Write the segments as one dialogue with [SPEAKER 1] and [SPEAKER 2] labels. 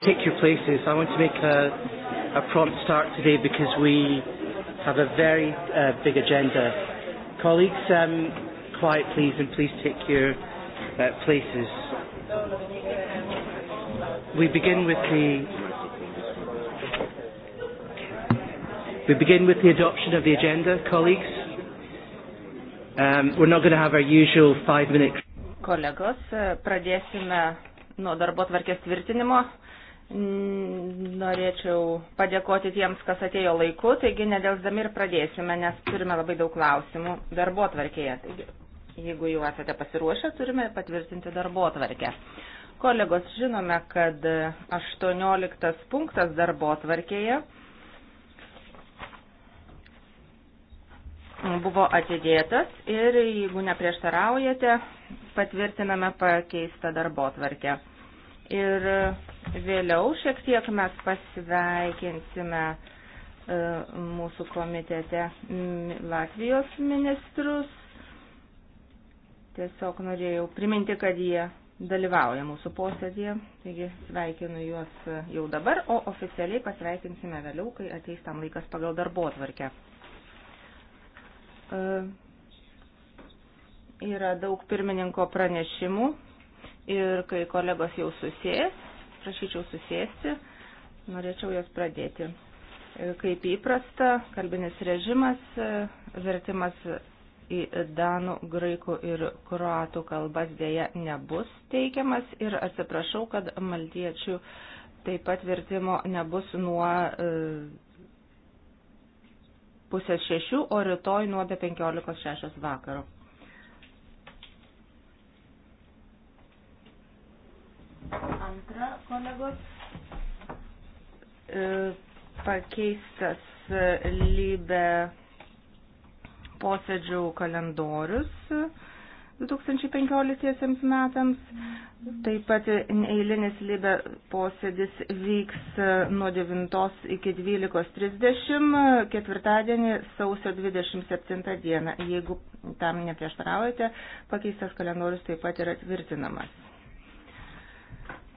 [SPEAKER 1] Take your places. I want to make a, a prompt start today because we have a very uh, big agenda. Colleagues, um, quiet please and please take your uh, places.
[SPEAKER 2] We begin with the
[SPEAKER 1] we begin with the adoption of the agenda, colleagues. Um, we're not going to have our usual five-minute.
[SPEAKER 3] Kolegos, pradėsime nuo darbo tvarkės tvirtinimo. Mm, norėčiau padėkoti tiems, kas atėjo laiku, taigi nedelsdami ir pradėsime, nes turime labai daug klausimų darbo tvarkėje. Taigi, jeigu jau esate pasiruošę, turime patvirtinti darbo tvarkę. Kolegos, žinome, kad 18 punktas darbo tvarkėje buvo atidėtas ir jeigu neprieštaraujate, patvirtiname pakeistą darbo tvarkę. Ir vėliau šiek tiek mes pasveikinsime e, mūsų komitete Latvijos ministrus. Tiesiog norėjau priminti, kad jie dalyvauja mūsų posėdėje, taigi sveikinu juos jau dabar, o oficialiai pasveikinsime vėliau, kai ateis tam laikas pagal darbo atvarkę. E, yra daug pirmininko pranešimų, ir kai kolegos jau susės, prašyčiau susėsti, norėčiau jos pradėti. Kaip įprasta, kalbinis režimas, e, vertimas į danų, graikų ir kroatų kalbas dėja nebus teikiamas ir atsiprašau, kad maltiečių taip pat vertimo nebus nuo e, pusės šešių, o rytoj nuo be penkiolikos šešios vakaro. Antra, kolegos, e, pakeistas e, lybė posėdžių kalendorius 2015 metams. Taip pat eilinis lybė posėdis vyks e, nuo 9 iki 12.30 ketvirtadienį sausio 27 dieną. Jeigu tam neprieštaraujate, pakeistas kalendorius taip pat yra tvirtinamas.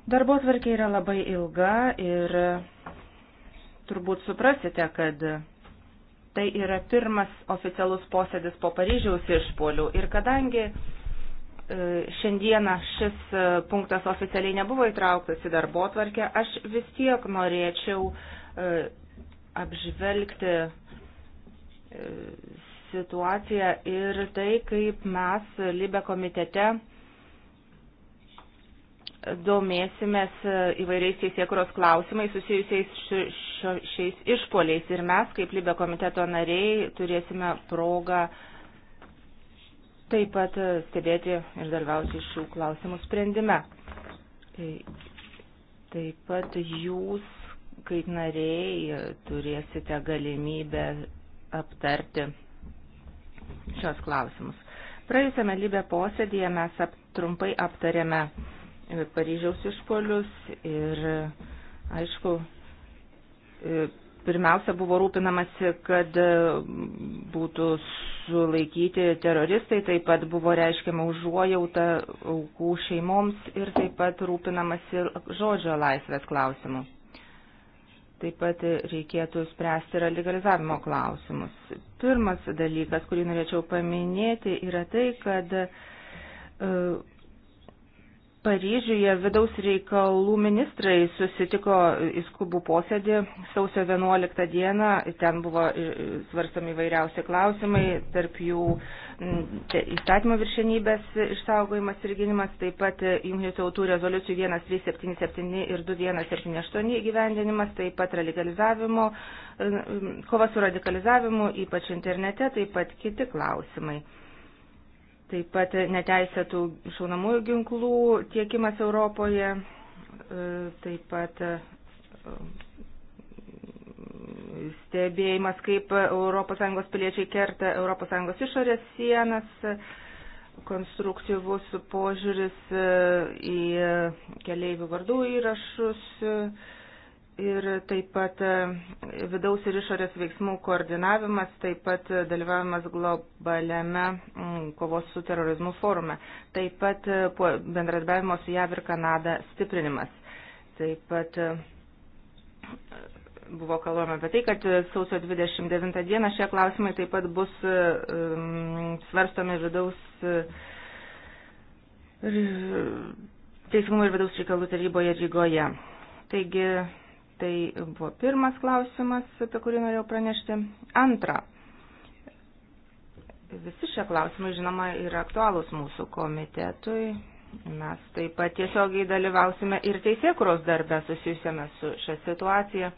[SPEAKER 3] Darbo tvarkė yra labai ilga ir turbūt suprasite, kad tai yra pirmas oficialus posėdis po Paryžiaus išpolių ir kadangi e, šiandieną šis e, punktas oficialiai nebuvo įtrauktas į darbo tvarkę, aš vis tiek norėčiau e, apžvelgti situaciją ir tai, kaip mes Libe komitete domėsimės e, įvairiais teisėkuros klausimais susijusiais šiais išpoliais ir mes, kaip Libė komiteto nariai, turėsime progą taip pat e, stebėti ir dalyvauti šių klausimų sprendime. Tai, taip pat jūs, kaip nariai, e, turėsite galimybę aptarti šios klausimus. Praėjusiame Libė posėdėje mes ap, trumpai aptarėme E, Paryžiaus išpolius ir, aišku, e, pirmiausia buvo rūpinamasi, kad e, būtų sulaikyti teroristai, taip pat buvo reiškiama užuojauta aukų šeimoms ir taip pat rūpinamasi žodžio laisvės klausimu. Taip pat reikėtų spręsti radikalizavimo klausimus. Pirmas dalykas, kurį norėčiau paminėti, yra tai, kad uh, Paryžiuje vidaus reikalų ministrai susitiko į skubų posėdį sausio 11 dieną. Ten buvo svarstami vairiausi klausimai, tarp jų įstatymo viršenybės išsaugojimas ir gynimas, taip pat jungtinių tautų rezoliucijų 1377 ir 2178 įgyvendinimas, taip pat radikalizavimo, kova su radikalizavimu, ypač internete, taip pat kiti klausimai. Taip pat neteisėtų šaunamųjų ginklų tiekimas Europoje, e, taip pat e, stebėjimas, kaip ES piliečiai kerta ES išorės sienas, konstruktyvus požiūris e, į keleivių vardų įrašus, Ir taip pat e, vidaus ir išorės veiksmų koordinavimas, taip pat dalyvavimas globaliame mm, kovos su terorizmu forume, taip pat e, bendradarbiavimo su JAV ir Kanada stiprinimas. Taip pat e, buvo kalbama apie tai, kad sausio 29 dieną šie klausimai taip pat bus um, svarstomi vidaus. Uh, Teisingumo ir vidaus reikalų taryboje Rygoje. Taigi Tai buvo pirmas klausimas, apie kurį norėjau pranešti. Antra. Visi šie klausimai, žinoma, yra aktualūs mūsų komitetui. Mes taip pat tiesiogiai dalyvausime ir teisėkuros darbę susijusiame su šią situaciją.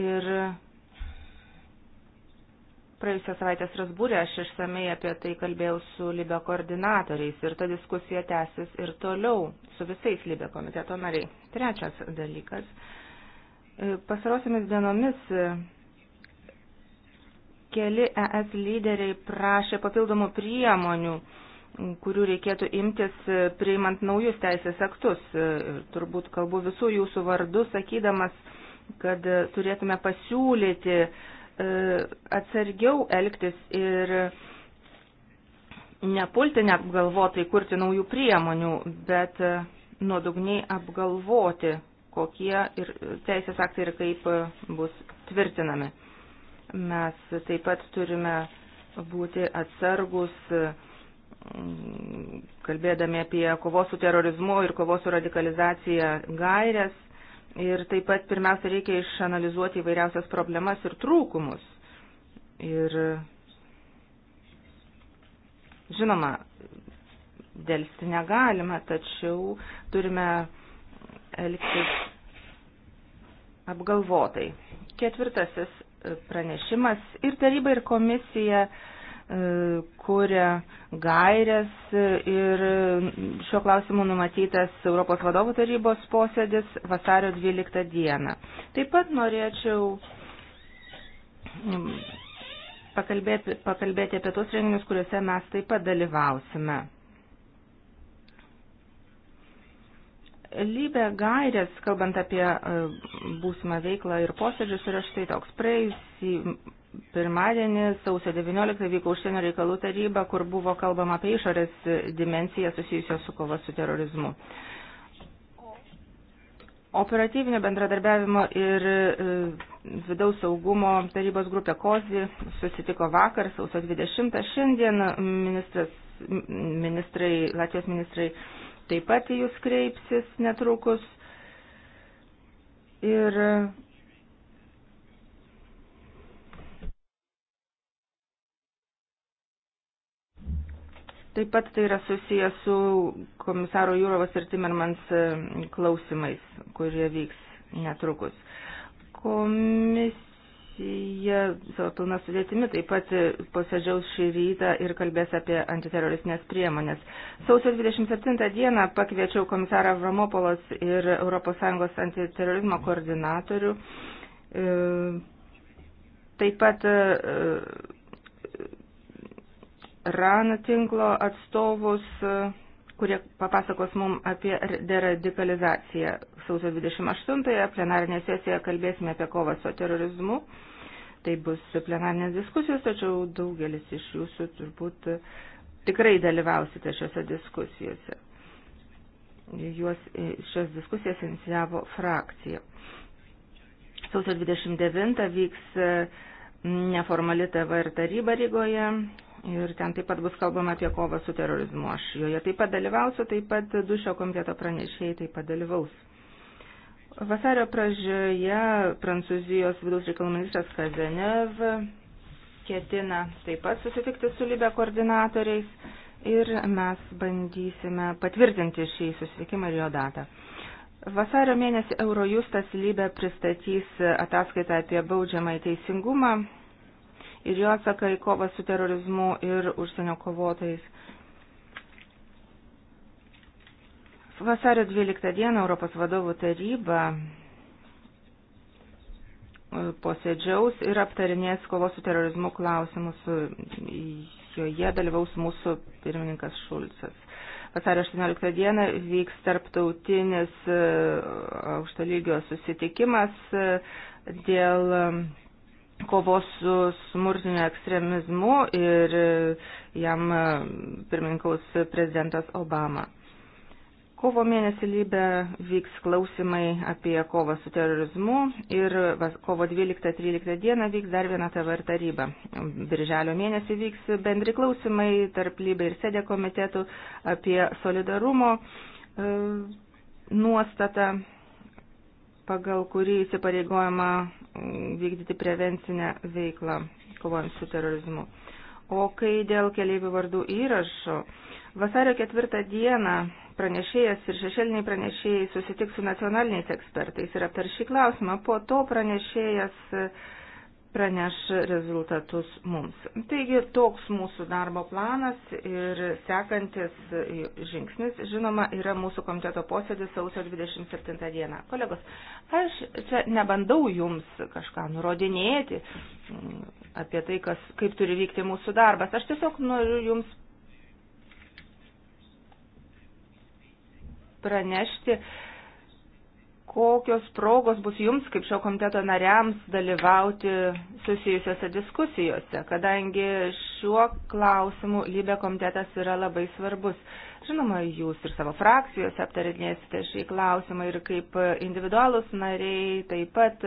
[SPEAKER 3] Ir Praėjusią savaitę Strasbūrė aš išsamei apie tai kalbėjau su Libe koordinatoriais ir ta diskusija tęsis ir toliau su visais Libe komiteto nariai. Trečias dalykas. E, Pasarosiamis dienomis e, keli ES lyderiai prašė papildomų priemonių, kurių reikėtų imtis e, priimant naujus teisės aktus. Turbūt kalbu visų jūsų vardų, sakydamas, kad turėtume pasiūlyti E, atsargiau elgtis ir nepulti neapgalvotai kurti naujų priemonių, bet e, nuodugniai apgalvoti, kokie ir e, teisės aktai ir kaip bus tvirtinami. Mes taip pat turime būti atsargus, kalbėdami apie kovos su terorizmu ir kovos su radikalizacija gairias, Ir taip pat pirmiausia reikia išanalizuoti įvairiausias problemas ir trūkumus. Ir žinoma, dėlsti negalima, tačiau turime elgtis apgalvotai. Ketvirtasis pranešimas ir taryba ir komisija E, kuria gairias ir šio klausimu numatytas Europos vadovų tarybos posėdis vasario 12 dieną. Taip pat norėčiau mm, pakalbėti, pakalbėti apie tos renginius, kuriuose mes taip pat dalyvausime. Lybė gairės, kalbant apie e, būsimą veiklą ir posėdžius, yra štai toks. Praėjusį Pirmadienį, sausio 19, vyko užsienio reikalų taryba, kur buvo kalbama apie išorės dimenciją susijusią su kova su terorizmu. Operatyvinio bendradarbiavimo ir e, vidaus saugumo tarybos grupė Kozi susitiko vakar, sausio 20. Šiandien ministras, ministrai, Latvijos ministrai taip pat į jūs kreipsis netrukus. Ir Taip pat tai yra susijęs su komisaro Jūrovas ir Timermans e, klausimais, kurie vyks netrukus. Komisija savo pilna sudėtimi taip pat e, posėdžiaus šį rytą ir kalbės apie antiteroristinės priemonės. Sausio 27 dieną pakviečiau komisarą Vramopolos ir ES antiterorizmo koordinatorių. E, taip pat RAN tinklo atstovus, e, kurie papasakos mums apie deradikalizaciją. Sausio 28-ąją plenarinėje sesijoje kalbėsime apie kovą su terorizmu. Tai bus plenarinės diskusijos, tačiau daugelis iš jūsų turbūt tikrai dalyvausite šiuose diskusijose. Juos, e, šios diskusijas inicijavo frakcija. Sausio 29 vyks e, neformali TV ir taryba Rygoje, Ir ten taip pat bus kalbama apie kovą su terorizmu. Aš joje taip pat dalyvausiu, taip pat du šio komiteto pranešėjai taip pat dalyvaus. Vasario pradžioje Prancūzijos vidaus reikalų ministras Kazenev ketina taip pat susitikti su Libė koordinatoriais ir mes bandysime patvirtinti šį susitikimą ir jo datą. Vasario mėnesį Eurojustas Libė pristatys ataskaitą apie baudžiamą į teisingumą ir jo atsaką į kovą su terorizmu ir užsienio kovotojais. Vasario 12 dieną Europos vadovų taryba e, posėdžiaus ir aptarinės kovos su terorizmu klausimus. Joje dalyvaus mūsų pirmininkas Šulcas. Vasario 18 dieną vyks tarptautinis e, aukšto lygio susitikimas e, dėl kovos su smurtiniu ekstremizmu ir jam e, pirmininkaus prezidentas Obama. Kovo mėnesį Lybe vyks klausimai apie kovą su terorizmu ir kovo 12-13 dieną vyks dar viena TVR taryba. Birželio mėnesį vyks bendri klausimai tarp Lybe ir Sėdė komitetų apie solidarumo e, nuostatą, pagal kurį įsipareigojama vykdyti prevencinę veiklą kovojant su terorizmu. O kai dėl keliaivių vardų įrašo, vasario ketvirtą dieną pranešėjas ir šešėliniai pranešėjai susitiks su nacionaliniais ekspertais ir aptar šį klausimą. Po to pranešėjas praneš rezultatus mums. Taigi toks mūsų darbo planas ir sekantis žingsnis, žinoma, yra mūsų komiteto posėdis sausio 27 dieną. Kolegos, aš čia nebandau jums kažką nurodinėti mm, apie tai, kas, kaip turi vykti mūsų darbas. Aš tiesiog noriu jums pranešti, kokios progos bus jums, kaip šio komiteto nariams, dalyvauti susijusiose diskusijose, kadangi šiuo klausimu lybė komitetas yra labai svarbus. Žinoma, jūs ir savo frakcijose aptarinėsite šį klausimą ir kaip individualus nariai taip pat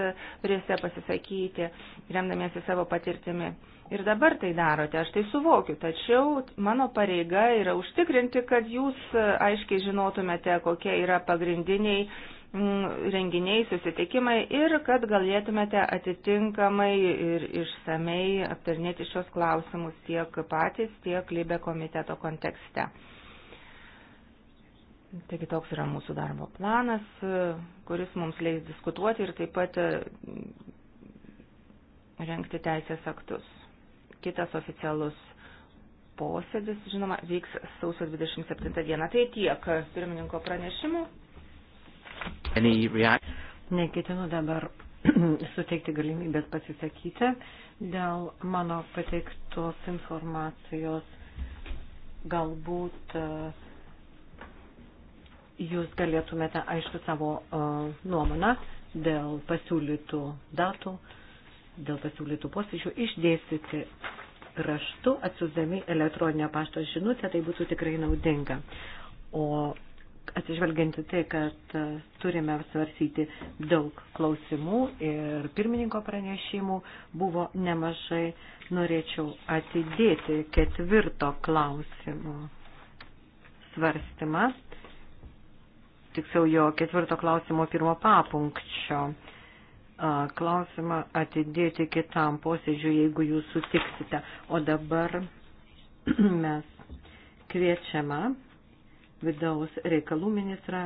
[SPEAKER 3] turėsite pasisakyti, remdamiesi savo patirtimi. Ir dabar tai darote, aš tai suvokiu, tačiau mano pareiga yra užtikrinti, kad jūs aiškiai žinotumėte, kokie yra pagrindiniai Mm, renginiai, susitikimai ir kad galėtumėte atitinkamai ir išsamei aptarnėti šios klausimus tiek patys, tiek Libė komiteto kontekste. Taigi toks yra mūsų darbo planas, kuris mums leis diskutuoti ir taip pat mm, rengti teisės aktus. Kitas oficialus posėdis, žinoma, vyks sausio 27 dieną. Tai tiek pirmininko pranešimų.
[SPEAKER 4] Neketinu dabar suteikti galimybės pasisakyti dėl mano pateiktos informacijos. Galbūt e, jūs galėtumėte aišku savo e, nuomonę dėl pasiūlytų datų, dėl pasiūlytų posėdžių išdėstyti raštu atsiūsdami elektroninio pašto žinutę, tai būtų tikrai naudinga. O atsižvelgianti tai, kad e, turime svarsyti daug klausimų ir pirmininko pranešimų buvo nemažai, norėčiau atidėti ketvirto klausimo svarstymą, tiksliau jo ketvirto klausimo pirmo papunkčio e, klausimą atidėti kitam posėdžiui, jeigu jūs sutiksite. O dabar mes kviečiame vidaus reikalų ministrą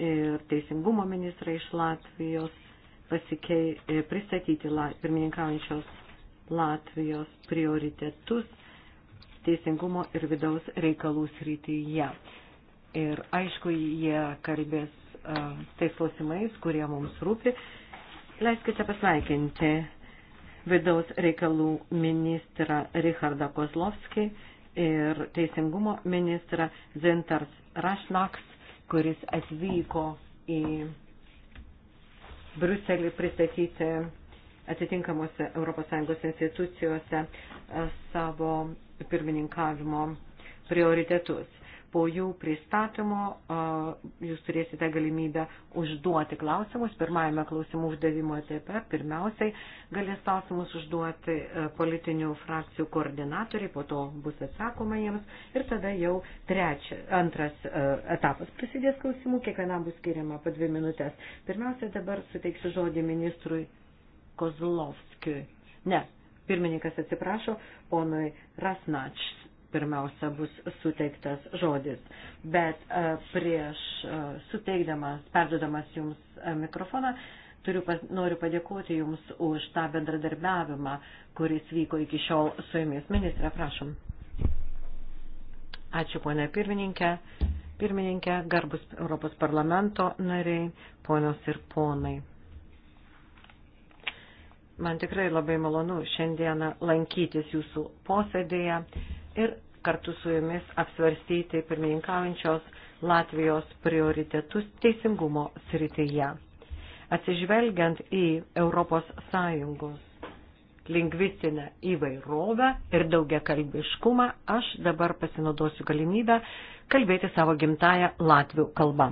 [SPEAKER 4] ir teisingumo ministrą iš Latvijos pasikei, e, pristatyti la, pirmininkaujančios Latvijos prioritetus teisingumo ir vidaus reikalų srityje. Ir aišku, jie kalbės uh, tais klausimais, kurie mums rūpi. Leiskite pasveikinti vidaus reikalų ministrą Richardą Kozlovskį ir teisingumo ministrą Zintars Rašnaks, kuris atvyko į Bruselį pristatyti atitinkamuose ES institucijose e, savo pirmininkavimo prioritetus. Po jų pristatymo jūs turėsite galimybę užduoti klausimus. Pirmajame klausimų uždavimo etape pirmiausiai galės klausimus užduoti politinių frakcijų koordinatoriai, po to bus atsakoma jiems ir tada jau trečia, antras etapas prasidės klausimų, kiekvienam bus skiriama po dvi minutės. Pirmiausia, dabar suteiksiu žodį ministrui Kozlovskiui. Ne, pirmininkas atsiprašo, ponui Rasnačs pirmiausia bus suteiktas žodis. Bet e, prieš e, suteikdamas, perdodamas jums e, mikrofoną, turiu, noriu padėkoti jums už tą bendradarbiavimą, kuris vyko iki šiol su jumis. Ministrė, prašom. Ačiū, ponė pirmininkė. Pirmininkė, garbus Europos parlamento nariai, ponios ir ponai. Man tikrai labai malonu šiandieną lankytis jūsų posėdėje ir kartu su jumis apsvarstyti pirmininkaujančios Latvijos prioritetus teisingumo srityje. Atsižvelgiant į ES lingvistinę įvairovę ir daugiakalbiškumą, aš dabar pasinaudosiu galimybę kalbėti savo gimtają latvių kalbą.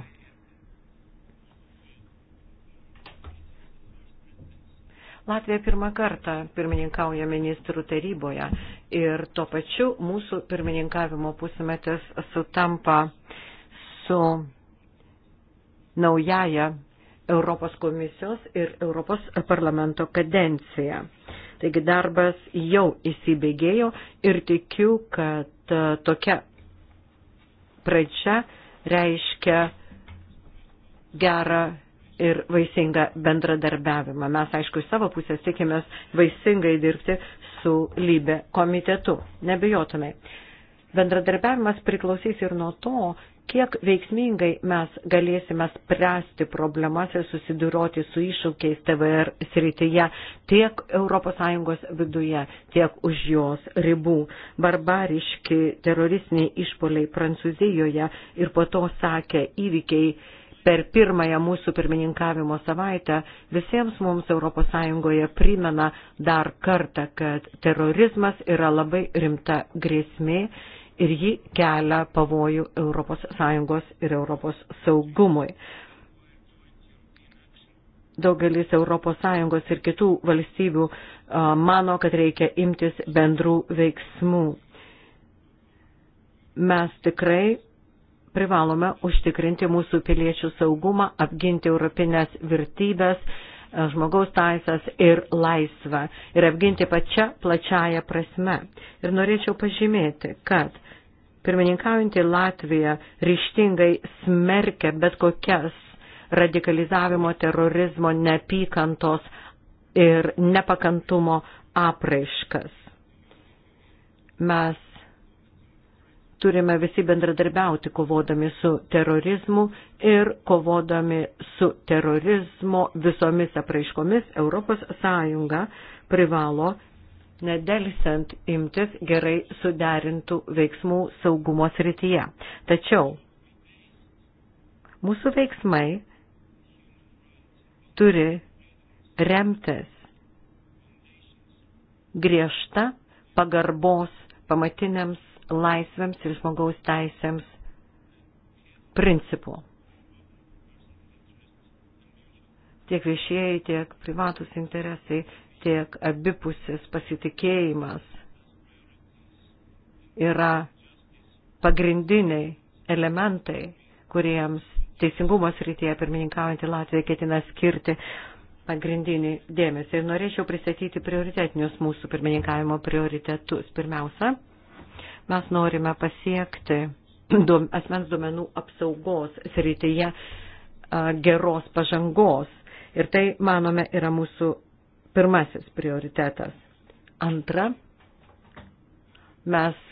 [SPEAKER 4] Latvija pirmą kartą pirmininkauja ministrų taryboje ir tuo pačiu mūsų pirmininkavimo pusmetis sutampa su naujaja Europos komisijos ir Europos parlamento kadencija. Taigi darbas jau įsibėgėjo ir tikiu, kad e, tokia pradžia reiškia gerą ir vaisingą bendradarbiavimą. Mes, aišku, iš savo pusės tikimės vaisingai dirbti su lybe komitetu. Nebejotumai. Bendradarbiavimas priklausys ir nuo to, kiek veiksmingai mes galėsime spręsti problemas ir susiduroti su iššūkiais TVR srityje tiek ES viduje, tiek už jos ribų. Barbariški teroristiniai išpoliai Prancūzijoje ir po to sakė įvykiai per pirmąją mūsų pirmininkavimo savaitę visiems mums ES primena dar kartą, kad terorizmas yra labai rimta grėsmė ir ji kelia pavojų ES ir Europos saugumui. Daugelis ES ir kitų valstybių mano, kad reikia imtis bendrų veiksmų. Mes tikrai privalome užtikrinti mūsų piliečių saugumą, apginti europinės vertybės, e, žmogaus taisas ir laisvą ir apginti pačią plačiają prasme. Ir norėčiau pažymėti, kad pirmininkaujantį Latviją ryštingai smerkia bet kokias radikalizavimo, terorizmo, neapykantos ir nepakantumo apraiškas. Mes turime visi bendradarbiauti kovodami su terorizmu ir kovodami su terorizmo visomis apraiškomis ES privalo nedelsiant imtis gerai suderintų veiksmų saugumo srityje. Tačiau mūsų veiksmai turi remtis griežta pagarbos pamatiniams laisvėms ir žmogaus teisėms principų. Tiek viešieji, tiek privatus interesai, tiek abipusis pasitikėjimas yra pagrindiniai elementai, kuriems teisingumos rytyje pirmininkaujantį Latviją ketina skirti pagrindinį dėmesį. Ir norėčiau pristatyti prioritetinius mūsų pirmininkavimo prioritetus. Pirmiausia, mes norime pasiekti asmens duomenų apsaugos srityje geros pažangos. Ir tai, manome, yra mūsų pirmasis prioritetas. Antra, mes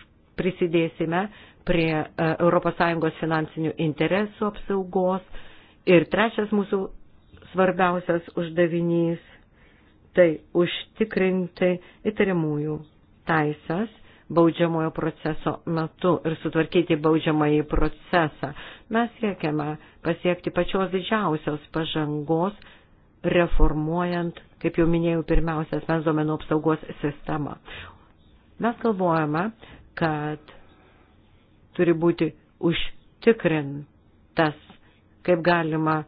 [SPEAKER 4] prisidėsime prie ES finansinių interesų apsaugos. Ir trečias mūsų svarbiausias uždavinys - tai užtikrinti įtariamųjų teisės baudžiamojo proceso metu ir sutvarkyti baudžiamąjį procesą. Mes siekiame pasiekti pačios didžiausios pažangos, reformuojant, kaip jau minėjau, pirmiausia, asmens duomenų apsaugos sistemą. Mes galvojame, kad turi būti užtikrintas, kaip galima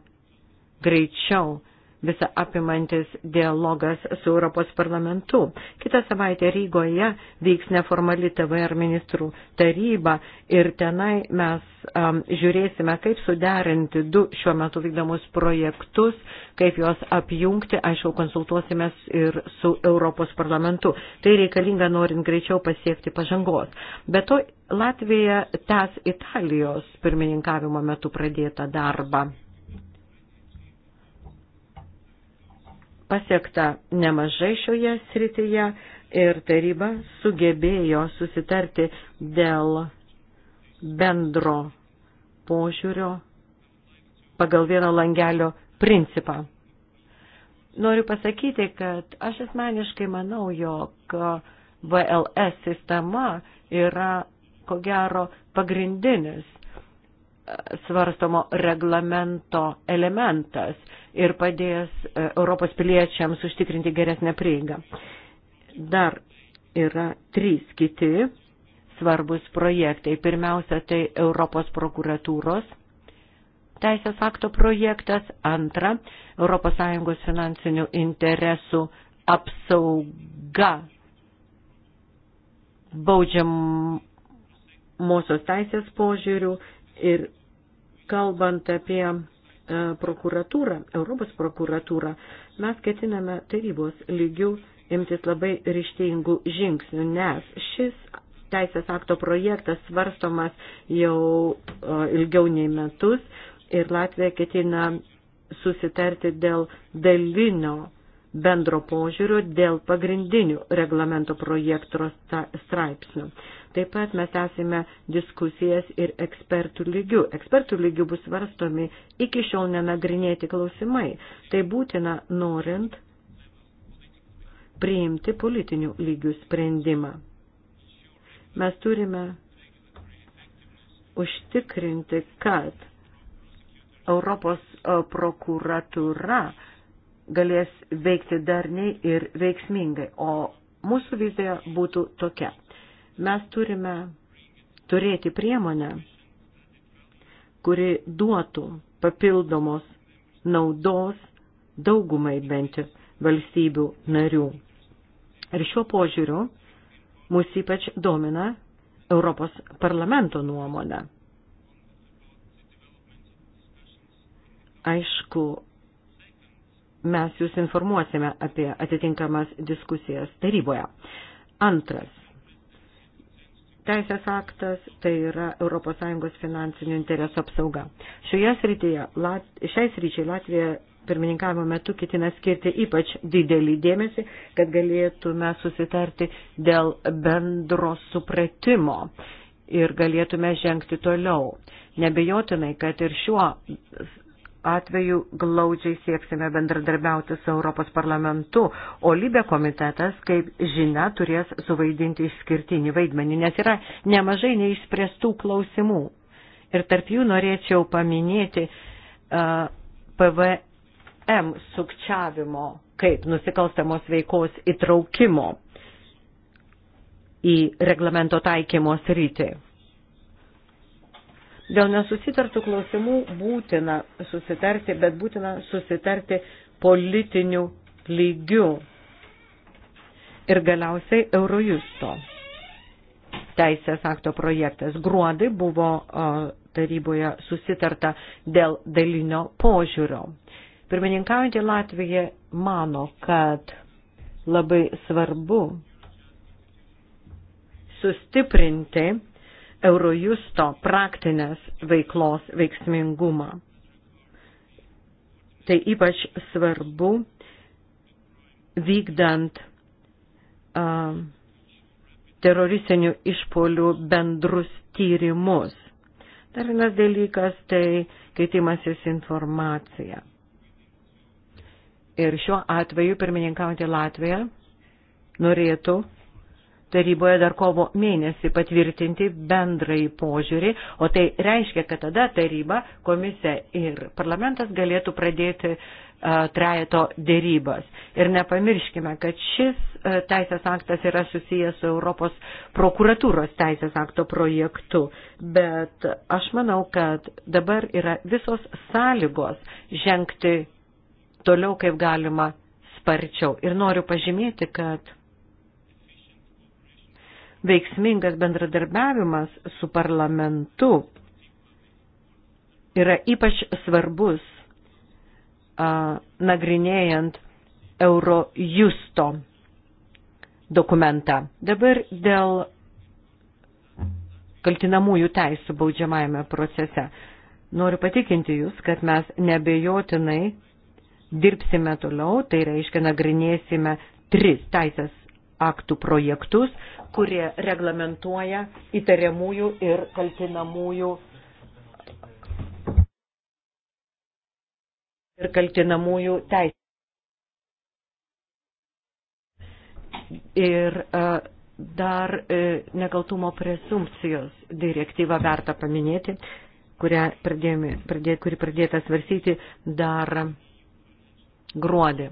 [SPEAKER 4] greičiau visą apimantis dialogas su Europos parlamentu. Kitą savaitę Rygoje vyks neformali TVR ministrų taryba ir tenai mes um, žiūrėsime, kaip suderinti du šiuo metu vykdomus projektus, kaip juos apjungti, aišku, konsultuosimės ir su Europos parlamentu. Tai reikalinga norint greičiau pasiekti pažangos. Be to, Latvija tęs Italijos pirmininkavimo metu pradėtą darbą. pasiekta nemažai šioje srityje ir taryba sugebėjo susitarti dėl bendro požiūrio pagal vieno langelio principą. Noriu pasakyti, kad aš asmeniškai manau, jog VLS sistema yra ko gero pagrindinis svarstomo reglamento elementas ir padės e, Europos piliečiams užtikrinti geresnę prieigą. Dar yra trys kiti svarbus projektai. Pirmiausia, tai Europos prokuratūros teisės akto projektas. Antra, ES finansinių interesų apsauga baudžiamosios teisės požiūrių ir Kalbant apie e, prokuratūrą, Europos prokuratūrą, mes ketiname tarybos lygių imtis labai ryštingų žingsnių, nes šis teisės akto projektas svarstomas jau e, ilgiau nei metus ir Latvija ketina susitarti dėl dalinio bendro požiūrio dėl pagrindinių reglamento projekto straipsnių. Taip pat mes esame diskusijas ir ekspertų lygių. Ekspertų lygių bus svarstomi iki šiol nenagrinėti klausimai. Tai būtina norint priimti politinių lygių sprendimą. Mes turime užtikrinti, kad Europos e, prokuratūra galės veikti darniai ir veiksmingai, o mūsų vizija būtų tokia. Mes turime turėti priemonę, kuri duotų papildomos naudos daugumai bent valstybių narių. Ir šiuo požiūriu mus ypač domina Europos parlamento nuomonė. Aišku, mes jūs informuosime apie atitinkamas diskusijas taryboje. Antras teisės aktas, tai yra ES finansinių interesų apsauga. Šioje srityje, Lat, šiai sričiai Latvija pirmininkavimo metu kitina skirti ypač didelį dėmesį, kad galėtume susitarti dėl bendro supratimo ir galėtume žengti toliau. Nebejotinai, kad ir šiuo atveju glaudžiai sieksime bendradarbiauti su Europos parlamentu, o Libė komitetas, kaip žinia, turės suvaidinti išskirtinį vaidmenį, nes yra nemažai neišspręstų klausimų. Ir tarp jų norėčiau paminėti uh, PVM sukčiavimo kaip nusikalstamos veikos įtraukimo į reglamento taikymo sritį. Dėl nesusitartų klausimų būtina susitarti, bet būtina susitarti politinių lygių. Ir galiausiai Eurojusto teisės akto projektas. Gruodai buvo taryboje susitarta dėl dalinio požiūrio. Pirmininkaujantį Latviją mano, kad labai svarbu sustiprinti Eurojusto praktinės veiklos veiksmingumą. Tai ypač svarbu vykdant uh, teroristinių išpolių bendrus tyrimus. Dar vienas dalykas tai keitimasis informacija. Ir šiuo atveju pirmininkaujantį Latviją norėtų taryboje dar kovo mėnesį patvirtinti bendrai požiūrį, o tai reiškia, kad tada taryba, komisija ir parlamentas galėtų pradėti trejeto dėrybas. Ir nepamirškime, kad šis teisės aktas yra susijęs su Europos prokuratūros teisės akto projektu, bet aš manau, kad dabar yra visos sąlygos žengti toliau kaip galima sparčiau. Ir noriu pažymėti, kad veiksmingas bendradarbiavimas su parlamentu yra ypač svarbus a, nagrinėjant Eurojusto dokumentą. Dabar dėl kaltinamųjų teisų baudžiamajame procese. Noriu patikinti Jūs, kad mes nebejotinai dirbsime toliau, tai reiškia nagrinėsime tris teisės aktų projektus, kurie reglamentuoja įtariamųjų ir kaltinamųjų ir kaltinamųjų teisės. Ir e, dar e, nekaltumo presumpcijos direktyva verta paminėti, kurią pradėjome, pradė, kuri pradėta svarsyti dar gruodį.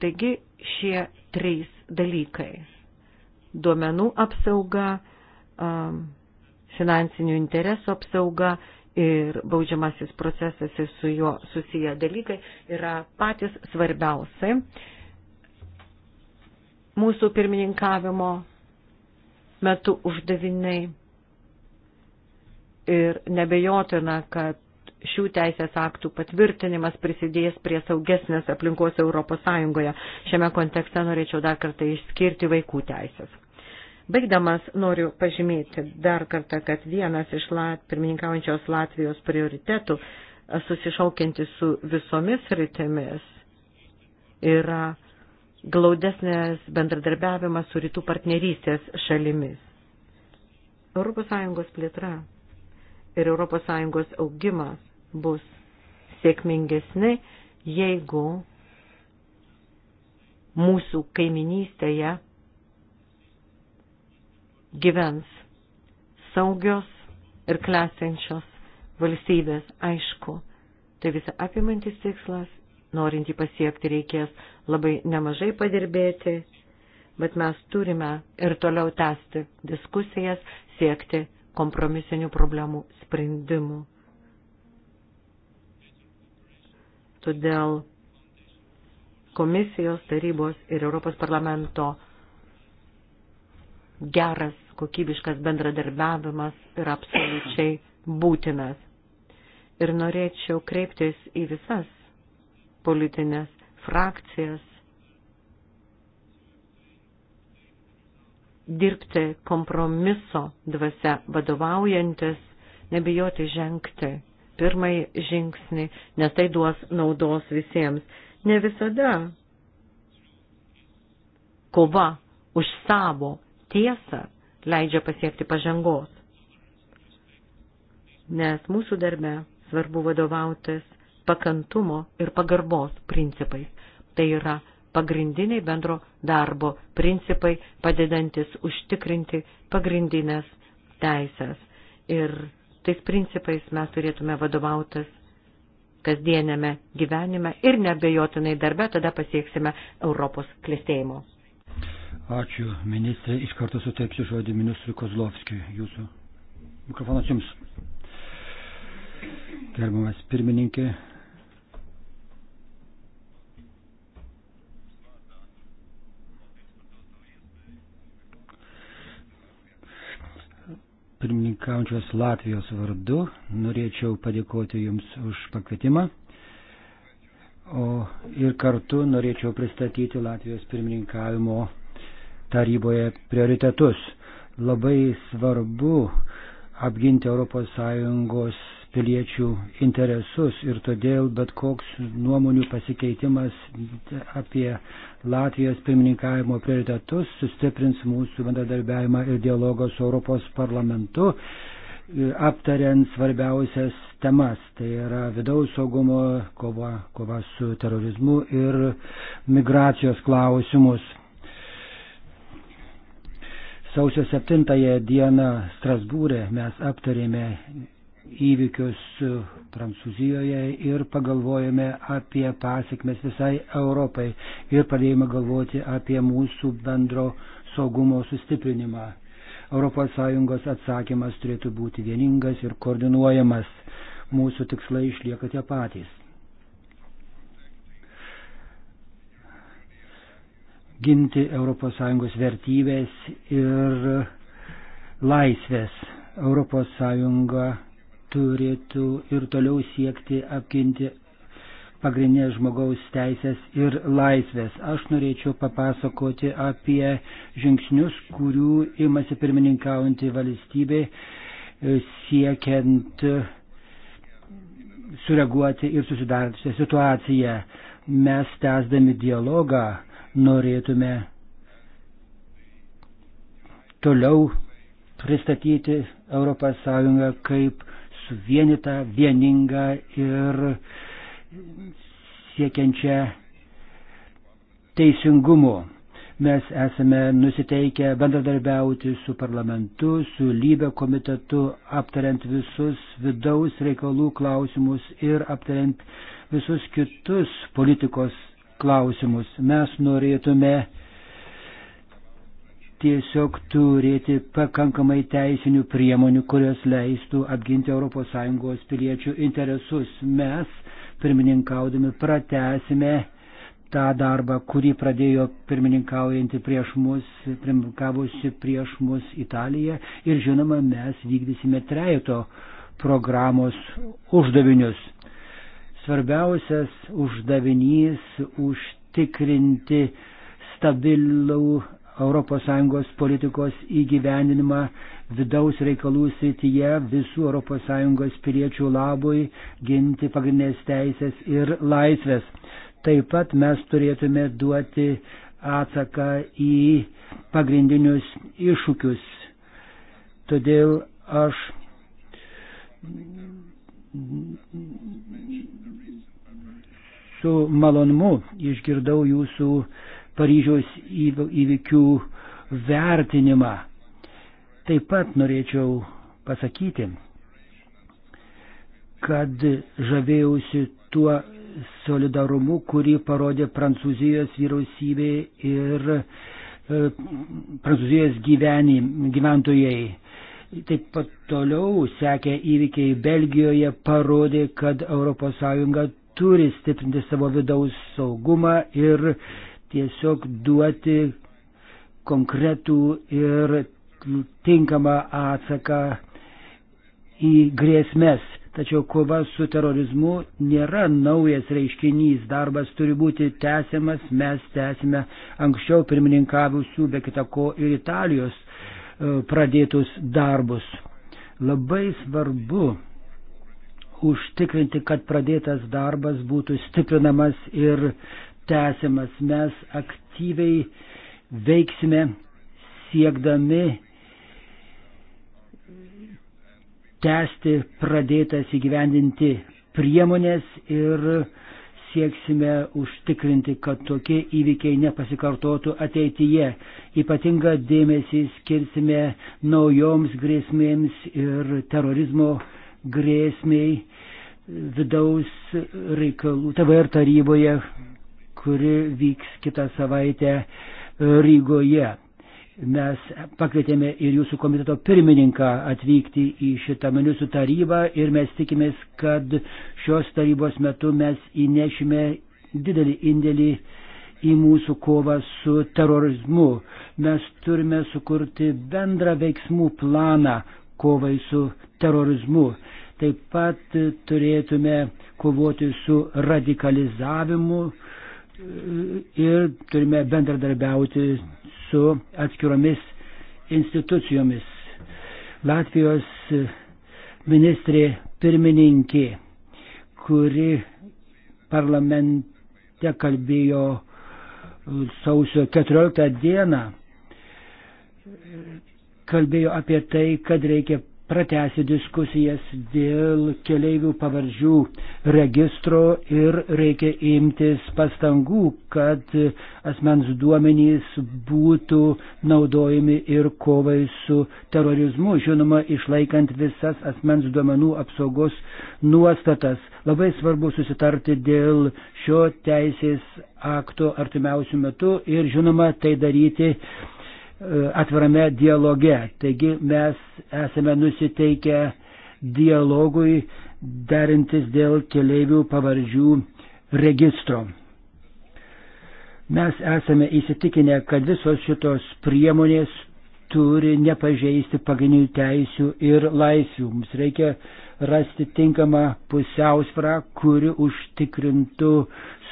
[SPEAKER 4] Taigi šie trys dalykai - duomenų apsauga, finansinių interesų apsauga ir baudžiamasis procesas ir su juo susiję dalykai yra patys svarbiausiai mūsų pirmininkavimo metu uždaviniai. Ir nebejotina, kad šių teisės aktų patvirtinimas prisidės prie saugesnės aplinkos ES. Šiame kontekste norėčiau dar kartą išskirti vaikų teisės. Baigdamas noriu pažymėti dar kartą, kad vienas iš Lat, pirmininkaujančios Latvijos prioritetų susišaukianti su visomis rytėmis yra glaudesnės bendradarbiavimas su rytų partnerystės šalimis. ES plėtra ir ES augimas bus sėkmingesni, jeigu mūsų kaiminystėje gyvens saugios ir klesinčios valstybės. Aišku, tai visa apimantis tikslas, norint jį pasiekti reikės labai nemažai padirbėti, bet mes turime ir toliau tęsti diskusijas, siekti kompromisinių problemų sprendimų. Todėl komisijos, tarybos ir Europos parlamento geras kokybiškas bendradarbiavimas yra absoliučiai būtinas. Ir norėčiau kreiptis į visas politinės frakcijas dirbti kompromiso dvasia vadovaujantis, nebijoti žengti pirmąjį žingsnį, nes tai duos naudos visiems. Ne visada kova už savo tiesą leidžia pasiekti pažangos, nes mūsų darbe svarbu vadovautis pakantumo ir pagarbos principais. Tai yra pagrindiniai bendro darbo principai, padedantis užtikrinti pagrindinės teisės. Ir Tais principais mes turėtume vadovautas kasdienėme gyvenime ir nebejotinai darbe, tada pasieksime Europos klėstėjimo.
[SPEAKER 5] Ačiū, ministrė. Iš karto suteiksiu žodį ministrui Kozlovskijui. Jūsų mikrofonas jums. Gerbiamas pirmininkė, pirmininkaujančios Latvijos vardu norėčiau padėkoti Jums už pakvietimą. O ir kartu norėčiau pristatyti Latvijos pirmininkavimo taryboje prioritetus. Labai svarbu apginti ES piliečių interesus ir todėl bet koks nuomonių pasikeitimas apie Latvijos pirmininkavimo prioritetus sustiprins mūsų bendradarbiavimą ir dialogą su Europos parlamentu, e, aptariant svarbiausias temas, tai yra vidaus saugumo, kova, kova su terorizmu ir migracijos klausimus. Sausio 7 dieną Strasbūrė mes aptarėme įvykius Prancūzijoje ir pagalvojome apie pasiekmes visai Europai ir pradėjome galvoti apie mūsų bendro saugumo sustiprinimą. ES atsakymas turėtų būti vieningas ir koordinuojamas. Mūsų tikslai išlieka tie patys. Ginti ES vertybės ir laisvės. ES turėtų ir toliau siekti apginti pagrindinės žmogaus teisės ir laisvės. Aš norėčiau papasakoti apie žingsnius, kurių imasi pirmininkaujanti valstybė e, siekiant e, sureaguoti ir susidariusią situaciją. Mes tęsdami dialogą norėtume toliau pristatyti ES kaip suvienytą, vieningą ir siekiančią teisingumo. Mes esame nusiteikę bendradarbiauti su parlamentu, su lybė komitetu, aptariant visus vidaus reikalų klausimus ir aptariant visus kitus politikos klausimus. Mes norėtume tiesiog turėti pakankamai teisinių priemonių, kurios leistų apginti ES piliečių interesus. Mes, pirmininkaudami, pratesime tą darbą, kurį pradėjo pirmininkaujanti prieš mus, pirmininkavusi prieš mus Italija ir žinoma, mes vykdysime trejato programos uždavinius. Svarbiausias uždavinys užtikrinti stabilų ES politikos įgyvendinimą vidaus reikalų srityje visų ES piliečių labui ginti pagrindinės teisės ir laisvės. Taip pat mes turėtume duoti atsaką į pagrindinius iššūkius. Todėl aš su malonumu išgirdau jūsų uh, Paryžiaus įvykių vertinimą. Taip pat norėčiau pasakyti, kad žavėjausi tuo solidarumu, kurį parodė Prancūzijos vyriausybė ir e, Prancūzijos gyvenį, gyventojai. Taip pat toliau sekė įvykiai Belgijoje, parodė, kad ES turi stiprinti savo vidaus saugumą ir tiesiog duoti konkretų ir tinkamą atsaką į grėsmės. Tačiau kova su terorizmu nėra naujas reiškinys, darbas turi būti tęsiamas, mes tęsime anksčiau pirmininkavusių, be kitako ir Italijos e, pradėtus darbus. Labai svarbu užtikrinti, kad pradėtas darbas būtų stiprinamas ir tęsiamas. Mes aktyviai veiksime siekdami tęsti pradėtas įgyvendinti priemonės ir sieksime užtikrinti, kad tokie įvykiai nepasikartotų ateityje. Ypatingą dėmesį skirsime naujoms grėsmėms ir terorizmo grėsmiai vidaus reikalų TVR taryboje kuri vyks kitą savaitę Rygoje. Mes pakvietėme ir jūsų komiteto pirmininką atvykti į šitą ministrų tarybą ir mes tikimės, kad šios tarybos metu mes įnešime didelį indėlį į mūsų kovą su terorizmu. Mes turime sukurti bendrą veiksmų planą kovai su terorizmu. Taip pat turėtume kovoti su radikalizavimu, ir turime bendradarbiauti su atskiromis institucijomis. Latvijos ministrė pirmininkė, kuri parlamente kalbėjo sausio 14 dieną, kalbėjo apie tai, kad reikia pratęsti diskusijas dėl keleivių pavardžių registro ir reikia imtis pastangų, kad asmens duomenys būtų naudojami ir kovai su terorizmu, žinoma, išlaikant visas asmens duomenų apsaugos nuostatas. Labai svarbu susitarti dėl šio teisės akto artimiausių metų ir, žinoma, tai daryti E, atvirame dialoge. Taigi mes esame nusiteikę dialogui darintis dėl keleivių pavardžių registro. Mes esame įsitikinę, kad visos šitos priemonės turi nepažeisti pagrindinių teisių ir laisvių. Mums reikia rasti tinkamą pusiausvyrą, kuri užtikrintų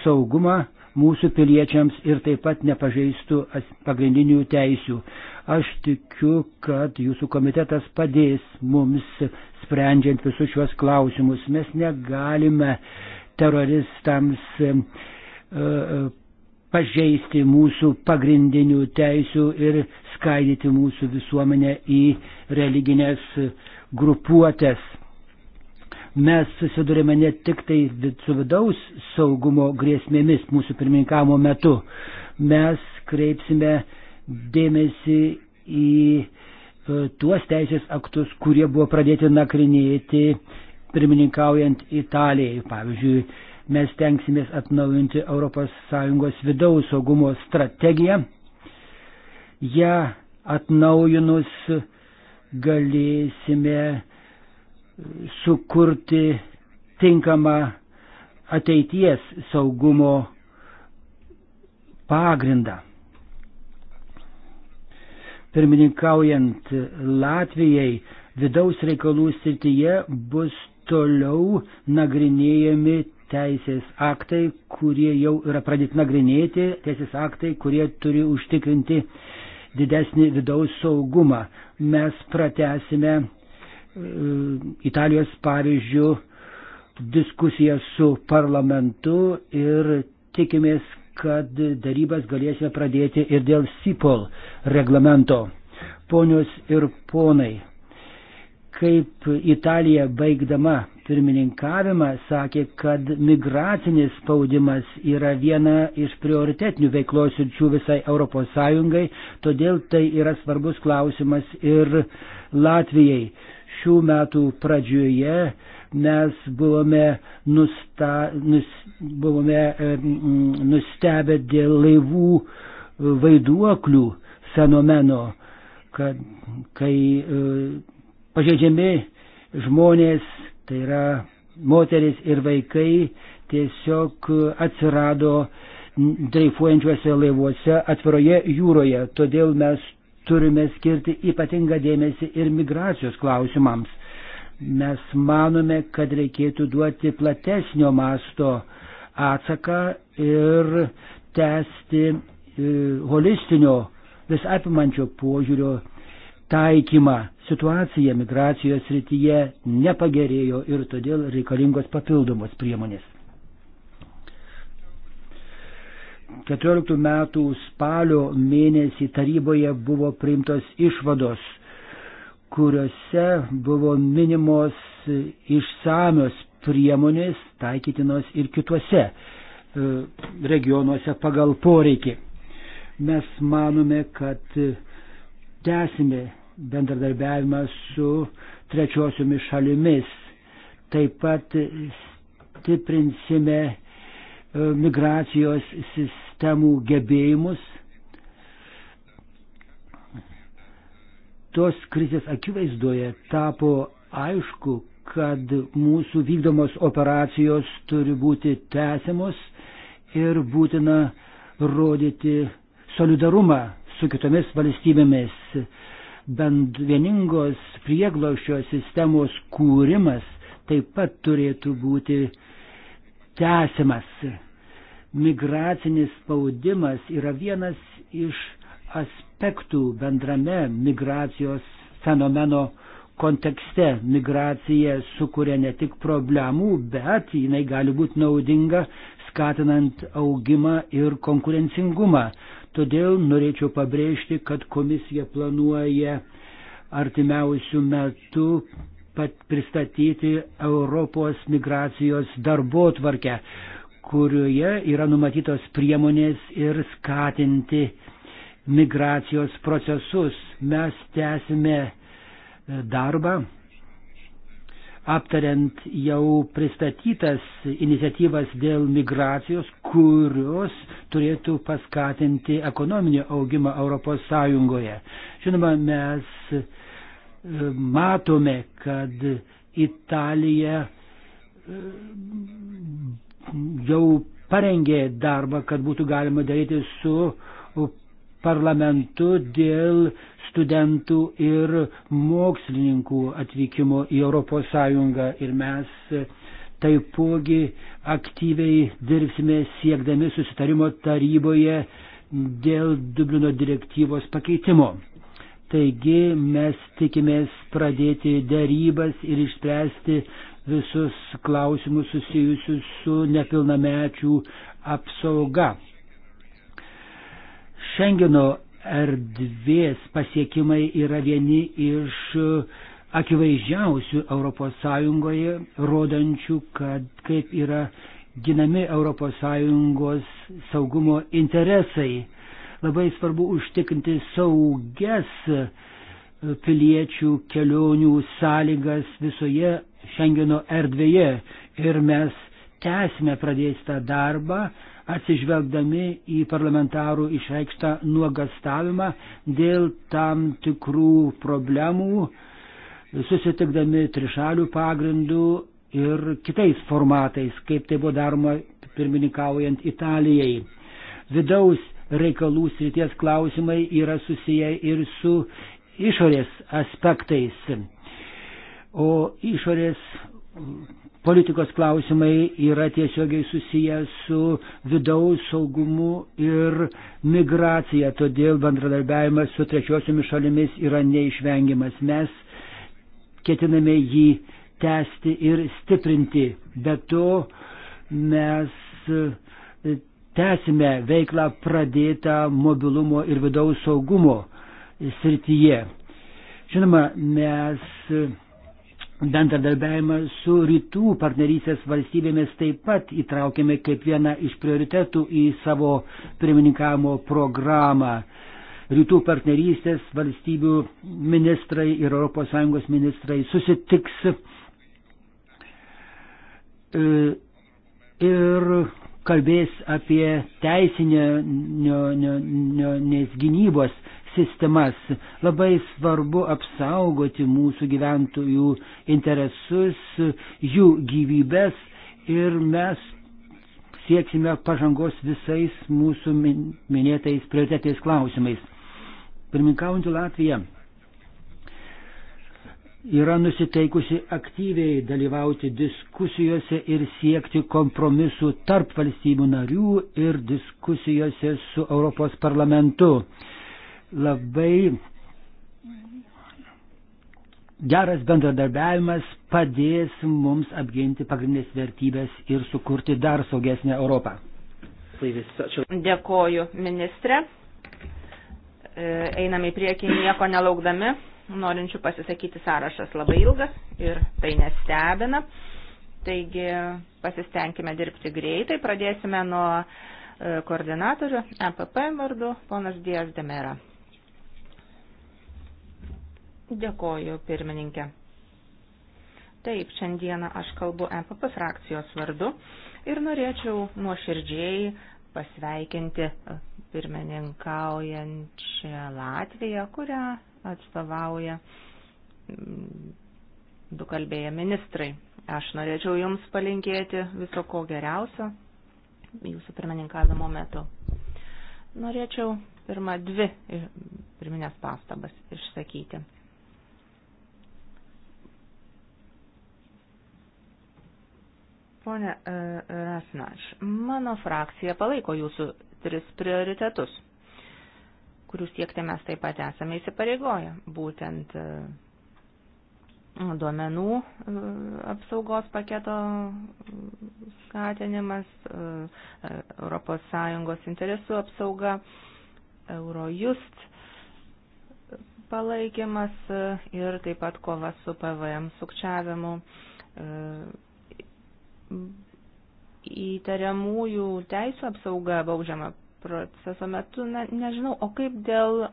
[SPEAKER 5] saugumą mūsų piliečiams ir taip pat nepažeistų pagrindinių teisių. Aš tikiu, kad jūsų komitetas padės mums sprendžiant visus šiuos klausimus. Mes negalime teroristams uh, pažeisti mūsų pagrindinių teisių ir skaidyti mūsų visuomenę į religinės grupuotės mes susidurime ne tik tai su vidaus saugumo grėsmėmis mūsų pirmininkamo metu. Mes kreipsime dėmesį į e, tuos teisės aktus, kurie buvo pradėti nakrinėti pirmininkaujant Italijai. Pavyzdžiui, mes tenksimės atnaujinti ES vidaus saugumo strategiją. Ja atnaujinus galėsime sukurti tinkamą ateities saugumo pagrindą. Pirmininkaujant Latvijai vidaus reikalų srityje bus toliau nagrinėjami teisės aktai, kurie jau yra pradėti nagrinėti, teisės aktai, kurie turi užtikrinti didesnį vidaus saugumą. Mes pratesime Mm, Italijos pavyzdžių diskusiją su parlamentu ir tikimės, kad darybas galėsime pradėti ir dėl SIPOL reglamento. Ponios ir ponai, kaip Italija baigdama pirmininkavimą sakė, kad migracinis spaudimas yra viena iš prioritetinių veiklos sričių visai ES, todėl tai yra svarbus klausimas ir Latvijai šių metų pradžioje mes buvome, nusta, nus, buvome e, nustebę dėl laivų e, vaiduoklių fenomeno, kad kai e, pažeidžiami žmonės, tai yra moteris ir vaikai, tiesiog atsirado dreifuojančiuose laivuose atviroje jūroje. Todėl mes turime skirti ypatingą dėmesį ir migracijos klausimams. Mes manome, kad reikėtų duoti platesnio masto atsaką ir tęsti e, holistinio, vis apimančio požiūrio taikymą. Situacija migracijos rytyje nepagerėjo ir todėl reikalingos papildomos priemonės. 14 metų spalio mėnesį taryboje buvo priimtos išvados, kuriuose buvo minimos išsamios priemonės taikytinos ir kituose e, regionuose pagal poreikį. Mes manome, kad tęsime bendradarbiavimą su trečiosiomis šalimis. Taip pat stiprinsime e, migracijos sistemas sistemų gebėjimus. Tos krizės akivaizdoje tapo aišku, kad mūsų vykdomos operacijos turi būti tęsiamos ir būtina rodyti solidarumą su kitomis valstybėmis. Bent vieningos prieglaušio sistemos kūrimas taip pat turėtų būti tęsiamas migracinis spaudimas yra vienas iš aspektų bendrame migracijos fenomeno kontekste. Migracija sukuria ne tik problemų, bet jinai gali būti naudinga skatinant augimą ir konkurencingumą. Todėl norėčiau pabrėžti, kad komisija planuoja artimiausių metų pristatyti Europos migracijos darbo tvarkę kurioje yra numatytos priemonės ir skatinti migracijos procesus. Mes tęsime e, darbą, aptariant jau pristatytas iniciatyvas dėl migracijos, kurios turėtų paskatinti ekonominį augimą Europos Sąjungoje. Žinoma, mes e, matome, kad Italija e, jau parengė darbą, kad būtų galima daryti su parlamentu dėl studentų ir mokslininkų atvykimo į ES ir mes taipogi aktyviai dirbsime siekdami susitarimo taryboje dėl Dublino direktyvos pakeitimo. Taigi mes tikimės pradėti darybas ir išspręsti visus klausimus susijusius su nepilnamečių apsauga. Šengeno erdvės pasiekimai yra vieni iš akivaizdžiausių ES, rodančių, kad kaip yra ginami ES saugumo interesai. Labai svarbu užtikrinti saugias piliečių kelionių sąlygas visoje Šengeno erdvėje ir mes tęsime pradėstą darbą, atsižvelgdami į parlamentarų išreikštą nuogastavimą dėl tam tikrų problemų, susitikdami trišalių pagrindų ir kitais formatais, kaip tai buvo daroma pirmininkaujant Italijai. Vidaus reikalų srities klausimai yra susiję ir su išorės aspektais o išorės politikos klausimai yra tiesiogiai susiję su vidaus saugumu ir migracija, todėl bendradarbiavimas su trečiosiomis šalimis yra neišvengiamas. Mes ketiname jį tęsti ir stiprinti. Be to mes e, tęsime veiklą pradėtą mobilumo ir vidaus saugumo srityje. Žinoma, mes bendradarbiavimą su rytų partnerysės valstybėmis taip pat įtraukėme kaip vieną iš prioritetų į savo pirmininkavimo programą. Rytų partnerystės valstybių ministrai ir ES ministrai susitiks e, ir kalbės apie teisinio nes gynybos sistemas. Labai svarbu apsaugoti mūsų gyventojų interesus, jų gyvybės ir mes sieksime pažangos visais mūsų minėtais prioritetais klausimais. Pirminkaujantį Latviją yra nusiteikusi aktyviai dalyvauti diskusijose ir siekti kompromisų tarp valstybių narių ir diskusijose su Europos parlamentu labai geras bendradarbiavimas padės mums apginti pagrindinės vertybės ir sukurti dar saugesnę Europą.
[SPEAKER 3] Dėkoju, ministrė. E, einame į priekį nieko nelaukdami. Norinčių pasisakyti sąrašas labai ilgas ir tai nestebina. Taigi pasistengime dirbti greitai. Pradėsime nuo e, koordinatorių EPP vardu, ponas Dijas Demera. Dėkoju, pirmininkė. Taip, šiandieną aš kalbu MPP e frakcijos vardu ir norėčiau nuoširdžiai pasveikinti e, pirmininkaujančią Latviją, kurią atstovauja mm, du kalbėję ministrai. Aš norėčiau Jums palinkėti viso ko geriausio Jūsų pirmininkavimo metu. Norėčiau pirmą dvi pirminės pastabas išsakyti. Pone e, Rasnač, mano frakcija palaiko jūsų tris prioritetus, kurių siekti mes taip pat esame įsipareigoję. Būtent e, duomenų e, apsaugos paketo skatinimas, ES interesų apsauga, Eurojust palaikymas ir taip pat kova su PVM sukčiavimu įtariamųjų teisų apsauga baudžiama proceso metu, na, nežinau, o kaip dėl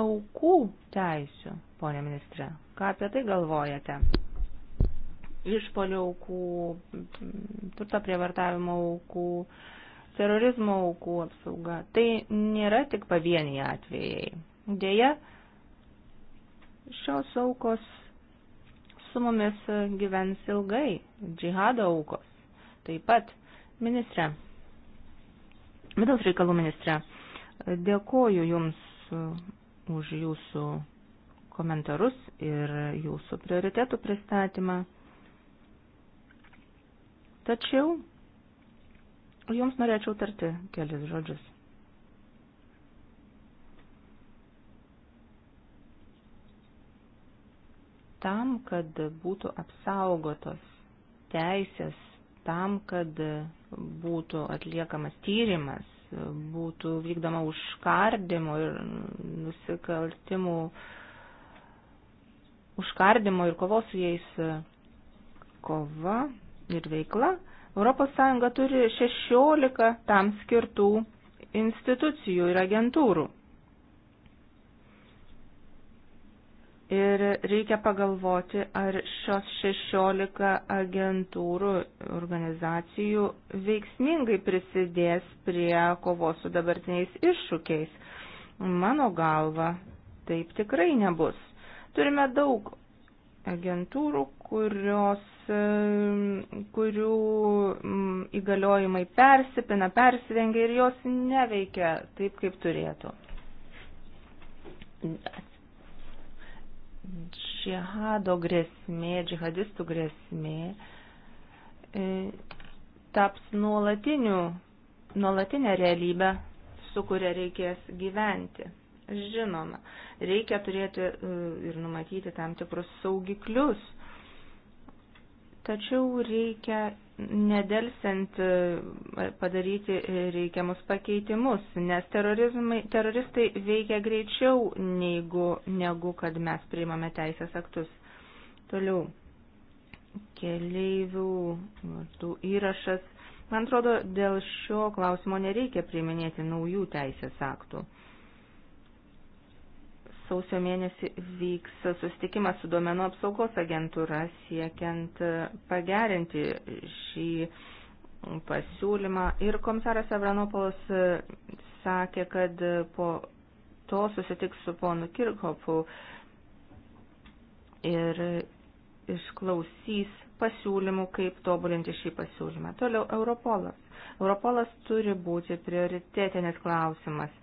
[SPEAKER 3] aukų teisių, ponė ministrė, ką apie tai galvojate? Išpolių aukų, turto prievartavimo aukų, terorizmo aukų apsauga. Tai nėra tik pavieniai atvejai. Deja, šios aukos su mumis e, gyvens ilgai, džihado aukos. Taip pat, ministre, vidaus reikalų ministre, e, dėkoju Jums e, už Jūsų komentarus ir Jūsų prioritetų pristatymą. Tačiau Jums norėčiau tarti kelis žodžius. tam, kad būtų apsaugotos teisės, tam, kad būtų atliekamas tyrimas, būtų vykdoma užkardimo ir nusikaltimų, užkardimo ir kovos su jais kova ir veikla, ES turi 16 tam skirtų institucijų ir agentūrų. Ir reikia pagalvoti, ar šios 16 agentūrų organizacijų veiksmingai prisidės prie kovos su dabartiniais iššūkiais. Mano galva, taip tikrai nebus. Turime daug agentūrų, kurios, e, kurių įgaliojimai persipina, persidengia ir jos neveikia taip, kaip turėtų džihado grėsmė, džihadistų grėsmė e, taps nuolatiniu, nuolatinę realybę, su kuria reikės gyventi. Žinoma, reikia turėti e, ir numatyti tam tikrus saugiklius, tačiau reikia nedelsiant e, padaryti reikiamus pakeitimus, nes teroristai veikia greičiau neigu, negu kad mes priimame teisės aktus. Toliau, keleivių tų įrašas. Man atrodo, dėl šio klausimo nereikia priiminėti naujų teisės aktų sausio mėnesį vyks susitikimas su duomenų apsaugos agentūra siekiant pagerinti šį pasiūlymą. Ir komisaras Avranopolas sakė, kad po to susitiks su ponu Kirchhoffu ir išklausys pasiūlymų, kaip tobulinti šį pasiūlymą. Toliau Europolas. Europolas turi būti prioritėtinis klausimas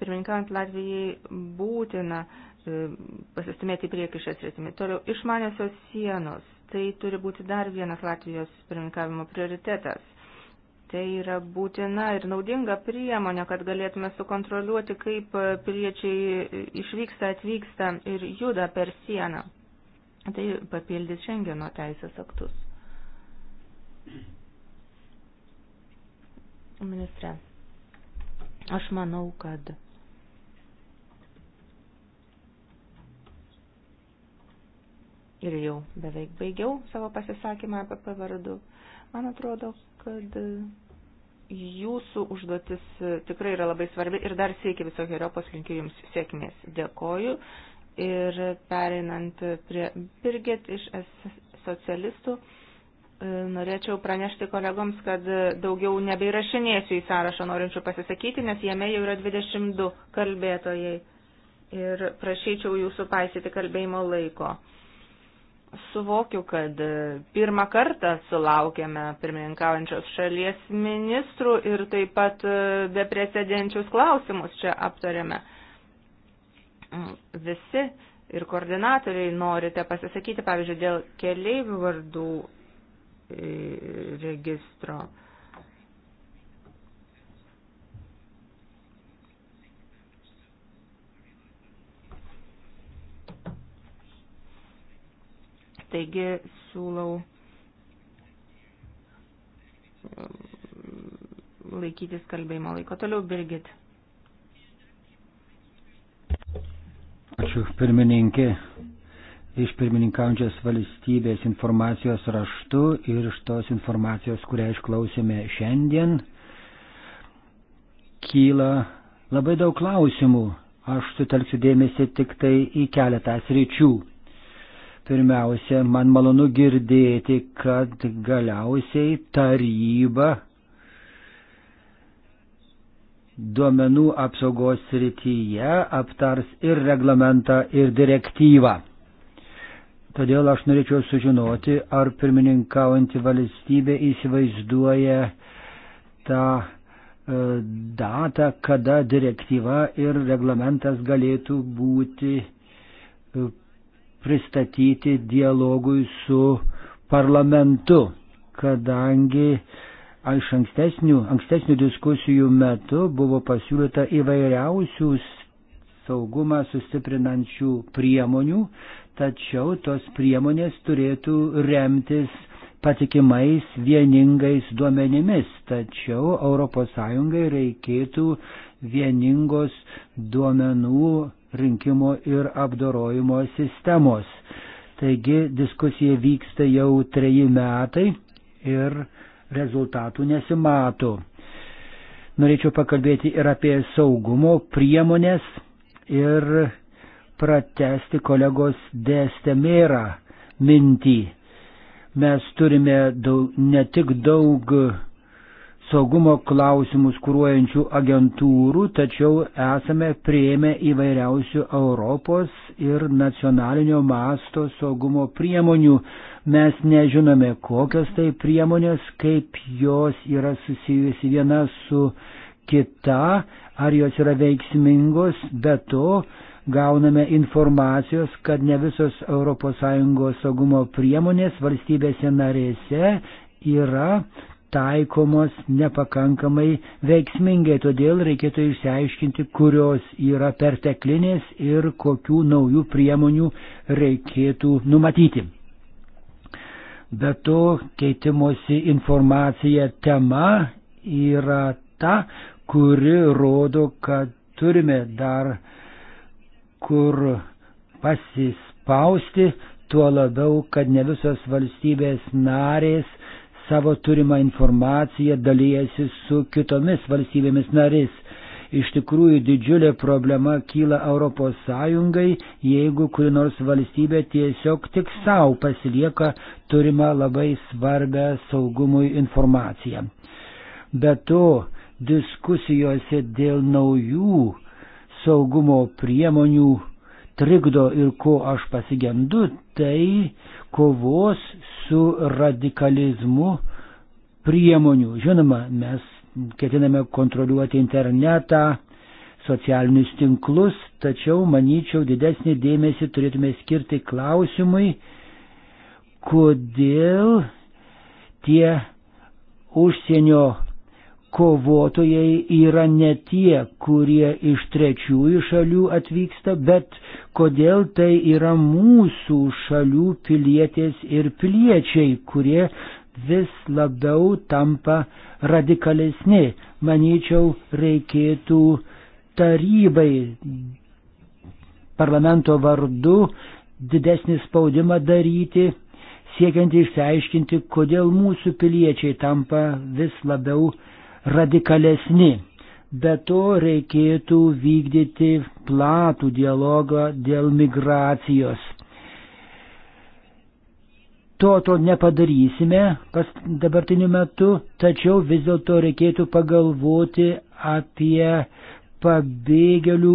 [SPEAKER 3] pirmininkaujant Latvijai būtina e, pasistumėti prieki šią sritimį. Toliau, išmaniosios sienos. Tai turi būti dar vienas Latvijos pirmininkavimo prioritetas. Tai yra būtina ir naudinga priemonė, kad galėtume sukontroliuoti, kaip piliečiai išvyksta, atvyksta ir juda per sieną. Tai papildys Šengeno teisės aktus. Ministre. Aš manau, kad ir jau beveik baigiau savo pasisakymą apie pavardų. Man atrodo, kad jūsų užduotis tikrai yra labai svarbi ir dar sėki viso Europos linkiu jums sėkmės. Dėkoju. Ir pereinant prie Birgit iš socialistų. Norėčiau pranešti kolegoms, kad daugiau nebeirašinėsiu į sąrašą norinčių pasisakyti, nes jame jau yra 22 kalbėtojai. Ir prašyčiau jūsų paisyti kalbėjimo laiko. Suvokiu, kad pirmą kartą sulaukėme pirmininkaujančios šalies ministrų ir taip pat beprecedenčius klausimus čia aptarėme. Visi ir koordinatoriai norite pasisakyti, pavyzdžiui, dėl keliaivių vardų registro. Taigi siūlau um, laikytis kalbėjimo laiko. Toliau Birgit.
[SPEAKER 5] Ačiū pirmininkė iš pirmininkaujančios valstybės informacijos raštu ir iš tos informacijos, kurią išklausėme šiandien, kyla labai daug klausimų. Aš sutelksiu dėmesį tik tai į keletą sričių. Pirmiausia, man malonu girdėti, kad galiausiai taryba duomenų apsaugos srityje aptars ir reglamentą, ir direktyvą. Todėl aš norėčiau sužinoti, ar pirmininkaujanti valstybė įsivaizduoja tą e, datą, kada direktyva ir reglamentas galėtų būti e, pristatyti dialogui su parlamentu, kadangi iš ankstesnių, ankstesnių diskusijų metu buvo pasiūlyta įvairiausių saugumą sustiprinančių priemonių, tačiau tos priemonės turėtų remtis patikimais vieningais duomenimis, tačiau ES reikėtų vieningos duomenų rinkimo ir apdorojimo sistemos. Taigi diskusija vyksta jau treji metai ir rezultatų nesimato. Norėčiau pakalbėti ir apie saugumo priemonės ir pratesti kolegos dėstemėrą mintį. Mes turime daug, ne tik daug saugumo klausimus kūruojančių agentūrų, tačiau esame prieėmę įvairiausių Europos ir nacionalinio masto saugumo priemonių. Mes nežinome, kokios tai priemonės, kaip jos yra susijusi viena su kita, ar jos yra veiksmingos, bet to gauname informacijos, kad ne visos ES saugumo priemonės valstybėse narėse yra taikomos nepakankamai veiksmingai, todėl reikėtų išsiaiškinti, kurios yra perteklinės ir kokių naujų priemonių reikėtų numatyti. Be to, keitimosi informacija tema yra ta, kuri rodo, kad turime dar uh, kur pasispausti, tuo labiau, kad ne visos valstybės narės savo turimą informaciją dalyjasi su kitomis valstybėmis narės. Iš tikrųjų didžiulė problema kyla ES, jeigu kuri nors valstybė tiesiog tik savo pasilieka turimą labai svarbę saugumui informaciją. Be to, diskusijose dėl naujų saugumo priemonių trikdo ir ko aš pasigendu, tai kovos su radikalizmu priemonių. Žinoma, mes ketiname kontroliuoti internetą, socialinius tinklus, tačiau, manyčiau, didesnį dėmesį turėtume skirti klausimui, kodėl tie užsienio kovotojai yra ne tie, kurie iš trečiųjų šalių atvyksta, bet kodėl tai yra mūsų šalių pilietės ir piliečiai, kurie vis labiau tampa radikalesni. Manyčiau, reikėtų tarybai parlamento vardu didesnį spaudimą daryti, siekiant išsiaiškinti, kodėl mūsų piliečiai tampa vis labiau radikalesni radikalesni. Be to reikėtų vykdyti platų dialogą dėl migracijos. To to nepadarysime pas dabartiniu metu, tačiau vis dėlto reikėtų pagalvoti apie pabėgėlių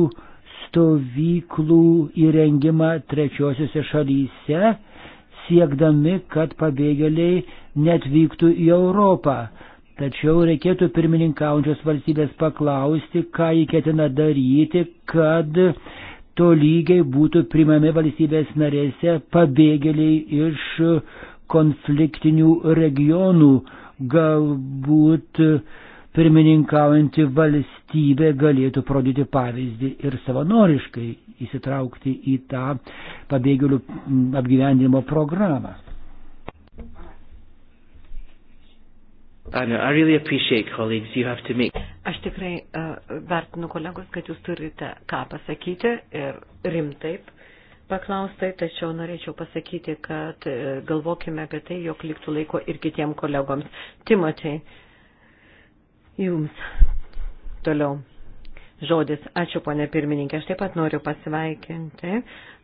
[SPEAKER 5] stovyklų įrengimą trečiosiuose šalyse, siekdami, kad pabėgėliai netvyktų į Europą. Tačiau reikėtų pirmininkaujančios valstybės paklausti, ką jį ketina daryti, kad to lygiai būtų primami valstybės narėse pabėgėliai iš konfliktinių regionų. Galbūt pirmininkaujanti valstybė galėtų parodyti pavyzdį ir savanoriškai įsitraukti į tą pabėgėlių apgyvendinimo programą.
[SPEAKER 1] I know, I really appreciate colleagues, you have to make...
[SPEAKER 4] Aš tikrai uh, vertinu kolegos, kad jūs turite ką pasakyti ir rimtai paklaustai, tačiau norėčiau pasakyti, kad uh, galvokime apie tai, jog liktų laiko ir kitiem kolegoms. Timotei, jums toliau žodis. Ačiū, ponė pirmininkė. Aš taip pat noriu pasveikinti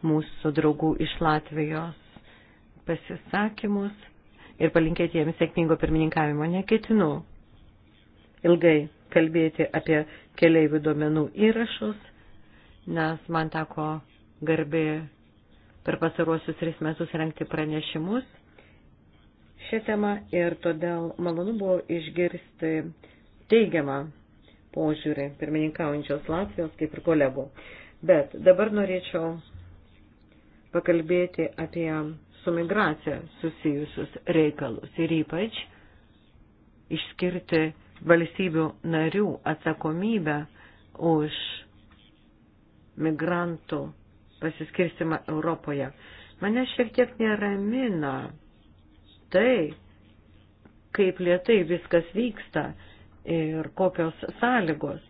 [SPEAKER 4] mūsų draugų iš Latvijos pasisakymus ir palinkėti jiems sėkmingo pirmininkavimo neketinu ilgai kalbėti apie keliaivių duomenų įrašus, nes man teko garbė per pasaruosius tris metus renkti pranešimus šią temą ir todėl malonu buvo išgirsti teigiamą požiūrį pirmininkaujančios Latvijos kaip ir kolegų. Bet dabar norėčiau pakalbėti apie su migracija susijusius reikalus ir ypač išskirti valstybių narių atsakomybę už migrantų pasiskirstimą Europoje. Mane šiek tiek neramina tai, kaip lietai viskas vyksta ir kokios sąlygos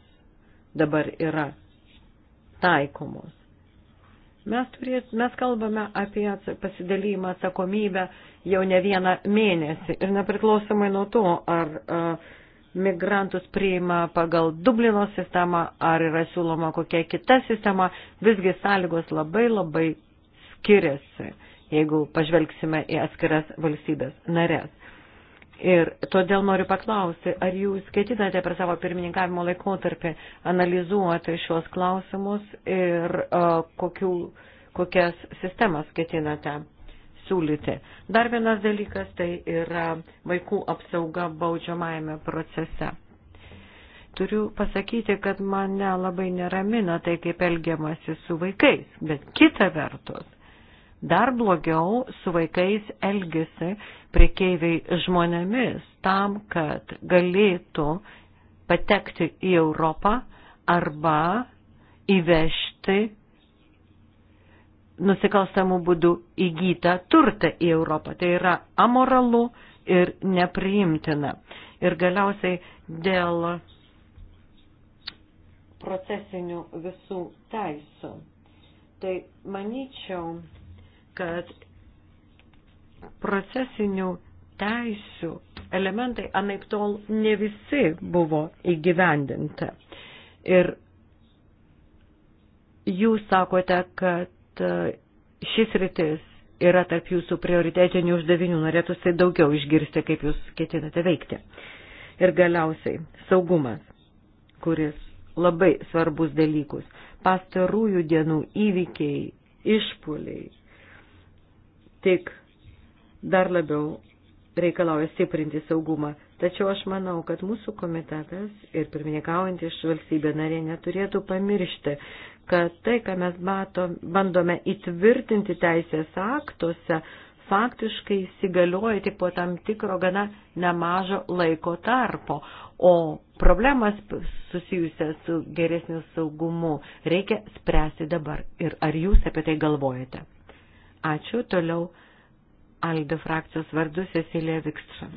[SPEAKER 4] dabar yra taikomos. Mes, turės, mes kalbame apie pasidalymą atsakomybę jau ne vieną mėnesį ir nepriklausomai nuo to, ar uh, migrantus priima pagal Dublino sistemą, ar yra siūloma kokia kita sistema, visgi sąlygos labai labai skiriasi, jeigu pažvelgsime į atskiras valstybės narės. Ir todėl noriu paklausti, ar jūs ketinate per savo pirmininkavimo laikotarpį analizuoti šios klausimus ir uh, kokių, kokias sistemas ketinate siūlyti. Dar vienas dalykas tai yra vaikų apsauga baudžiamajame procese. Turiu pasakyti, kad mane labai neramina tai, kaip elgiamasi su vaikais, bet kita vertus, Dar blogiau su vaikais elgesi priekeiviai žmonėmis tam, kad galėtų patekti į Europą arba įvežti nusikalstamų būdų įgytą turtą į Europą. Tai yra amoralu ir nepriimtina. Ir galiausiai dėl procesinių visų teisų. Tai manyčiau, kad procesinių teisių elementai anaip tol ne visi buvo įgyvendinti. Ir jūs sakote, kad e, šis rytis yra tarp jūsų prioritetinių uždavinių, norėtųsi daugiau išgirsti, kaip jūs ketinate veikti. Ir galiausiai saugumas, kuris labai svarbus dalykus. Pastarųjų dienų įvykiai, išpuliai, tik dar labiau reikalauja stiprinti saugumą. Tačiau aš manau, kad mūsų komitetas ir pirmininkaujant iš valstybė narė neturėtų pamiršti, kad tai, ką mes matom, bandome įtvirtinti teisės aktuose, faktiškai įsigalioja tik po tam tikro gana nemažo laiko tarpo, o problemas susijusias su geresniu saugumu reikia spręsti dabar. Ir ar jūs apie tai galvojate? Ačiū. Toliau Alde frakcijos vardu Cecilija Vikstrom.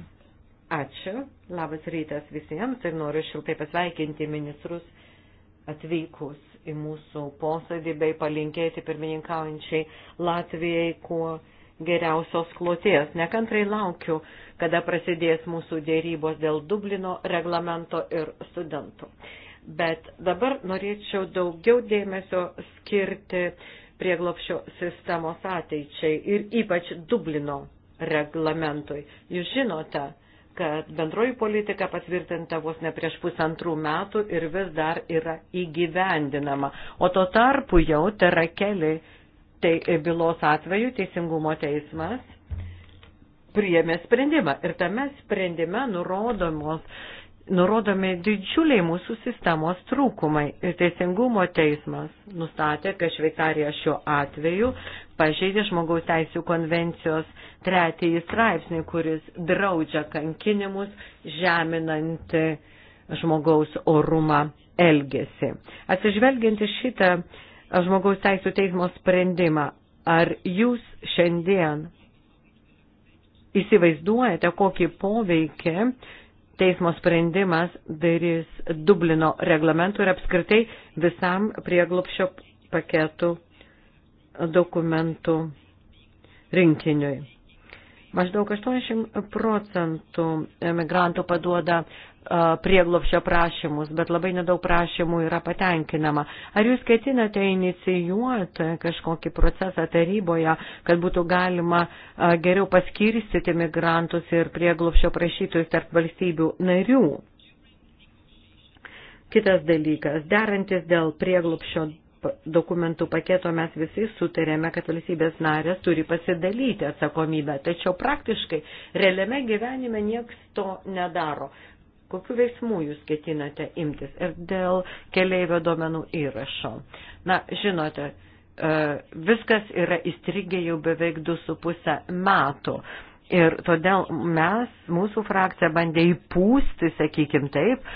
[SPEAKER 4] Ačiū. Labas rytas visiems ir noriu šiltai pasveikinti ministrus atvykus į mūsų posėdį bei palinkėti pirmininkaujančiai Latvijai kuo geriausios kloties. Nekantrai laukiu, kada prasidės mūsų dėrybos dėl Dublino reglamento ir studentų. Bet dabar norėčiau daugiau dėmesio skirti uh, prieglopščio sistemos ateičiai ir ypač Dublino reglamentui. Jūs žinote, kad bendroji politika patvirtinta vos ne prieš pusantrų metų ir vis dar yra įgyvendinama. O tuo tarpu jau tera keli tai bylos atveju teisingumo teismas priėmė sprendimą. Ir tame sprendime nurodomos nurodomi didžiuliai mūsų sistemos trūkumai ir teisingumo teismas nustatė, kad Šveicarija šiuo atveju pažeidė žmogaus teisų konvencijos tretįjį straipsnį, kuris draudžia kankinimus žeminantį žmogaus orumą elgesį. Atsižvelgianti šitą žmogaus teisų teismo sprendimą, ar jūs šiandien įsivaizduojate, kokį poveikį teismo sprendimas darys Dublino reglamentų ir apskritai visam prieglopšio paketų dokumentų rinkiniui. Maždaug 80 procentų emigrantų paduoda prieglopšio prašymus, bet labai nedaug prašymų yra patenkinama. Ar jūs ketinate inicijuoti kažkokį procesą taryboje, kad būtų galima geriau paskirstyti migrantus ir prieglopšio prašytojus tarp valstybių narių? Kitas dalykas, derantis dėl prieglopšio dokumentų paketo mes visi sutarėme, kad valstybės narės turi pasidalyti atsakomybę, tačiau praktiškai realiame gyvenime nieks to nedaro. Kokiu veiksmu jūs ketinate imtis ir dėl keleivio duomenų įrašo? Na, žinote, e, viskas yra įstrigę jau beveik 2,5 metų. Ir todėl mes, mūsų frakcija bandė įpūsti, sakykim taip,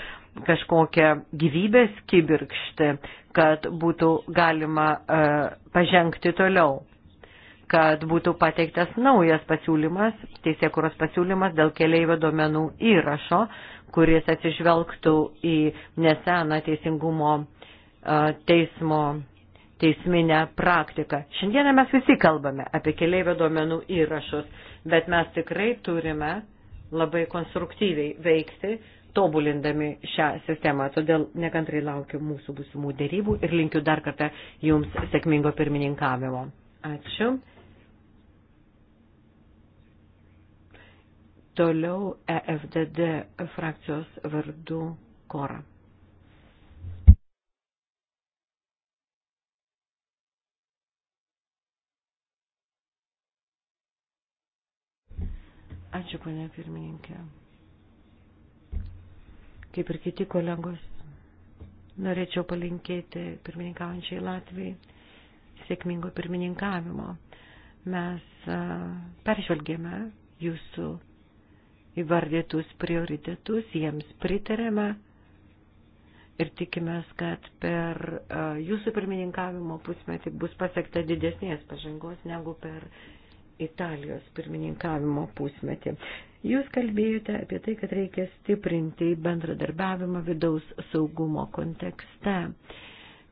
[SPEAKER 4] kažkokią gyvybės kibirkštį, kad būtų galima uh, pažengti toliau kad būtų pateiktas naujas pasiūlymas, teisėkuros pasiūlymas dėl keleivio duomenų įrašo, kuris atsižvelgtų į neseną teisingumo teismo teisminę praktiką. Šiandieną mes visi kalbame apie keleivio duomenų įrašus, bet mes tikrai turime labai konstruktyviai veikti, tobulindami šią sistemą. Todėl nekantrai laukiu mūsų būsimų dėrybų ir linkiu dar kartą Jums sėkmingo pirmininkavimo. Ačiū. Toliau EFDD frakcijos vardu Kora. Ačiū, ponia pirmininkė. Kaip ir kiti kolegos, norėčiau palinkėti pirmininkaujančiai Latvijai sėkmingo pirmininkavimo. Mes peržvelgėme jūsų įvardytus prioritetus, jiems pritarėme ir tikimės, kad per e, jūsų pirmininkavimo pusmetį bus pasiekta didesnės pažangos negu per Italijos pirmininkavimo pusmetį. Jūs kalbėjote apie tai, kad reikia stiprinti bendradarbiavimą vidaus saugumo kontekste,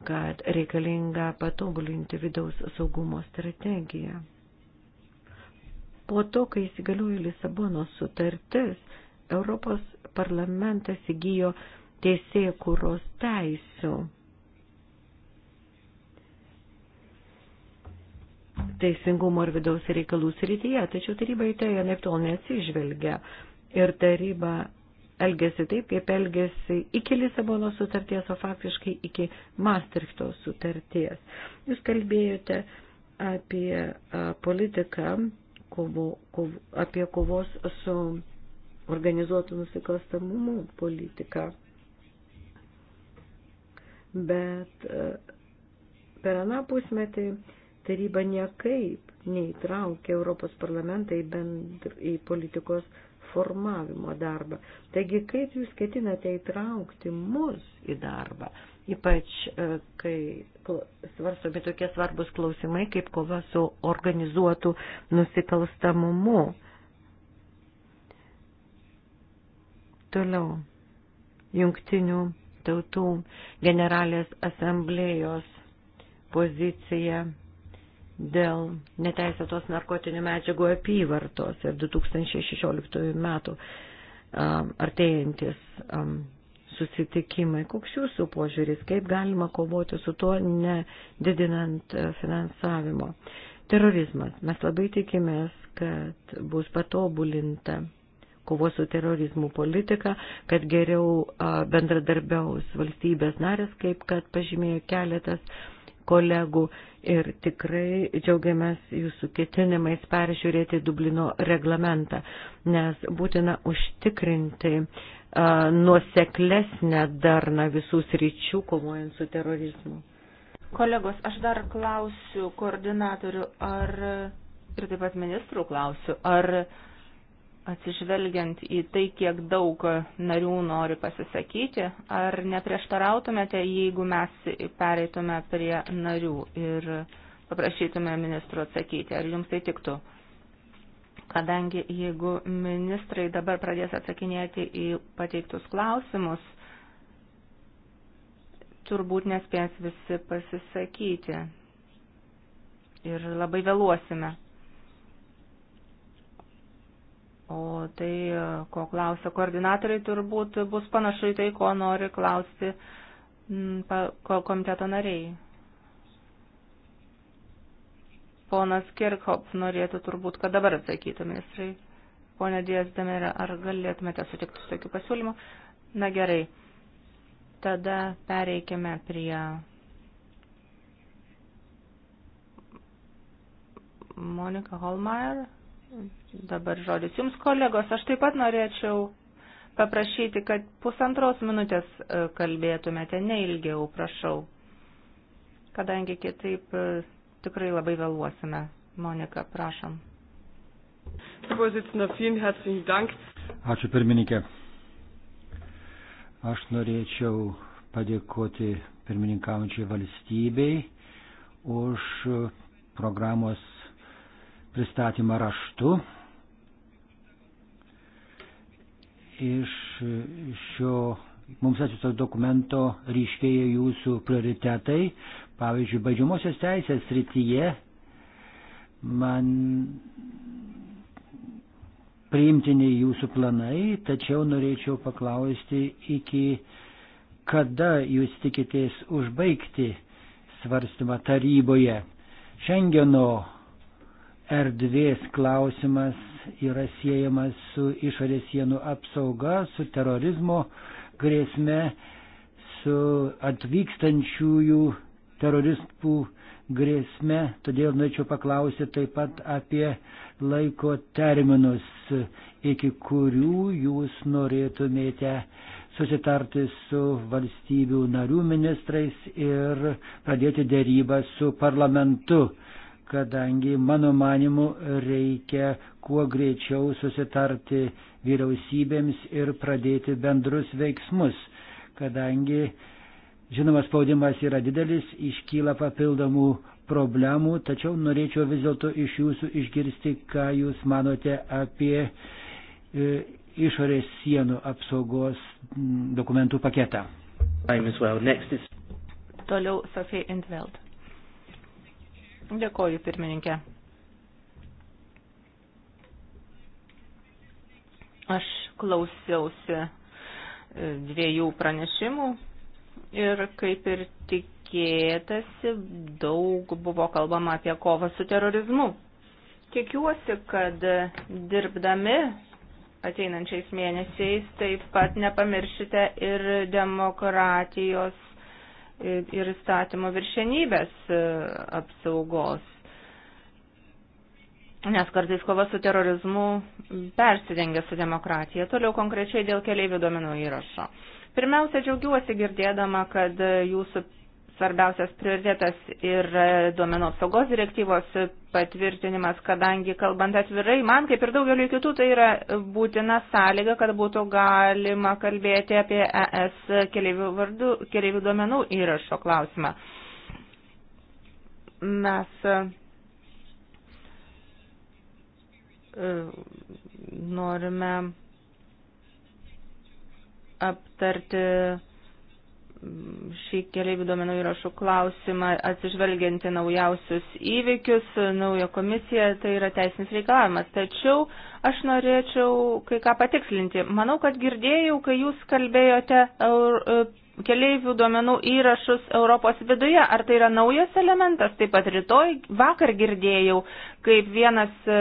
[SPEAKER 4] kad reikalinga patobulinti vidaus saugumo strategiją. Po to, kai įsigaliojo Lisabono sutartis, Europos parlamentas įgyjo teisėjų kūros teisių. Teisingumo ir vidaus reikalų srityje, tačiau taryba į tai anaip tol neatsižvelgia. Ir taryba elgesi taip, kaip elgesi iki Lisabono sutarties, o faktiškai iki Maastrichto sutarties. Jūs kalbėjote apie politiką kovo, kovo, apie kovos su organizuotų nusikalstamumų politiką. Bet e, per aną pusmetį taryba niekaip neįtraukė Europos parlamentą į, bendr, į politikos formavimo darbą. Taigi, kaip jūs ketinate įtraukti mus į darbą? ypač e, kai svarstomi tokie svarbus klausimai kaip kova su organizuotu nusikalstamumu. Toliau, jungtinių tautų generalės asamblėjos pozicija dėl neteisėtos narkotinių medžiagų apyvartos ir 2016 metų artėjantis susitikimai. Koks jūsų požiūris, kaip galima kovoti su tuo, nedidinant e, finansavimo? Terorizmas. Mes labai tikimės, kad bus patobulinta kovos su terorizmu politika, kad geriau bendradarbiaus valstybės narės, kaip kad pažymėjo keletas kolegų ir tikrai džiaugiamės jūsų ketinimais peržiūrėti Dublino reglamentą, nes būtina užtikrinti uh, nuoseklesnę darną visų sričių kovojant su terorizmu.
[SPEAKER 3] Kolegos, aš dar klausiu koordinatorių ar, ir taip pat ministrų klausiu, ar uh, atsižvelgiant į tai, kiek daug narių nori pasisakyti, ar neprieštarautumėte, jeigu mes pereitume prie narių ir paprašytume ministro atsakyti, ar jums tai tiktų? Kadangi jeigu ministrai dabar pradės atsakinėti į pateiktus klausimus, turbūt nespės visi pasisakyti ir labai vėluosime. O tai, ko klausia koordinatoriai, turbūt bus panašu į tai, ko nori klausti mm, komiteto nariai. Ponas Kirchhoff norėtų turbūt, kad dabar atsakytų ministrai. Pone Dijas Demerė, ar galėtumėte sutikti su tokiu pasiūlymu? Na gerai, tada pereikime prie Monika Holmeier. Dabar žodis jums, kolegos. Aš taip pat norėčiau paprašyti, kad pusantros minutės e, kalbėtumėte, neilgiau, prašau. Kadangi kitaip e, tikrai labai vėluosime. Monika, prašom.
[SPEAKER 5] Ačiū pirmininkė. Aš norėčiau padėkoti pirmininkaujančiai valstybei už programos pristatymą raštu. Iš šio mums atsiusto dokumento ryškėja jūsų prioritetai. Pavyzdžiui, baidžiamosios teisės srityje man priimtini jūsų planai, tačiau norėčiau paklausti, iki kada jūs tikitės užbaigti svarstymą taryboje. Šengeno erdvės klausimas yra siejamas su išorės sienų apsauga, su terorizmo grėsme, su atvykstančiųjų teroristų grėsme. Todėl norėčiau paklausyti taip pat apie laiko terminus, iki kurių jūs norėtumėte susitarti su valstybių narių ministrais ir pradėti dėrybą su parlamentu kadangi mano manimu reikia kuo greičiau susitarti vyriausybėms ir pradėti bendrus veiksmus, kadangi Žinoma, spaudimas yra didelis, iškyla papildomų problemų, tačiau norėčiau vis dėlto iš jūsų išgirsti, ką jūs manote apie e, išorės sienų apsaugos dokumentų paketą.
[SPEAKER 1] Well. Is...
[SPEAKER 3] Toliau Sofija Intveld. Dėkoju, pirmininkė. Aš klausiausi e, dviejų pranešimų ir kaip ir tikėtasi, daug buvo kalbama apie kovą su terorizmu. Tikiuosi, kad dirbdami ateinančiais mėnesiais taip pat nepamiršite ir demokratijos ir įstatymo viršenybės e, apsaugos. Nes kartais kova su terorizmu persidengia su demokratija. Toliau konkrečiai dėl keliaivių duomenų įrašo. Pirmiausia, džiaugiuosi girdėdama, kad e, jūsų svarbiausias prioritetas ir e, duomenų apsaugos direktyvos patvirtinimas, kadangi, kalbant atvirai, man kaip ir daugeliu kitų, tai yra būtina sąlyga, kad būtų galima kalbėti apie ES keliaivių, vardu, keliaivių duomenų įrašo klausimą. Mes e, e, norime aptarti šį keliaivių duomenų įrašų klausimą atsižvelgianti naujausius įvykius, nauja komisija, tai yra teisinis reikalavimas. Tačiau aš norėčiau kai ką patikslinti. Manau, kad girdėjau, kai jūs kalbėjote e, keliaivių duomenų įrašus Europos viduje. Ar tai yra naujas elementas? Taip pat rytoj, vakar girdėjau, kaip vienas e,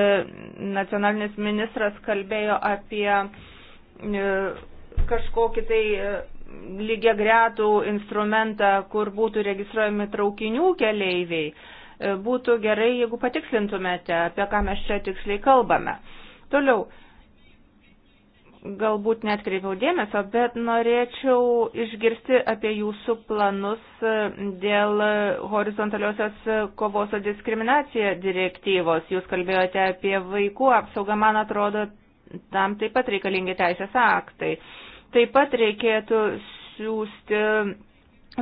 [SPEAKER 3] nacionalinis ministras kalbėjo apie e, kažkokį tai lygia gretų instrumentą, kur būtų registruojami traukinių keleiviai, e, būtų gerai, jeigu patikslintumėte, apie ką mes čia tiksliai kalbame. Toliau, galbūt netkreipiau dėmesio, bet norėčiau išgirsti apie jūsų planus e, dėl horizontaliosios kovos su diskriminacija direktyvos. Jūs kalbėjote apie vaikų apsaugą, man atrodo, tam taip pat reikalingi teisės aktai. Taip pat reikėtų siūsti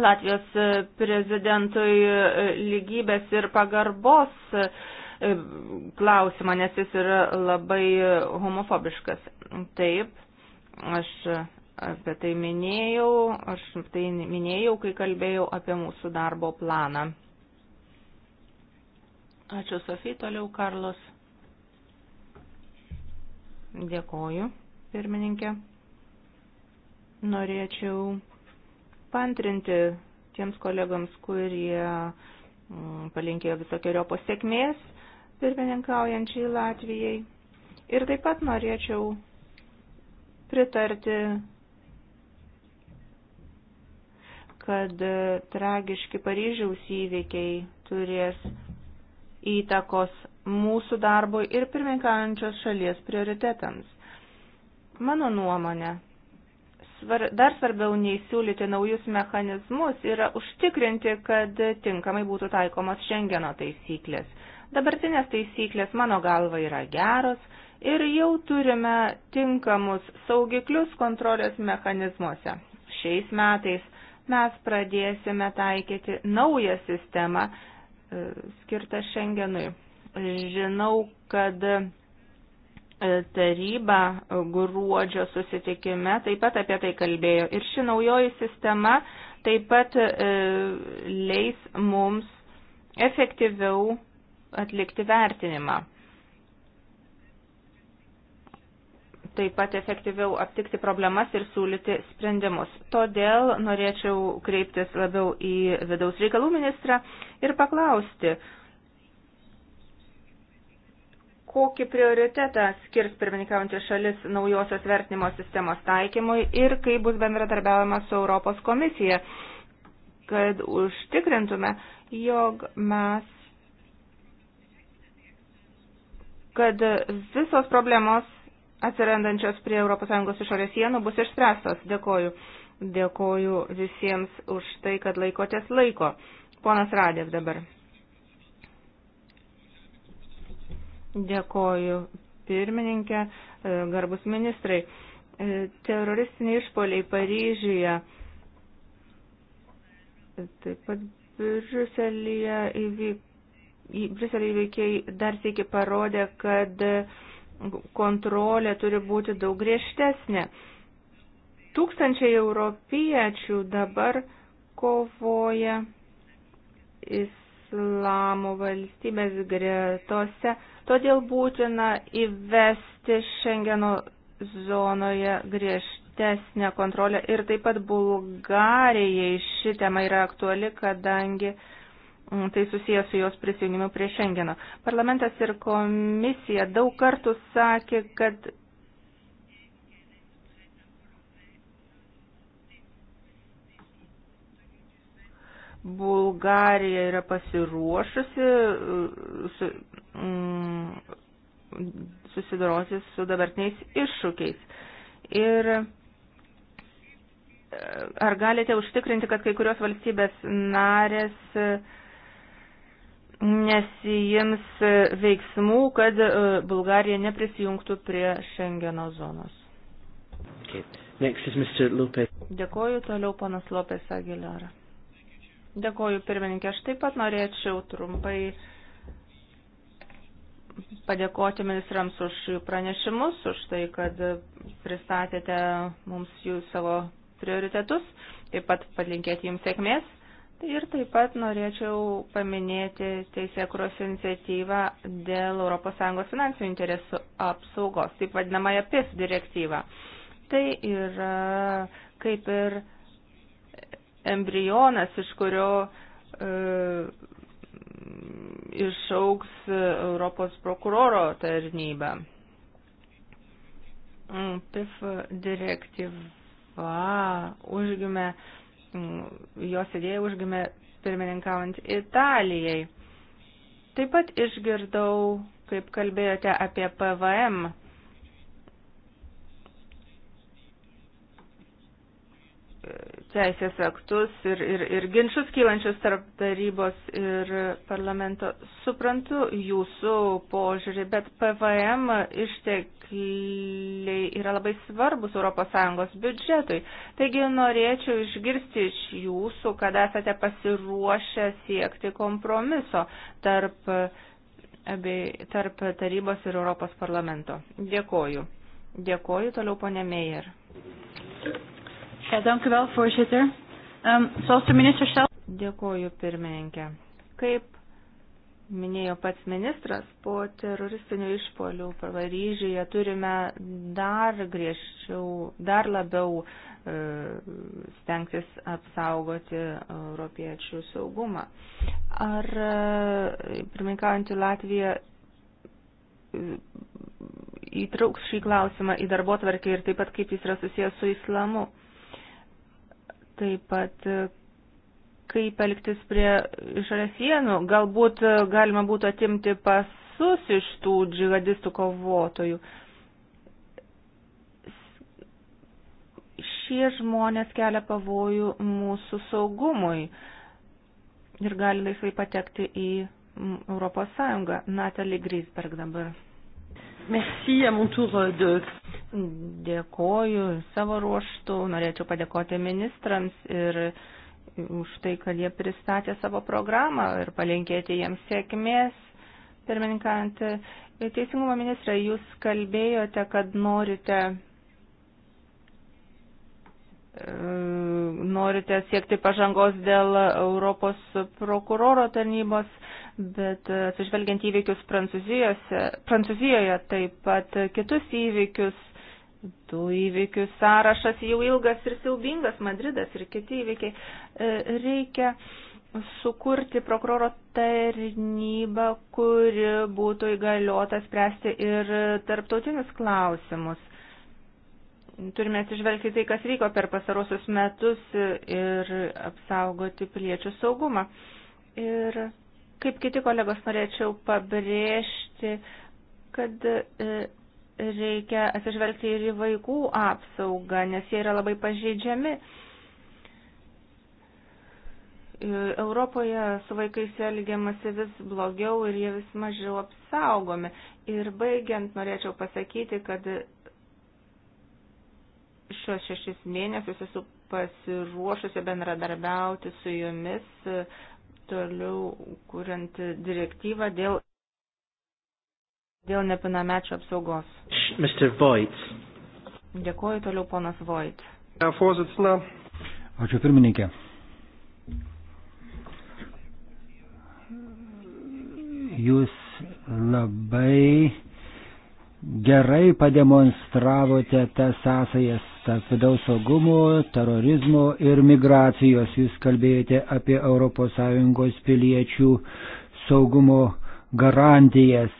[SPEAKER 3] Latvijos prezidentui lygybės ir pagarbos e, klausimą, nes jis yra labai homofobiškas. Taip, aš apie tai minėjau, aš tai minėjau, kai kalbėjau apie mūsų darbo planą. Ačiū, Sofija, toliau Karlos. Dėkoju, pirmininkė. Norėčiau pantrinti tiems kolegams, kurie mm, palinkėjo visokiojo pasiekmės pirmininkaujančiai Latvijai. Ir taip pat norėčiau pritarti, kad tragiški Paryžiaus įvykiai turės įtakos mūsų darbui ir pirmininkaujančios šalies prioritetams. Mano nuomonė, svar, dar svarbiau nei siūlyti naujus mechanizmus yra užtikrinti, kad tinkamai būtų taikomos Šengeno taisyklės. Dabartinės taisyklės mano galva yra geros ir jau turime tinkamus saugiklius kontrolės mechanizmuose. Šiais metais mes pradėsime taikyti naują sistemą e, skirtą Šengenui. Žinau, kad taryba gruodžio susitikime taip pat apie tai kalbėjo. Ir ši naujoji sistema taip pat e, leis mums efektyviau atlikti vertinimą. Taip pat efektyviau aptikti problemas ir siūlyti sprendimus. Todėl norėčiau kreiptis labiau į vidaus reikalų ministrą ir paklausti, kokį prioritetą skirs pirmininkaujantį šalis naujosios vertinimo sistemos taikymui ir kaip bus bendradarbiaujama su Europos komisija, kad užtikrintume, jog mes kad visos problemos atsirandančios prie ES išorės sienų bus išspręstos. Dėkoju. Dėkoju visiems už tai, kad laikotės laiko. Ponas Radės dabar. Dėkoju pirmininkė, e, garbus ministrai. E, teroristiniai išpoliai Paryžiuje, e, taip pat Briuselėje įveikiai dar sėki parodė, kad kontrolė turi būti daug griežtesnė. Tūkstančiai europiečių dabar kovoja islamo valstybės gretose Todėl būtina įvesti Šengeno zonoje griežtesnę kontrolę ir taip pat Bulgarijai ši tema yra aktuali, kadangi mm, tai susijęs su jos prisijungimu prie Šengeno. Parlamentas ir komisija daug kartų sakė, kad Bulgarija yra pasiruošusi e, Mm, susidoroti su dabartiniais iššūkiais. Ir e, ar galite užtikrinti, kad kai kurios valstybės narės e, nesijims e, veiksmų, kad Bulgarija neprisijungtų prie Schengeno zonos?
[SPEAKER 1] Okay. Next is Mr. Lopez.
[SPEAKER 3] Dėkoju toliau panas Lopez Aguilar. Dėkoju pirmininkė, aš taip pat norėčiau trumpai padėkoti ministrams už jų pranešimus, už tai, kad pristatėte mums jų savo prioritetus, taip pat palinkėti jums sėkmės. Tai ir taip pat norėčiau paminėti teisėkuros iniciatyvą dėl ES finansinių interesų apsaugos, taip vadinamąją PIF direktyvą. Tai yra kaip ir embrionas, iš kurio e, išauks Europos prokuroro tarnybą. Mm, PIF direktyva užgimė, mm, jos idėja užgimė pirmininkaujant Italijai. Taip pat išgirdau, kaip kalbėjote apie PVM teisės aktus ir, ir, ir ginčius kylančius tarp tarybos ir parlamento. Suprantu jūsų požiūrį, bet PVM ištekliai yra labai svarbus ES biudžetui. Taigi norėčiau išgirsti iš jūsų, kad esate pasiruošę siekti kompromiso tarp, abie, tarp tarybos ir Europos parlamento. Dėkoju. Dėkoju toliau, ponė Meijer. Thank you. Ja, dank u wel, voorzitter. Um, zoals de minister zelf. Dėkoju, pirmininkė. Kaip minėjo pats ministras, po teroristinių išpolių Paryžiuje turime dar griežčiau, dar labiau e, stengtis apsaugoti europiečių saugumą. Ar, e, pirmininkaujantį Latviją,
[SPEAKER 2] e,
[SPEAKER 3] įtrauks šį klausimą į darbo tvarkį ir taip pat kaip jis yra susijęs su islamu? Taip pat e, kaip elgtis prie išorės sienų. Galbūt e, galima būtų atimti pasus iš tų džihadistų kovotojų. Šie žmonės kelia pavojų mūsų saugumui ir gali laisvai patekti į Europos Sąjungą. Natalie Grisberg dabar.
[SPEAKER 4] Merci à mon tour euh, de.
[SPEAKER 3] Dėkoju savo ruoštų, norėčiau padėkoti ministrams ir už tai, kad jie pristatė savo programą ir palinkėti jiems sėkmės. Pirmininkant, Teisingumo ministrė, jūs kalbėjote, kad norite e, norite siekti pažangos dėl Europos prokuroro tarnybos. Bet e, atsižvelgiant įvykius Prancūzijoje, taip pat kitus įvykius, tų įvykių sąrašas jau ilgas ir siaubingas, Madridas ir kiti įvykiai, e, reikia sukurti prokuroro tarnybą, kuri būtų įgaliota spręsti ir tarptautinius klausimus. Turime atsižvelgti tai, kas vyko per pasarosius metus ir apsaugoti piliečių saugumą. Ir Kaip kiti kolegos norėčiau pabrėžti, kad e, reikia atsižvelgti ir į vaikų apsaugą, nes jie yra labai pažeidžiami. E, Europoje su vaikais elgiamasi vis blogiau ir jie vis mažiau apsaugomi. Ir baigiant norėčiau pasakyti, kad šios šešis mėnesius esu pasiruošusi bendradarbiauti su jumis, toliau kuriant direktyvą dėl, dėl nepinamečio apsaugos.
[SPEAKER 1] Mr. Voigt.
[SPEAKER 3] Dėkuoju toliau ponas Voigt.
[SPEAKER 1] Ačiū pirmininkė.
[SPEAKER 5] Jūs labai gerai pademonstravote tas sąsajas tarp vidaus saugumo, terorizmo ir migracijos. Jūs kalbėjote apie ES piliečių saugumo garantijas.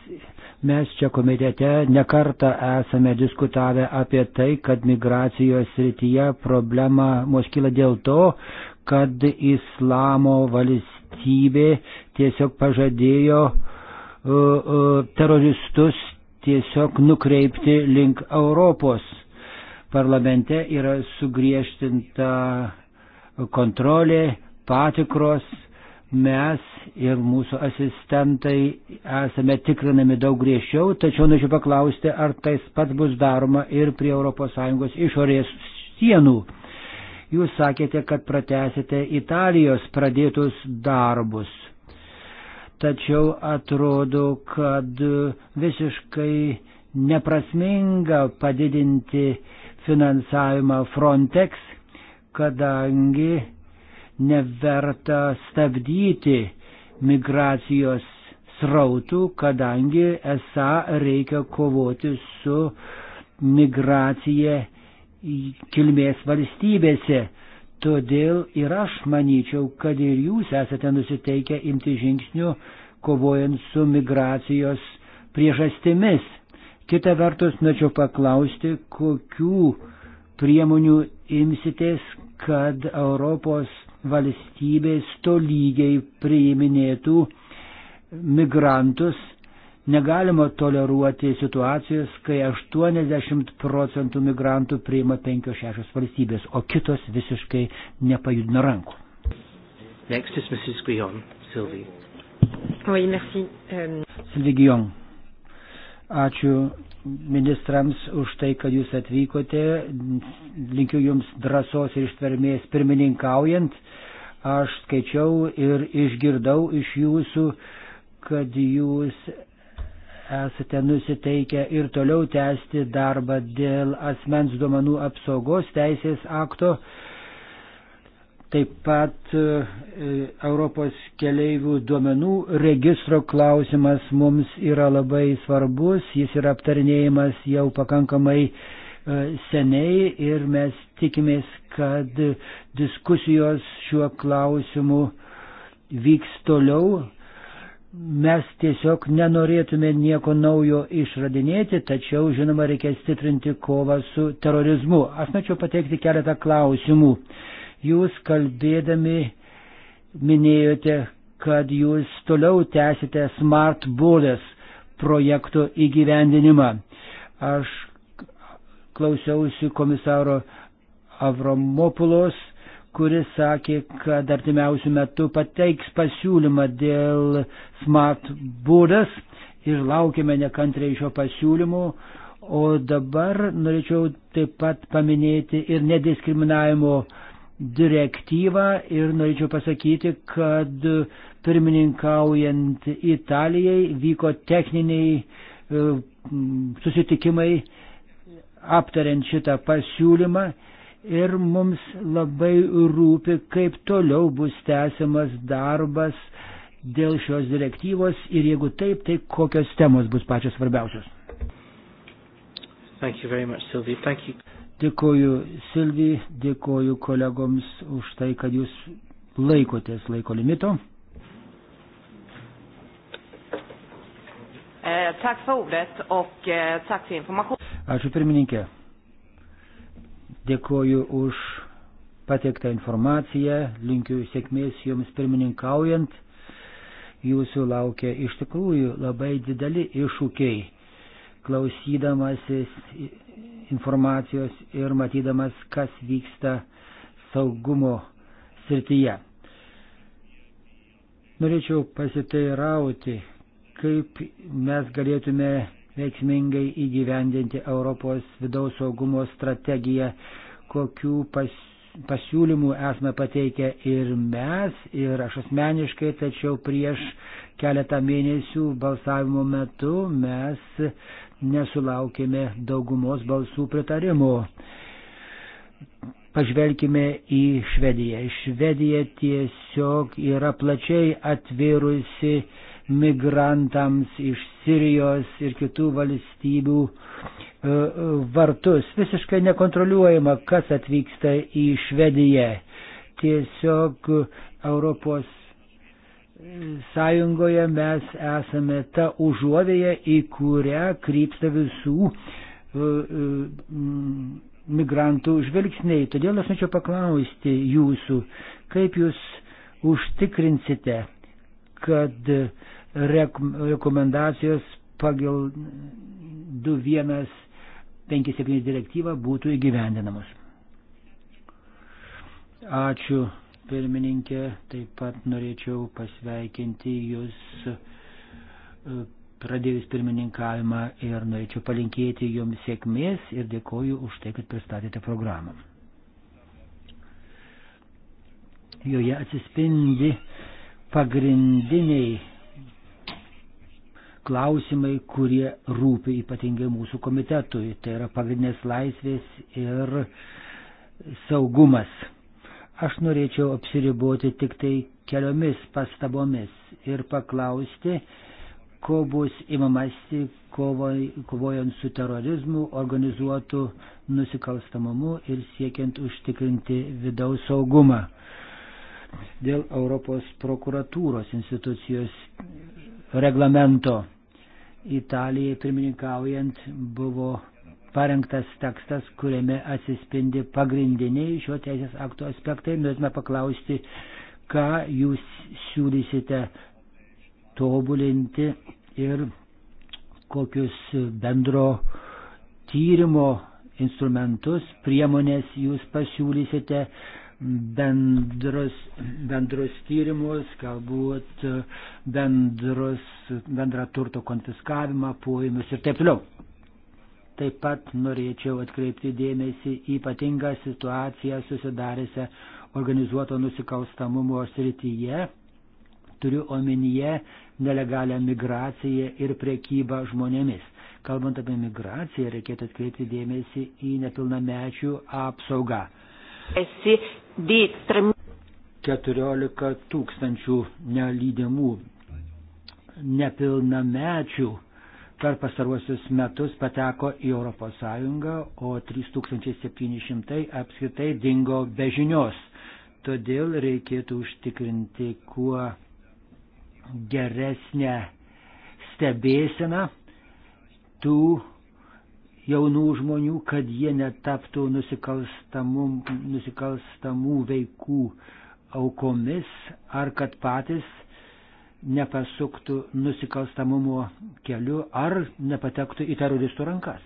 [SPEAKER 5] Mes čia komitete nekarta esame diskutavę apie tai, kad migracijos srityje problema mus kyla dėl to, kad islamo valstybė tiesiog pažadėjo uh, uh, teroristus tiesiog nukreipti link Europos parlamente yra sugriežtinta kontrolė, patikros, mes ir mūsų asistentai esame tikrinami daug griežčiau, tačiau norėčiau paklausti, ar tais pat bus daroma ir prie ES išorės sienų. Jūs sakėte, kad pratesite Italijos pradėtus darbus. Tačiau atrodo, kad visiškai neprasminga padidinti uh, finansavimą Frontex, kadangi neverta stabdyti migracijos srautų, kadangi esą reikia kovoti su migracija kilmės valstybėse. Todėl ir aš manyčiau, kad ir jūs esate nusiteikę imti žingsnių kovojant su migracijos priežastimis. Kita vertus, norėčiau paklausti, kokių priemonių imsitės, kad Europos valstybės tolygiai priiminėtų migrantus. Negalima toleruoti situacijos, kai 80 procentų migrantų priima 5-6 valstybės, o kitos visiškai nepajudina rankų.
[SPEAKER 1] Next is Mrs. Guillaume, Sylvie.
[SPEAKER 5] Oui, merci. Um... Sylvie Guillaume. Ačiū ministrams už tai, kad jūs atvykote. Linkiu jums drąsos ir ištvermės pirmininkaujant. Aš skaičiau ir išgirdau iš jūsų, kad jūs esate nusiteikę ir toliau tęsti darbą dėl asmens duomenų apsaugos teisės akto. Taip pat e, Europos keleivių duomenų registro klausimas mums yra labai svarbus, jis yra aptarinėjimas jau pakankamai e, seniai ir mes tikimės, kad diskusijos šiuo klausimu vyks toliau. Mes tiesiog nenorėtume nieko naujo išradinėti, tačiau, žinoma, reikia stiprinti kovą su terorizmu. Aš norėčiau pateikti keletą klausimų. Jūs kalbėdami minėjote, kad jūs toliau tęsite Smart Borders projekto įgyvendinimą. Aš klausiausi komisaro Avramopulos, kuris sakė, kad artimiausių metų pateiks pasiūlymą dėl Smart Borders ir laukime nekantriai šio pasiūlymo. O dabar norėčiau taip pat paminėti ir nediskriminavimo uh, direktyvą ir norėčiau pasakyti, kad pirmininkaujant Italijai vyko techniniai e, susitikimai aptariant šitą pasiūlymą ir mums labai rūpi, kaip toliau bus tęsiamas darbas dėl šios direktyvos ir jeigu taip, tai kokios temos bus pačios svarbiausios.
[SPEAKER 1] Much,
[SPEAKER 5] Dėkoju Silvijai, dėkoju kolegoms už tai, kad jūs laikotės laiko limito.
[SPEAKER 3] Eh, tack för ordet och eh, tack för information.
[SPEAKER 5] Ačiū pirmininkė. Dėkuoju už pateiktą informaciją, linkiu sėkmės jums pirmininkaujant. Jūsų laukia iš tikrųjų labai dideli iššūkiai. Klausydamasis informacijos ir matydamas, kas vyksta saugumo srityje. Norėčiau pasiteirauti, kaip mes galėtume veiksmingai įgyvendinti Europos vidaus saugumo strategiją, kokių pas, pasiūlymų esame pateikę ir mes, ir aš asmeniškai, tačiau prieš keletą mėnesių balsavimo metu mes nesulaukėme daugumos balsų pritarimo. Pažvelkime į Švediją. Švedija tiesiog yra plačiai atvėrusi migrantams iš Sirijos ir kitų valstybių e, vartus. Visiškai nekontroliuojama, kas atvyksta į Švediją. Tiesiog Europos sąjungoje mes esame ta užuovėja, į kurią krypsta visų e, e, migrantų žvilgsniai. Todėl aš norėčiau paklausti jūsų, kaip jūs užtikrinsite, kad rekomendacijos pagal 2157 direktyvą būtų įgyvendinamos. Ačiū pirmininkė, taip pat norėčiau pasveikinti Jūs e, pradėjus pirmininkavimą ir norėčiau palinkėti Jums sėkmės ir dėkoju už tai, kad pristatėte programą. Joje atsispindi pagrindiniai klausimai, kurie rūpi ypatingai mūsų komitetui. Tai yra pagrindinės laisvės ir saugumas. Aš norėčiau apsiriboti tik tai keliomis pastabomis ir paklausti, ko bus imamasi kovoj, kovojant su terorizmu, organizuotu nusikalstamumu ir siekiant užtikrinti vidaus saugumą. Dėl Europos prokuratūros institucijos reglamento Italijai pirmininkaujant buvo parengtas tekstas, kuriame atsispindi pagrindiniai šio teisės akto aspektai. Norėtume paklausti, ką jūs siūlysite tobulinti ir kokius bendro tyrimo instrumentus, priemonės jūs pasiūlysite bendrus, bendrus tyrimus, galbūt bendrus, bendrą turto konfiskavimą, poėmius ir taip toliau. Taip pat norėčiau atkreipti dėmesį į ypatingą situaciją susidariusią organizuoto nusikalstamumo srityje. Turiu omenyje nelegalią migraciją ir prekybą žmonėmis. Kalbant apie migraciją, reikėtų atkreipti dėmesį į nepilnamečių apsaugą. 14 tūkstančių nelydimų nepilnamečių per pastaruosius metus pateko į ES, o 3700 apskritai dingo be žinios. Todėl reikėtų užtikrinti kuo geresnę stebėseną tų jaunų žmonių, kad jie netaptų nusikalstamų veikų aukomis ar kad patys nepasuktų nusikalstamumo keliu ar nepatektų į teroristų rankas.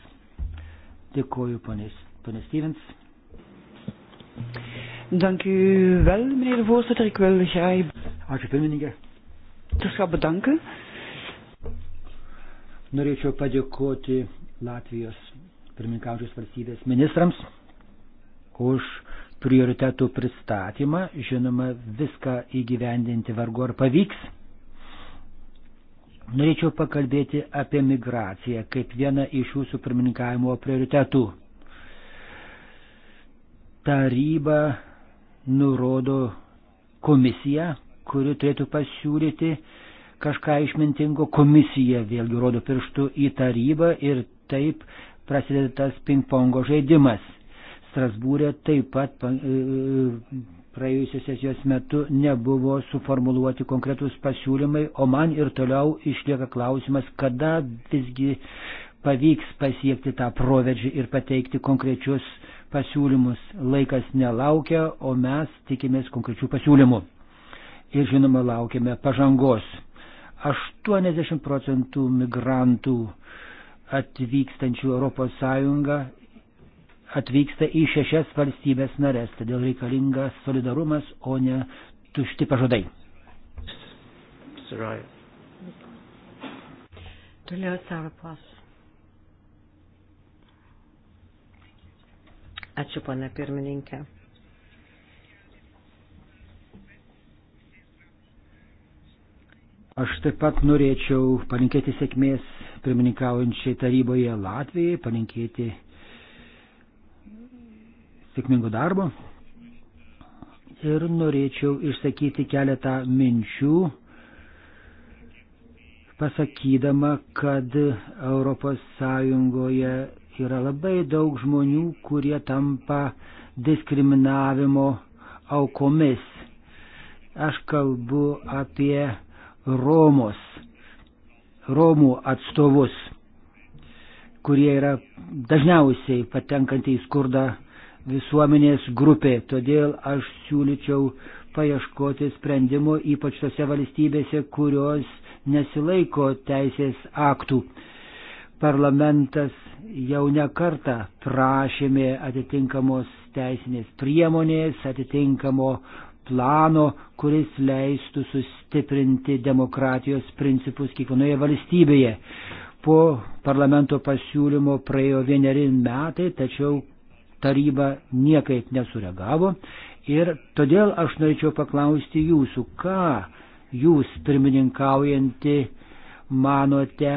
[SPEAKER 5] Dėkuoju, ponės, ponės Stevens. Dank u wel, meneer de voorzitter. Ik wil jij... Ačiū, pirmininkė. Tuška bedanke. Norėčiau padėkoti Latvijos pirmininkaujančios valstybės ministrams už prioritetų pristatymą. Žinoma, viską įgyvendinti vargu ar pavyks. Norėčiau pakalbėti apie migraciją kaip vieną iš jūsų pirmininkavimo prioritetų. Taryba nurodo komisiją, kuri turėtų pasiūlyti kažką išmintingo. Komisija vėlgi rodo pirštų į tarybą ir taip prasideda tas ping-pongo žaidimas. Strasbūrė taip pat e, praėjusios sesijos metu nebuvo suformuluoti konkretus pasiūlymai, o man ir toliau išlieka klausimas, kada visgi pavyks pasiekti tą proveržį ir pateikti konkrečius pasiūlymus. Laikas nelaukia, o mes tikimės konkrečių pasiūlymų. Ir žinoma, laukiame pažangos. 80 procentų migrantų atvykstančių ES atvyksta į šešias valstybės narės, todėl reikalingas solidarumas, o ne tušti pažadai.
[SPEAKER 2] Toliau
[SPEAKER 4] Sarapos. Ačiū, pana pirmininkė.
[SPEAKER 5] Aš taip pat norėčiau palinkėti sėkmės pirmininkaujančiai taryboje Latvijai, palinkėti sėkmingo darbo. Ir norėčiau išsakyti keletą minčių, pasakydama, kad ES yra labai daug žmonių, kurie tampa diskriminavimo aukomis. Aš kalbu apie Romos, Romų atstovus, kurie yra dažniausiai patenkantys į skurdą visuomenės grupė. Todėl aš siūlyčiau paieškoti sprendimų ypač tose valstybėse, kurios nesilaiko teisės aktų. Parlamentas jau nekarta prašėme atitinkamos teisinės priemonės, atitinkamo plano, kuris leistų sustiprinti demokratijos principus kiekvienoje valstybėje. Po parlamento pasiūlymo praėjo vieneri metai, tačiau taryba niekaip nesureagavo. Ir todėl aš norėčiau paklausti jūsų, ką jūs pirmininkaujanti manote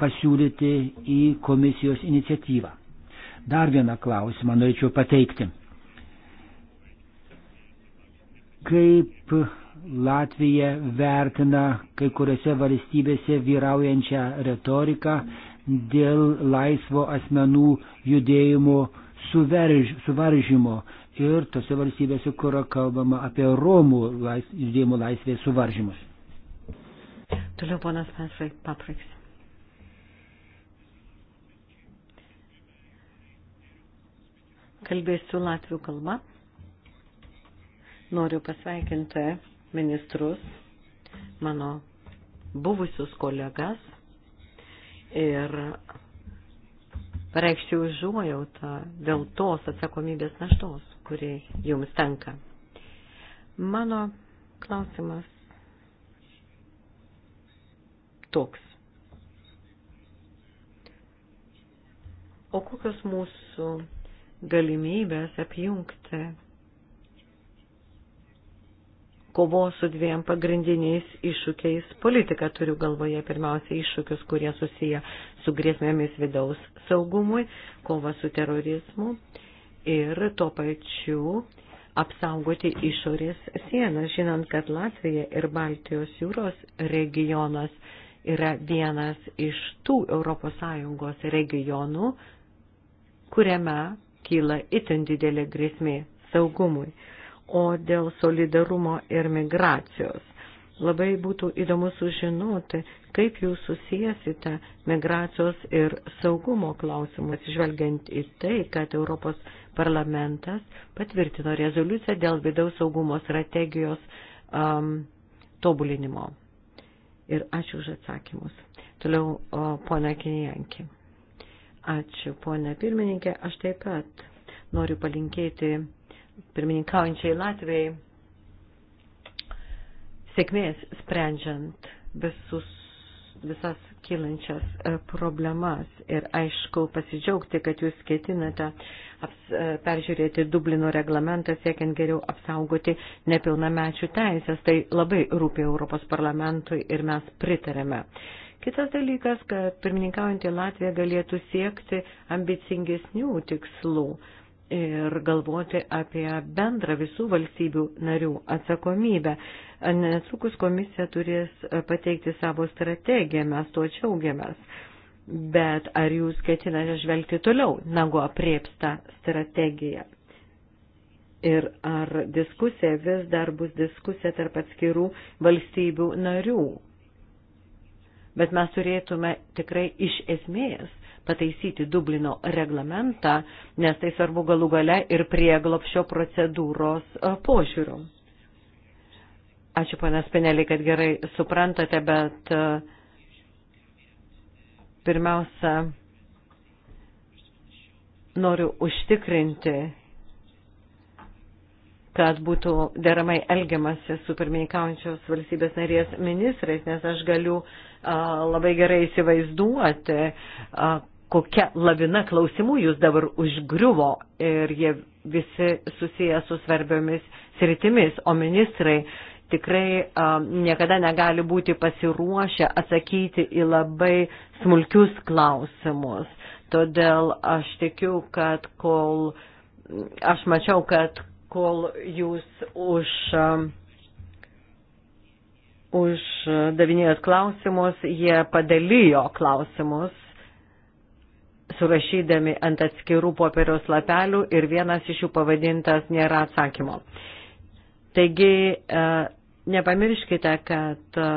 [SPEAKER 5] pasiūlyti į komisijos iniciatyvą. Dar vieną klausimą norėčiau pateikti. Kaip Latvija vertina kai kuriuose valstybėse vyraujančią retoriką dėl laisvo asmenų judėjimo suverž, suvaržymo ir tose valstybėse, kur kalbama apie Romų lais, judėjimo laisvės suvaržymus.
[SPEAKER 4] Toliau ponas Pasrai Papriks. Kalbėsiu latvių kalba. Noriu pasveikinti ministrus, mano buvusius kolegas ir pareikšti užuojautą dėl tos atsakomybės naštos, kuri jums tenka. Mano klausimas toks. O kokios mūsų galimybės apjungti kovos su dviem pagrindiniais iššūkiais politika. Turiu galvoje pirmiausia iššūkius, kurie susiję su grėsmėmis vidaus saugumui, kova su terorizmu ir tuo pačiu apsaugoti išorės sienas, žinant, kad Latvija ir Baltijos jūros regionas yra vienas iš tų ES regionų, kuriame kyla itin didelė grėsmė saugumui o dėl solidarumo ir migracijos. Labai būtų įdomu sužinoti, kaip jūs susijęsite migracijos ir saugumo klausimus, žvelgiant į tai, kad Europos parlamentas patvirtino rezoliuciją dėl vidaus saugumo strategijos um, tobulinimo. Ir ačiū už atsakymus. Toliau, ponia Kinijankė. Ačiū, ponia pirmininkė. Aš taip pat noriu palinkėti pirmininkaujančiai Latvijai sėkmės sprendžiant visus visas kylančias e, problemas ir aišku pasidžiaugti, kad jūs ketinate aps, e, peržiūrėti Dublino reglamentą siekiant geriau apsaugoti nepilnamečių teisės. Tai labai rūpia Europos parlamentui ir mes pritarėme. Kitas dalykas, kad pirmininkaujantį Latviją galėtų siekti ambicingesnių tikslų ir galvoti apie bendrą visų valstybių narių atsakomybę. Netrukus komisija turės pateikti savo strategiją, mes to džiaugiamės. Bet ar jūs ketinate žvelgti toliau, negu apriepsta strategija? Ir ar diskusija vis dar bus diskusija tarp atskirų valstybių narių? Bet mes turėtume tikrai iš esmės pataisyti Dublino reglamentą, nes tai svarbu galų gale ir prieglopšio procedūros e, požiūrių. Ačiū, panas Penelį, kad gerai suprantate, bet e, pirmiausia, noriu užtikrinti, kad būtų deramai elgiamasi su pirmininkaujančios valstybės narės ministrais, nes aš galiu a, e, labai gerai įsivaizduoti, a, kokia lavina klausimų jūs dabar užgriuvo ir jie visi susiję su svarbiomis sritimis, o ministrai tikrai um, niekada negali būti pasiruošę atsakyti į labai smulkius klausimus. Todėl aš tikiu, kad kol, aš mačiau, kad kol jūs už. Um, Uždavinėjot klausimus, jie padalijo klausimus surašydami ant atskirų popieriaus lapelių ir vienas iš jų pavadintas nėra atsakymo. Taigi, e, nepamirškite, kad e,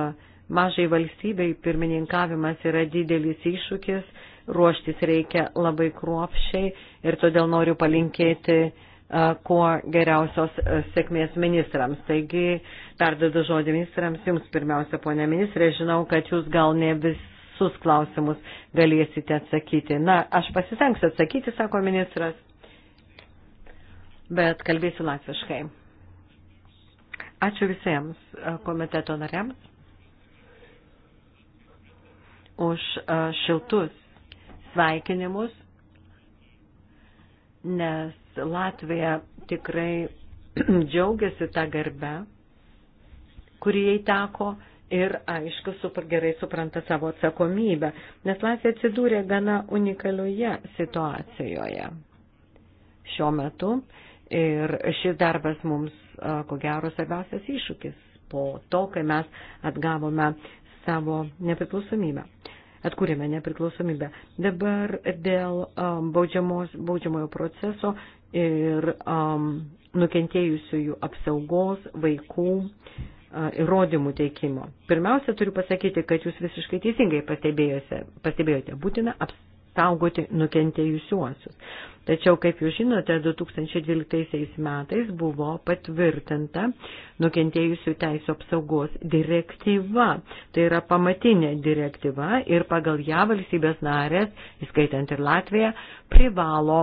[SPEAKER 4] mažai valstybei pirmininkavimas yra didelis iššūkis, ruoštis reikia labai kruopščiai ir todėl noriu palinkėti e, kuo geriausios sėkmės ministrams. Taigi, perdodu žodį ministrams, jums pirmiausia, ponė ministrė, žinau, kad jūs gal ne vis visus klausimus galėsite atsakyti. Na, aš pasistengsiu atsakyti, sako ministras, bet kalbėsiu latviškai. Ačiū visiems komiteto nariams už šiltus sveikinimus, nes Latvija tikrai džiaugiasi tą garbę, kurį jai teko ir, aišku, super gerai supranta savo atsakomybę, nes Latvija atsidūrė gana unikalioje situacijoje šiuo metu ir šis darbas mums, ko gero, svarbiausias iššūkis po to, kai mes atgavome savo nepriklausomybę. Atkūrėme nepriklausomybę. Dabar dėl um, baudžiamos, baudžiamojo proceso ir um, nukentėjusiųjų apsaugos, vaikų, uh, įrodymų teikimo. Pirmiausia, turiu pasakyti, kad jūs visiškai teisingai pastebėjote, būtina apsaugoti nukentėjusiuosius. Tačiau, kaip jūs žinote, 2012 metais buvo patvirtinta nukentėjusių teisų apsaugos direktyva. Tai yra pamatinė direktyva ir pagal ją valstybės narės, įskaitant ir Latviją, privalo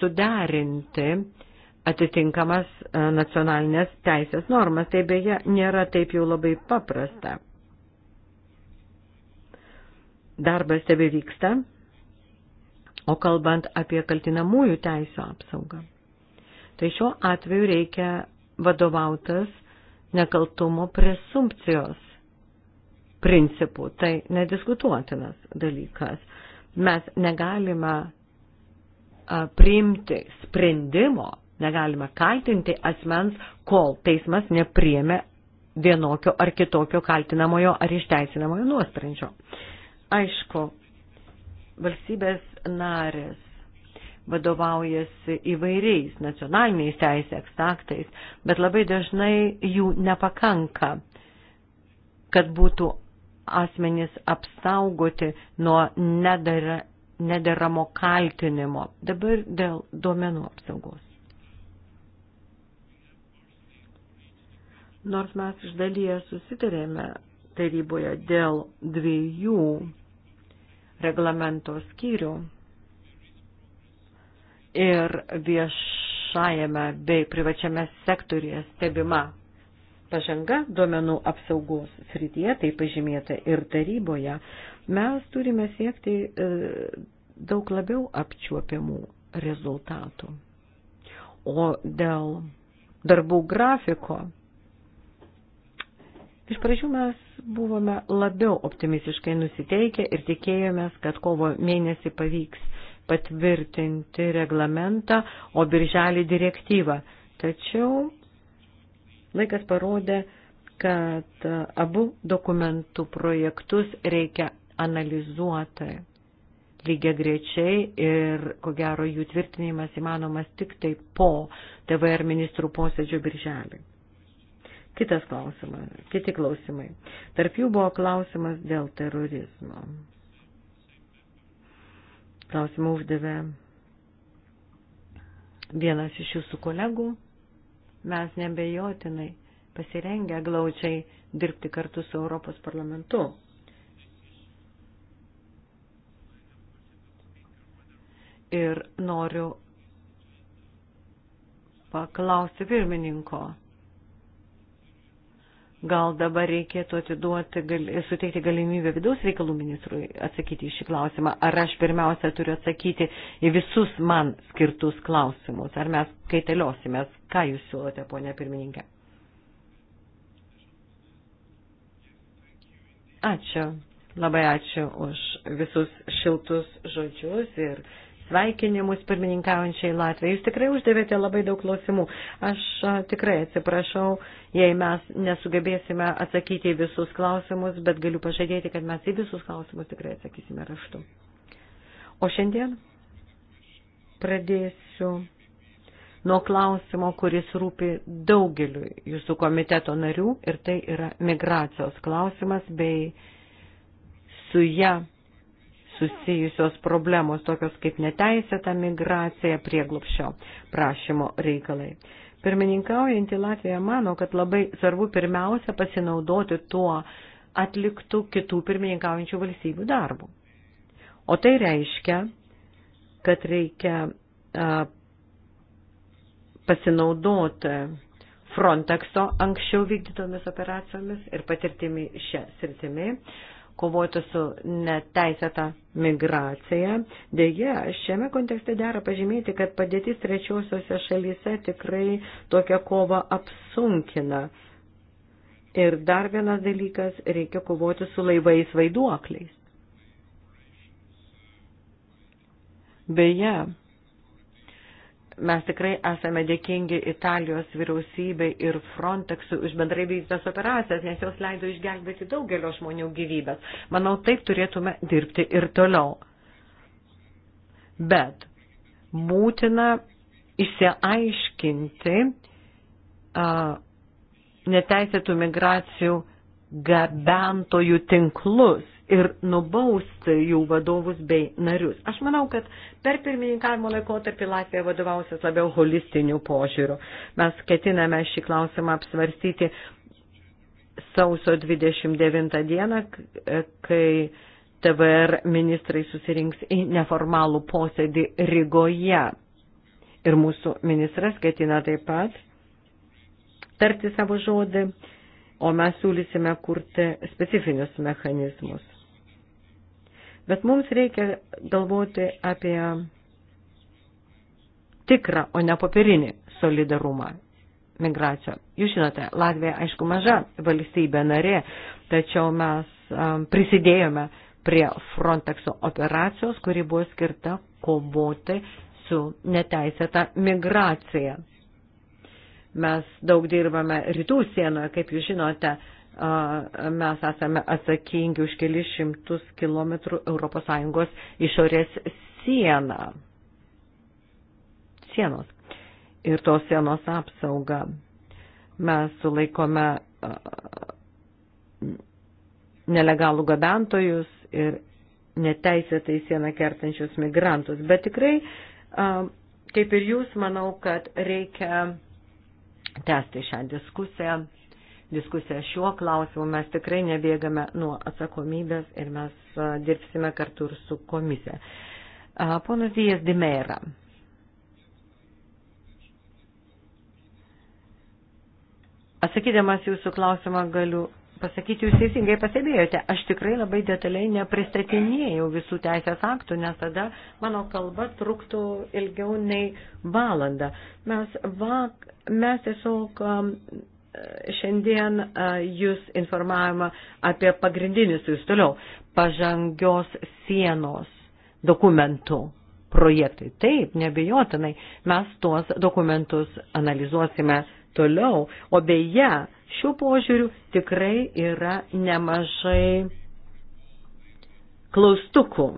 [SPEAKER 4] suderinti atitinkamas e, nacionalinės teisės normas. Tai beje, nėra taip jau labai paprasta. Darbas tebe vyksta, o kalbant apie kaltinamųjų teisų apsaugą. Tai šiuo atveju reikia vadovautas nekaltumo presumpcijos principų. Tai nediskutuotinas dalykas. Mes negalime priimti sprendimo Negalime kaltinti asmens, kol teismas nepriemė vienokio ar kitokio kaltinamojo ar išteisinamojo nuosprendžio. Aišku, valstybės narės vadovaujasi įvairiais nacionaliniais teisės aktais, bet labai dažnai jų nepakanka, kad būtų asmenys apsaugoti nuo nedara, nedaramo kaltinimo. Dabar dėl duomenų apsaugos. Nors mes iš dalies susitarėme taryboje dėl dviejų reglamento skyrių ir viešajame bei privačiame sektorėje stebima pažanga duomenų apsaugos srityje, tai pažymėta ir taryboje, mes turime siekti e, daug labiau apčiuopiamų rezultatų. O dėl darbų grafiko Iš pradžių mes buvome labiau optimistiškai nusiteikę ir tikėjomės, kad kovo mėnesį pavyks patvirtinti reglamentą, o birželį direktyvą. Tačiau laikas parodė, kad abu dokumentų projektus reikia analizuoti lygiai grečiai ir, ko gero, jų tvirtinimas įmanomas tik tai po TVR ministrų posėdžio birželį. Kitas klausimas, kiti klausimai. Tarp jų buvo klausimas dėl terorizmo. Klausimą uždavė vienas iš jūsų kolegų. Mes nebejotinai pasirengę glaučiai dirbti kartu su Europos parlamentu. Ir noriu paklausti pirmininko Gal dabar reikėtų atiduoti, gal, suteikti galimybę vidaus reikalų ministrui atsakyti į šį klausimą, ar aš pirmiausia turiu atsakyti į visus man skirtus klausimus, ar mes kaitaliosimės, ką jūs siūlote, ponia pirmininkė. Ačiū, labai ačiū už visus šiltus žodžius ir sveikinimus pirmininkaujančiai Latvijai. Jūs tikrai uždavėte labai daug klausimų. Aš tikrai atsiprašau jei mes nesugebėsime atsakyti į visus klausimus, bet galiu pažadėti, kad mes į visus klausimus tikrai atsakysime raštu. O šiandien pradėsiu nuo klausimo, kuris rūpi daugeliu jūsų komiteto narių ir tai yra migracijos klausimas bei su ją susijusios problemos, tokios kaip neteisėta migracija prieglupščio prašymo reikalai. Pirmininkaujantį Latviją mano, kad labai svarbu pirmiausia pasinaudoti tuo atliktų kitų pirmininkaujančių valstybių darbų. O tai reiškia, kad reikia a, pasinaudoti Frontexo anksčiau vykdytomis operacijomis ir patirtimi šią sritimi, kovoti su neteisėta migraciją. Deja, šiame kontekste dera pažymėti, kad padėtis trečiosiose šalyse tikrai tokią kovą apsunkina. Ir dar vienas dalykas, reikia kovoti su laivais vaiduokliais. Beje, Mes tikrai esame dėkingi Italijos vyriausybei ir Frontexui už bendrai vykdytas operacijas, nes jos leido išgelbėti daugelio žmonių gyvybės. Manau, taip turėtume dirbti ir toliau. Bet būtina išsiaiškinti a, neteisėtų migracijų gabentojų tinklus ir nubausti jų vadovus bei narius. Aš manau, kad per pirmininkavimo laikotarpį Latvija vadovausias labiau holistiniu požiūriu. Mes ketiname šį klausimą apsvarstyti sausio 29 dieną, kai TVR ministrai susirinks į neformalų posėdį Rygoje. Ir mūsų ministras ketina taip pat tarti savo žodį, o mes siūlysime kurti specifinius mechanizmus. Bet mums reikia galvoti apie tikrą, o ne popierinį solidarumą migraciją. Jūs žinote, Latvija, aišku, maža valstybė narė, tačiau mes um, prisidėjome prie Frontexo operacijos, kuri buvo skirta kovoti su neteisėta migracija. Mes daug dirbame rytų sienoje, kaip jūs žinote, uh, mes esame atsakingi už kelis šimtus kilometrų ES išorės sieną. Sienos. Ir tos sienos apsauga. Mes sulaikome nelegalų gabentojus ir neteisėtai sieną kertančius migrantus. Bet tikrai, kaip ir jūs, manau, kad reikia tęsti šią diskusiją diskusiją šiuo klausimu. Mes tikrai nebėgame nuo atsakomybės ir mes dirbsime kartu ir su komisija. Ponas Dijas Dimeira. Atsakydamas jūsų klausimą galiu pasakyti, jūs teisingai pastebėjote, aš tikrai labai detaliai nepristatinėjau visų teisės aktų, nes tada mano kalba truktų ilgiau nei valandą. Mes, vak, mes tiesiog šiandien jūs informavimą apie pagrindinius jūs toliau pažangios sienos dokumentų projektui. Taip, nebejotinai, mes tuos dokumentus analizuosime toliau, o beje, šiuo požiūriu tikrai yra nemažai klaustukų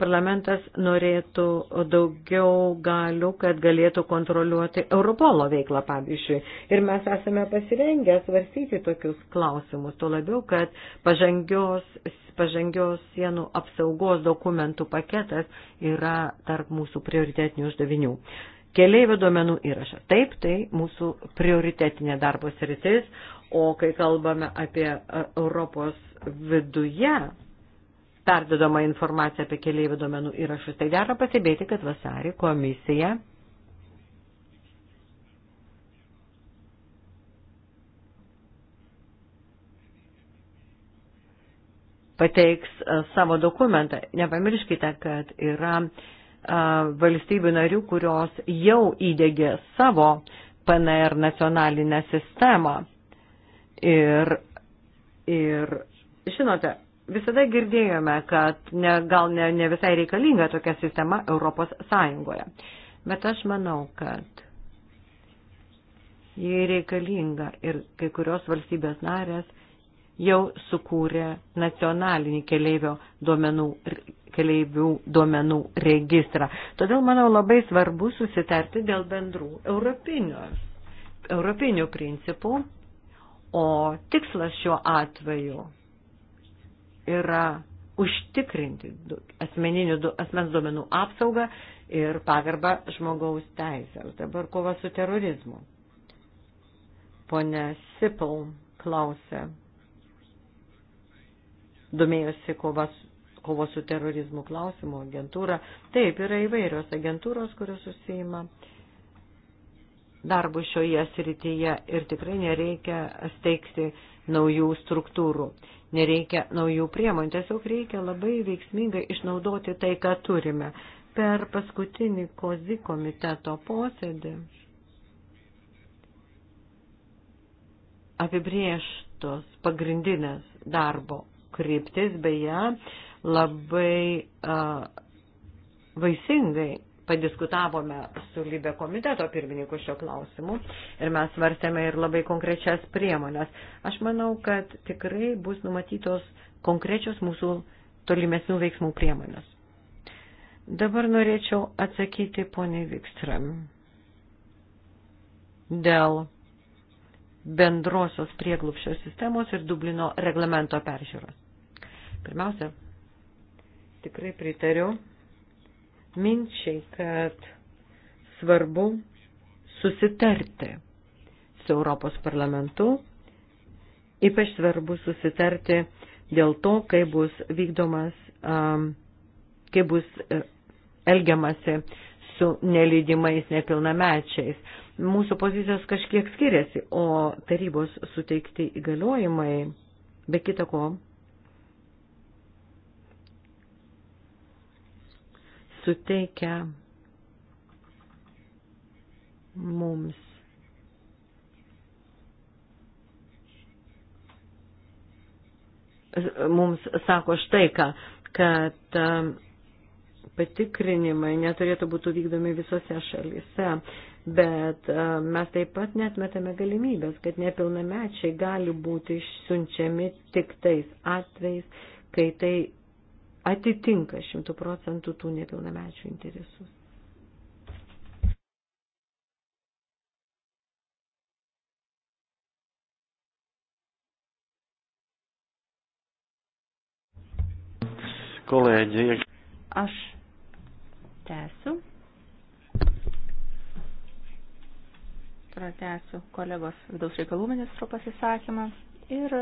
[SPEAKER 4] parlamentas norėtų daugiau galių, kad galėtų kontroliuoti Europolo veiklą, pavyzdžiui. Ir mes esame pasirengę svarstyti tokius klausimus, tuo labiau, kad pažangios, pažangios sienų apsaugos dokumentų paketas yra tarp mūsų prioritetinių uždavinių. Keleivių duomenų įrašas. Taip, tai mūsų prioritetinė darbo sritis, o kai kalbame apie e, Europos viduje perdodama informacija apie keliaivių duomenų įrašus. Tai dera pasibėti, kad vasarį komisija pateiks e, savo dokumentą. Nepamirškite, kad yra e, valstybių narių, kurios jau įdėgė savo PNR nacionalinę sistemą. Ir, ir žinote, Visada girdėjome, kad ne, gal ne, ne visai reikalinga tokia sistema Europos Sąjungoje. Bet aš manau, kad jie reikalinga ir kai kurios valstybės narės jau sukūrė nacionalinį keleivio duomenų, keleivių duomenų registrą. Todėl, manau, labai svarbu susitarti dėl bendrų europinių, europinių principų, o tikslas šiuo atveju yra užtikrinti asmeninių asmens duomenų apsaugą ir pagarbą žmogaus teisėms. Dabar kova su terorizmu. Pone Sipil klausė, domėjosi kova, kovo su terorizmu klausimu agentūra. Taip, yra įvairios agentūros, kurios susijima darbų šioje srityje ir tikrai nereikia steigti naujų struktūrų nereikia naujų priemonių, tiesiog reikia labai veiksmingai išnaudoti tai, ką turime. Per paskutinį kozi komiteto posėdį apibrieštos pagrindinės darbo kryptis, beje, labai uh, vaisingai padiskutavome su Libe komiteto pirmininku šio klausimu ir mes svarstėme ir labai konkrečias priemonės. Aš manau, kad tikrai bus numatytos konkrečios mūsų tolimesnių veiksmų priemonės. Dabar norėčiau atsakyti poniai Vikstram dėl bendrosios prieglupščio sistemos ir Dublino reglamento peržiūros. Pirmiausia, tikrai pritariu minčiai, kad svarbu susitarti su Europos parlamentu, ypač svarbu susitarti dėl to, kaip bus vykdomas, kaip bus e, elgiamasi su nelydimais nepilnamečiais. Mūsų pozicijos kažkiek skiriasi, o tarybos suteikti įgaliojimai, be kita ko, suteikia mums mums sako štai ką, kad um, patikrinimai neturėtų būti vykdomi visose šalyse, bet um, mes taip pat netmetame galimybės, kad nepilnamečiai gali būti išsiunčiami tik tais atvejais, kai tai atitinka šimtų procentų tų nepilnamečių interesus.
[SPEAKER 1] Kolegija.
[SPEAKER 3] Aš tęsiu. Pratęsiu kolegos vidaus reikalų ministro pasisakymą ir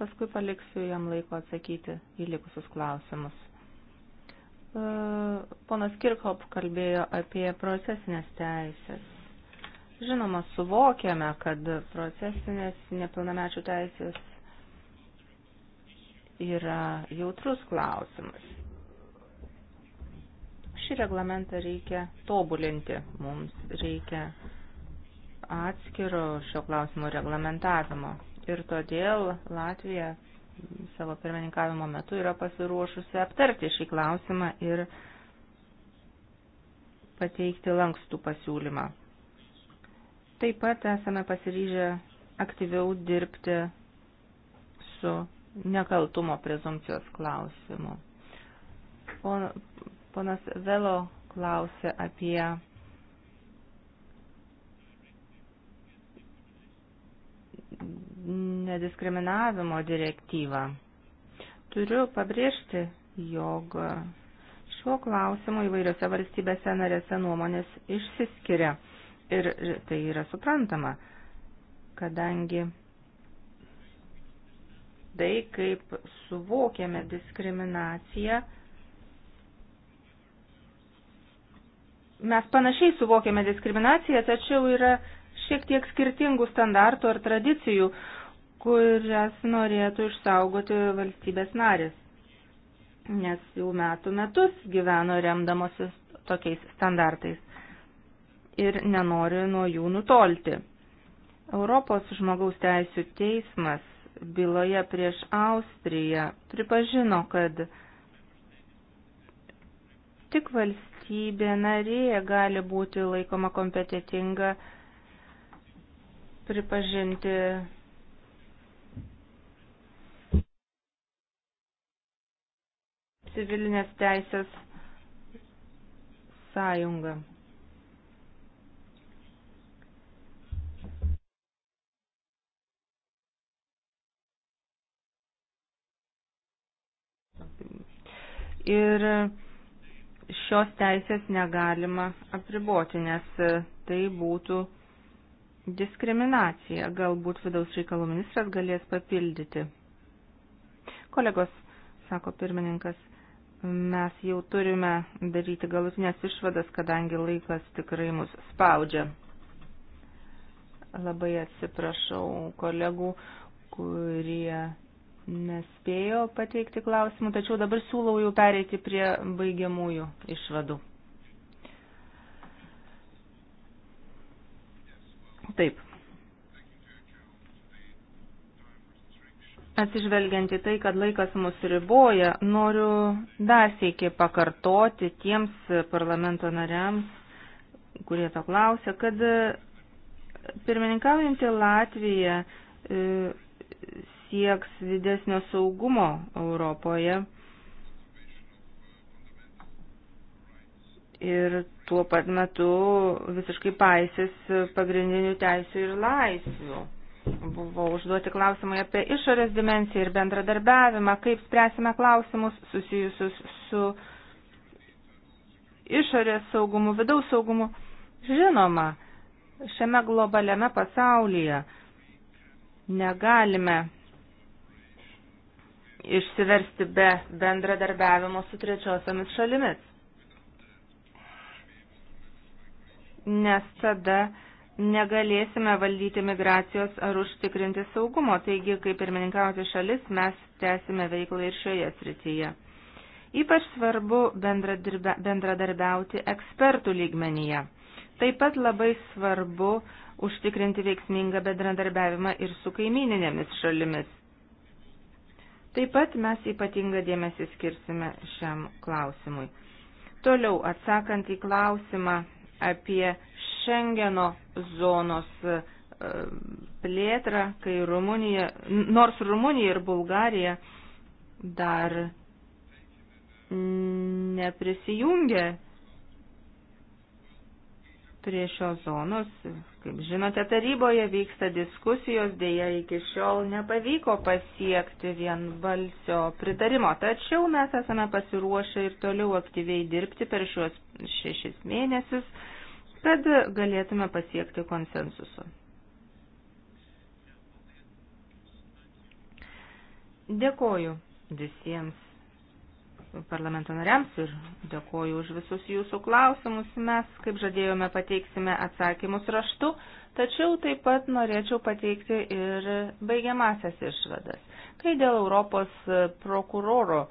[SPEAKER 3] paskui paliksiu jam laiko atsakyti į likusius klausimus. E, ponas Kirchhoff kalbėjo apie procesinės teisės. Žinoma, suvokiame, kad procesinės nepilnamečių teisės yra jautrus klausimas. Šį reglamentą reikia tobulinti. Mums reikia atskiro šio klausimo reglamentavimo ir todėl Latvija savo pirmininkavimo metu yra pasiruošusi aptarti šį klausimą ir pateikti lankstų pasiūlymą. Taip pat esame pasiryžę aktyviau dirbti su nekaltumo prezumcijos klausimu. Ponas Velo klausė apie nediskriminavimo direktyvą. Turiu pabrėžti, jog šiuo klausimu įvairiose valstybėse narėse nuomonės išsiskiria. Ir tai yra suprantama, kadangi tai, kaip suvokiame diskriminaciją, mes panašiai suvokiame diskriminaciją, tačiau yra šiek tiek skirtingų standartų ar tradicijų, kurias norėtų išsaugoti valstybės narės, nes jau metų metus gyveno remdamosis tokiais standartais ir nenori nuo jų nutolti. Europos žmogaus teisų teismas byloje prieš Austriją pripažino, kad tik valstybė narė gali būti laikoma kompetitinga pripažinti civilinės teisės sąjungą. Ir šios teisės negalima apriboti, nes tai būtų diskriminacija. Galbūt vidaus reikalų ministras galės papildyti. Kolegos, sako pirmininkas, mes jau turime daryti galutinės išvadas, kadangi laikas tikrai mus spaudžia. Labai atsiprašau kolegų, kurie nespėjo pateikti klausimų, tačiau dabar siūlau jau pereiti prie baigiamųjų išvadų. Taip. Atsižvelgiant į tai, kad laikas mus riboja, noriu dar sėki pakartoti tiems parlamento nariams, kurie to klausia, kad pirmininkaujantį Latviją e, sieks didesnio saugumo Europoje. Ir tuo pat metu visiškai paisės pagrindinių teisų ir laisvių. Buvo užduoti klausimai apie išorės dimenciją ir bendradarbiavimą, kaip spręsime klausimus susijusius su išorės saugumu, vidaus saugumu. Žinoma, šiame globaliame pasaulyje negalime išsiversti be bendradarbiavimo su trečiosiamis šalimis. nes tada negalėsime valdyti migracijos ar užtikrinti saugumo. Taigi, kaip pirmininkauti šalis, mes tęsime veiklą ir šioje srityje. Ypač svarbu bendradarbiauti ekspertų lygmenyje. Taip pat labai svarbu užtikrinti veiksmingą bendradarbiavimą ir su kaimininėmis šalimis. Taip pat mes ypatingą dėmesį skirsime šiam klausimui. Toliau atsakant į klausimą apie Šengeno zonos e, plėtrą, kai Rumunija, nors Rumunija ir Bulgarija dar neprisijungė prie šios zonos. Kaip žinote, taryboje vyksta diskusijos, dėja iki šiol nepavyko pasiekti vienbalsio pritarimo, tačiau mes esame pasiruošę ir toliau aktyviai dirbti per šiuos šešis mėnesius, kad galėtume pasiekti konsensusu. Dėkoju visiems parlamento nariams ir dėkoju už visus jūsų klausimus. Mes, kaip žadėjome, pateiksime atsakymus raštu, tačiau taip pat norėčiau pateikti ir baigiamasias išvadas. Kai dėl Europos prokuroro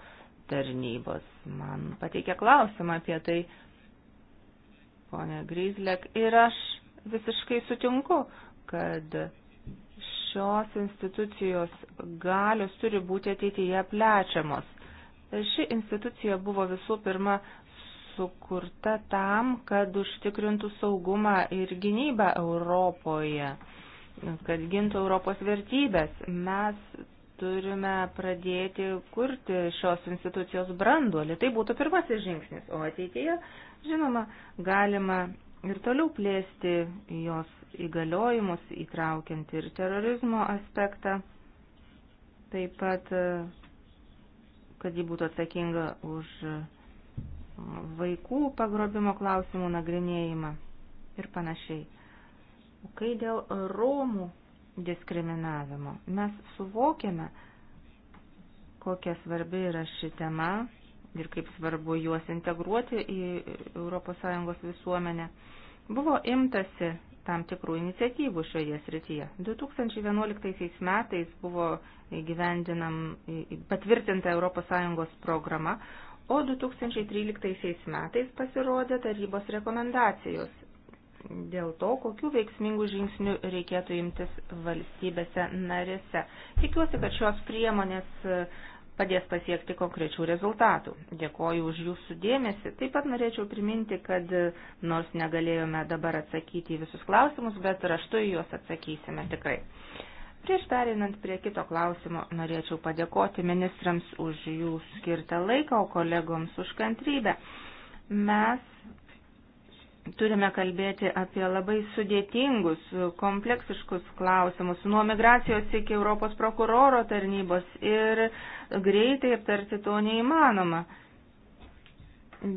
[SPEAKER 3] tarnybos man pateikė klausimą apie tai, ponė Grizlek. Ir aš visiškai sutinku, kad šios institucijos galios turi būti ateityje plečiamos. Ši institucija buvo visų pirma sukurta tam, kad užtikrintų saugumą ir gynybą Europoje, kad gintų Europos vertybės. Mes turime pradėti kurti šios institucijos branduolį. Tai būtų pirmasis žingsnis, o ateityje, žinoma, galima ir toliau plėsti jos įgaliojimus, įtraukiant ir terorizmo aspektą, taip pat, kad ji būtų atsakinga už vaikų pagrobimo klausimų nagrinėjimą ir panašiai. O kai dėl Romų diskriminavimo. Mes suvokiame, kokia svarbi yra ši tema ir kaip svarbu juos integruoti į ES visuomenę. Buvo imtasi tam tikrų iniciatyvų šioje srityje. 2011 metais buvo gyvendinam patvirtinta ES programa, o 2013 metais pasirodė tarybos rekomendacijos dėl to, kokių veiksmingų žingsnių reikėtų imtis valstybėse narėse. Tikiuosi, kad šios priemonės e, padės pasiekti konkrečių rezultatų. Dėkoju už jūsų dėmesį. Taip pat norėčiau priminti, kad e, nors negalėjome dabar atsakyti į visus klausimus, bet raštu į juos atsakysime tikrai. Prieš perinant prie kito klausimo, norėčiau padėkoti ministrams už jų skirtą laiką, o kolegoms už kantrybę. Mes turime kalbėti apie labai sudėtingus, kompleksiškus klausimus, nuo migracijos iki Europos prokuroro tarnybos ir greitai aptarti to neįmanoma.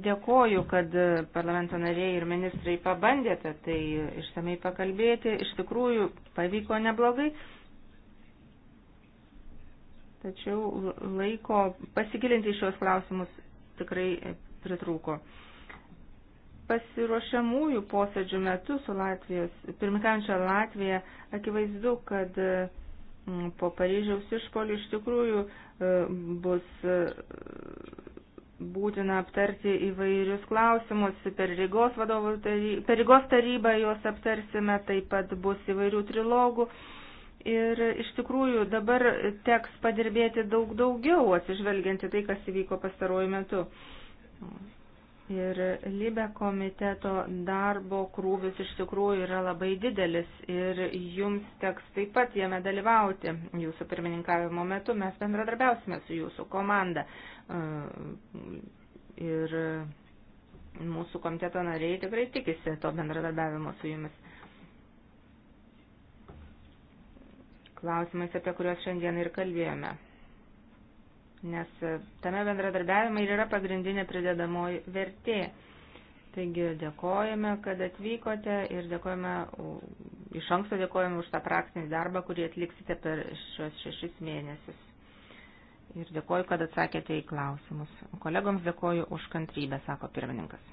[SPEAKER 3] Dėkoju, kad parlamento nariai ir ministrai pabandėte tai išsamei pakalbėti. Iš tikrųjų, pavyko neblogai. Tačiau laiko pasigilinti šios klausimus tikrai pritrūko pasiruošiamųjų posėdžių metu su Latvijos, pirmikančia Latvija, akivaizdu, kad mm, po Paryžiaus išpolių iš tikrųjų e, bus e, būtina aptarti įvairius klausimus. Per Rygos, vadovų, per Rygos tarybą juos aptarsime, taip pat bus įvairių trilogų. Ir iš tikrųjų dabar teks padirbėti daug daugiau, atsižvelgianti tai, kas įvyko pastaruoju metu. Ir Libe komiteto darbo krūvis iš tikrųjų yra labai didelis ir jums teks taip pat jame dalyvauti. Jūsų pirmininkavimo metu mes bendradarbiausime su jūsų komanda. E, ir mūsų komiteto nariai tikrai tikisi to bendradarbiavimo su jumis. Klausimais, apie kuriuos šiandien ir kalbėjome nes e, tame bendradarbiavime ir yra pagrindinė pridedamoji vertė. Taigi dėkojame, kad atvykote ir dėkojame, iš anksto dėkojame už tą praktinį darbą, kurį atliksite per šios šešis mėnesius. Ir dėkoju, kad atsakėte į klausimus. Kolegoms dėkoju už kantrybę, sako pirmininkas.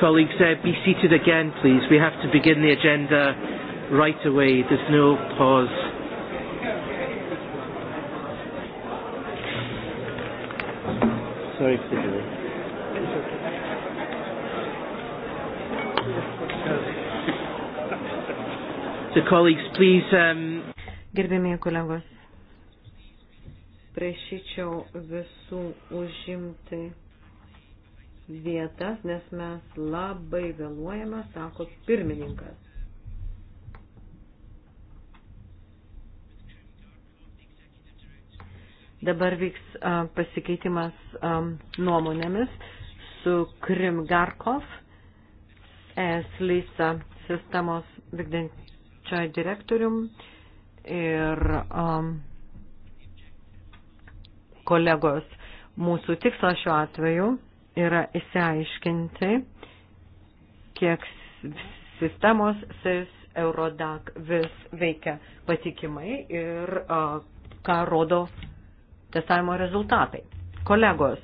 [SPEAKER 1] Colleagues, uh, be seated again, please. We have to begin the agenda right away. There's no pause. Sorry for the delay. So, colleagues, please. Um... Gerbėmėjai kolegos,
[SPEAKER 4] prašyčiau visų užimti vietas, nes mes labai vėluojame, sako pirmininkas. Dabar vyks pasikeitimas nuomonėmis su Krim Garkov, ES Lysa sistemos vykdančioje direktorium ir um, kolegos. Mūsų tikslas šiuo atveju yra įsiaiškinti, kiek sistemos SIS Eurodac vis veikia patikimai ir uh, ką rodo testavimo rezultatai. Kolegos,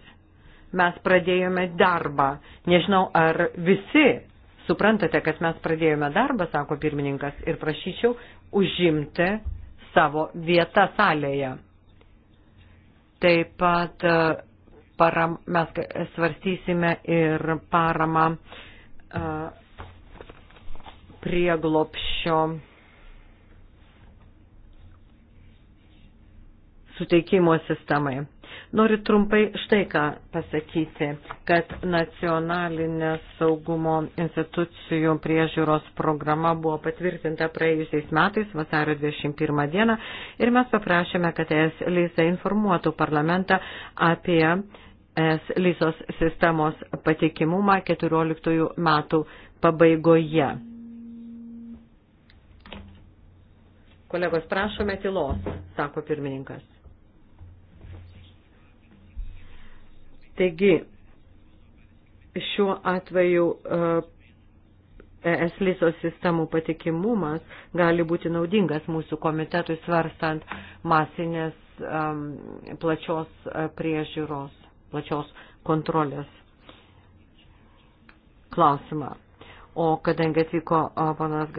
[SPEAKER 4] mes pradėjome darbą. Nežinau, ar visi suprantate, kad mes pradėjome darbą, sako pirmininkas, ir prašyčiau užimti savo vietą salėje. Taip pat param, mes svarstysime ir paramą prieglopščio suteikimo sistemai. Noriu trumpai štai ką pasakyti, kad nacionalinės saugumo institucijų priežiūros programa buvo patvirtinta praėjusiais metais, vasario 21 dieną, ir mes paprašėme, kad ES Lysa informuotų parlamentą apie uh, Lysos sistemos patikimumą 14 metų pabaigoje. Kolegos, prašome tylos, sako pirmininkas. Taigi, šiuo atveju e, ES lisos sistemų patikimumas gali būti naudingas mūsų komitetui svarstant masinės plačios e, priežiūros plačios kontrolės klausimą. O kadangi atvyko ponas,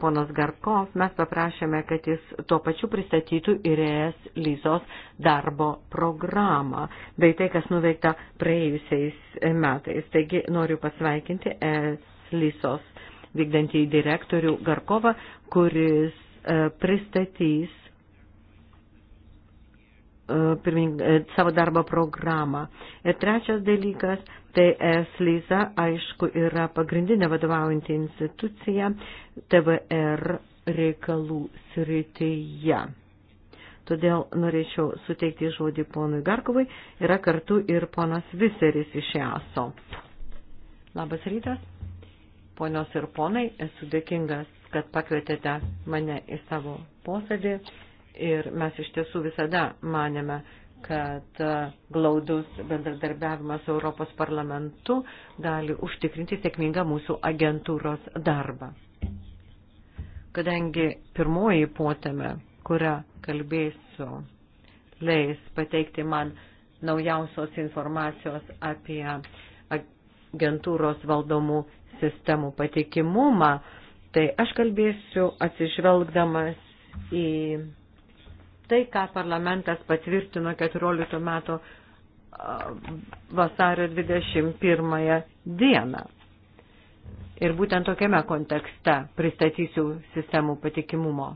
[SPEAKER 4] ponas Garkov, mes paprašėme, kad jis tuo pačiu pristatytų ir ES lyzos darbo programą, bei tai, kas nuveikta praėjusiais metais. Taigi noriu pasveikinti ES lyzos vykdantį direktorių Garkovą, kuris e, pristatys pirmin, e, savo darbo programą. Ir trečias dalykas, tai ES Lyza, aišku, yra pagrindinė vadovaujanti institucija TVR reikalų srityje. Todėl norėčiau suteikti žodį ponui Garkovui, yra kartu ir ponas Viseris iš EASO. Labas rytas, ponios ir ponai, esu dėkingas, kad pakvietėte mane į savo posėdį Ir mes iš tiesų visada manėme, kad e, glaudus bendradarbiavimas su Europos parlamentu gali užtikrinti sėkmingą mūsų agentūros darbą. Kadangi pirmoji potėme, kurią kalbėsiu, leis pateikti man naujausios informacijos apie agentūros valdomų sistemų patikimumą, tai aš kalbėsiu atsižvelgdamas į Tai, ką parlamentas patvirtino 14 metų vasario 21 dieną. Ir būtent tokiame kontekste pristatysiu sistemų patikimumo.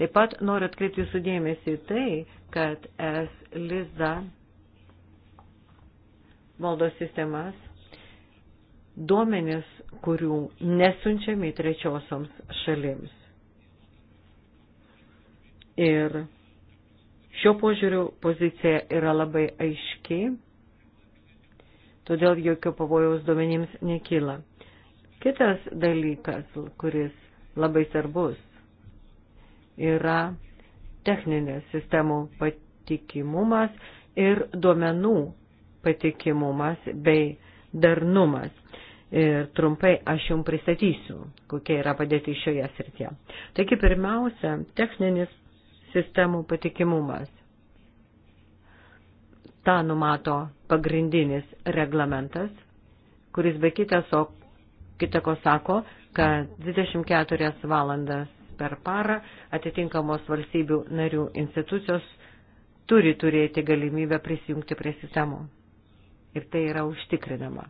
[SPEAKER 4] Taip pat noriu atkreipti jūsų dėmesį į tai, kad es Liza valdo sistemas duomenis, kurių nesunčiami trečiosioms šalims. Ir šio požiūrių pozicija yra labai aiški, todėl jokio pavojaus duomenims nekyla. Kitas dalykas, kuris labai svarbus, yra techninės sistemų patikimumas ir duomenų patikimumas bei darnumas. Ir trumpai aš jums pristatysiu, kokia yra padėti šioje srityje. Taigi pirmiausia, techninis sistemų patikimumas. Ta numato pagrindinis reglamentas, kuris be kitas, o kitako sako, kad 24 valandas per parą atitinkamos valstybių narių institucijos turi turėti galimybę prisijungti prie sistemų. Ir tai yra užtikrinama.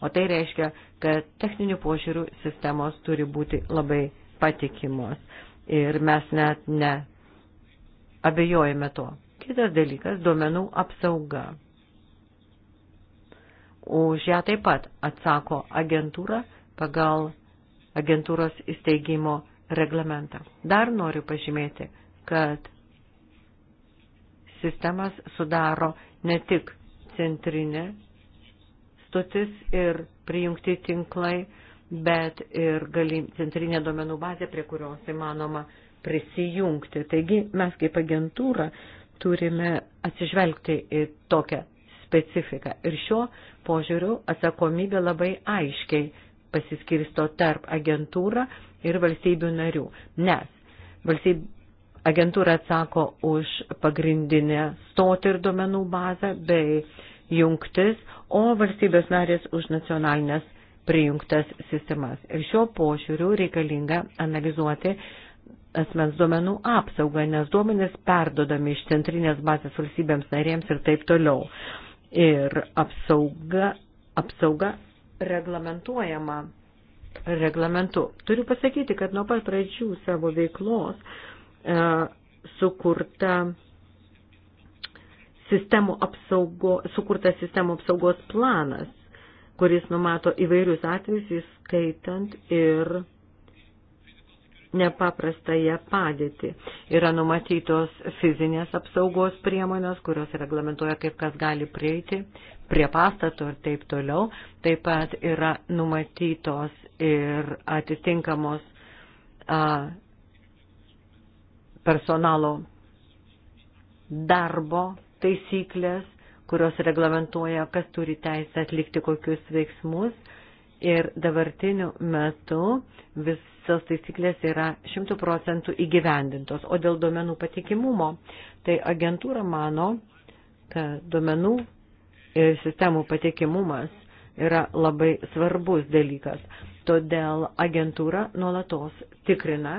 [SPEAKER 4] O tai reiškia, kad techninių požiūrių sistemos turi būti labai patikimos. Ir mes net ne abejojame to. Kitas dalykas - duomenų apsauga. Už ją taip pat atsako agentūra pagal agentūros įsteigimo reglamentą. Dar noriu pažymėti, kad sistemas sudaro ne tik centrinė stotis ir prijungti tinklai, bet ir galim, centrinė duomenų bazė, prie kurios įmanoma tai prisijungti. Taigi mes kaip agentūra turime atsižvelgti į tokią specifiką. Ir šio požiūriu atsakomybė labai aiškiai pasiskirsto tarp agentūrą ir valstybių narių, nes valstyb... agentūra atsako už pagrindinę stotį ir duomenų bazę bei jungtis, o valstybės narės už nacionalinės prijungtas sistemas. Ir šio požiūriu reikalinga analizuoti asmens duomenų apsaugą, nes duomenys perdodami iš centrinės bazės valstybėms narėms ir taip toliau. Ir apsauga, apsauga reglamentuojama reglamentu. Turiu pasakyti, kad nuo pat pradžių savo veiklos e, sukurta sistemų apsaugo, sukurta sistemų apsaugos planas, kuris numato įvairius atvejus, įskaitant ir nepaprastąją padėtį. Yra numatytos fizinės apsaugos priemonės, kurios reglamentoja, kaip kas gali prieiti prie pastato ir taip toliau. Taip pat yra numatytos ir atitinkamos a, personalo darbo taisyklės, kurios reglamentoja, kas turi teisę atlikti kokius veiksmus. Ir dabartiniu metu vis tos taisyklės yra šimtų procentų įgyvendintos. O dėl duomenų patikimumo, tai agentūra mano, kad duomenų ir sistemų patikimumas yra labai svarbus dalykas. Todėl agentūra nuolatos tikrina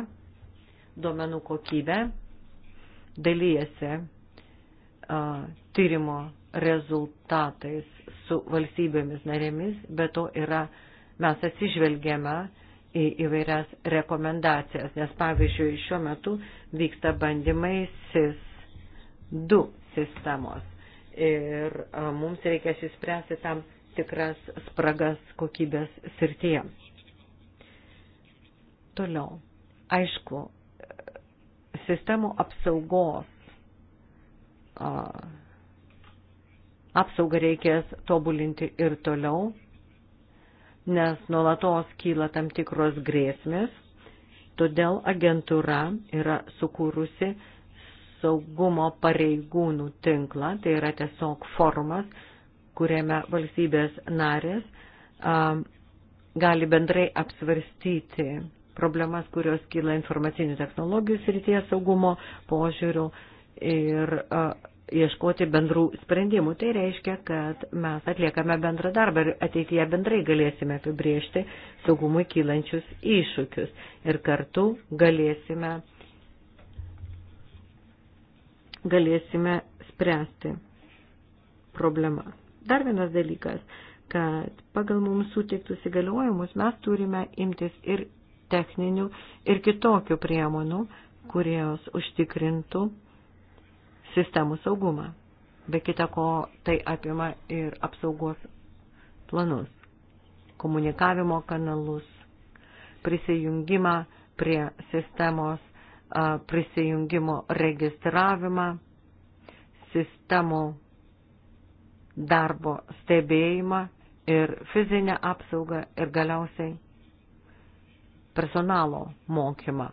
[SPEAKER 4] duomenų kokybę, dalyjasi uh, tyrimo rezultatais su valstybėmis narėmis, bet to yra, mes atsižvelgėme uh, į įvairias rekomendacijas, nes pavyzdžiui, šiuo metu vyksta bandymai SIS 2 sistemos ir mums reikia išspręsti tam tikras spragas kokybės srityje. Toliau, aišku, sistemų apsaugos apsaugą reikės tobulinti ir toliau nes nuolatos kyla tam tikros grėsmės, todėl agentūra yra sukūrusi saugumo pareigūnų tinklą, tai yra tiesiog formas, kuriame valstybės narės um, gali bendrai apsvarstyti problemas, kurios kyla informacinių technologijų srityje saugumo požiūrių ir uh, ieškoti bendrų sprendimų. Tai reiškia, kad mes atliekame bendrą darbą ir ateityje bendrai galėsime apibriežti saugumui kylančius iššūkius ir kartu galėsime, galėsime spręsti problemą. Dar vienas dalykas, kad pagal mums suteiktus įgaliojimus mes turime imtis ir techninių ir kitokių priemonų, kurios užtikrintų sistemų saugumą. Be kita ko, tai apima ir apsaugos planus, komunikavimo kanalus, prisijungimą prie sistemos, prisijungimo registravimą, sistemų darbo stebėjimą ir fizinę apsaugą ir galiausiai personalo mokymą,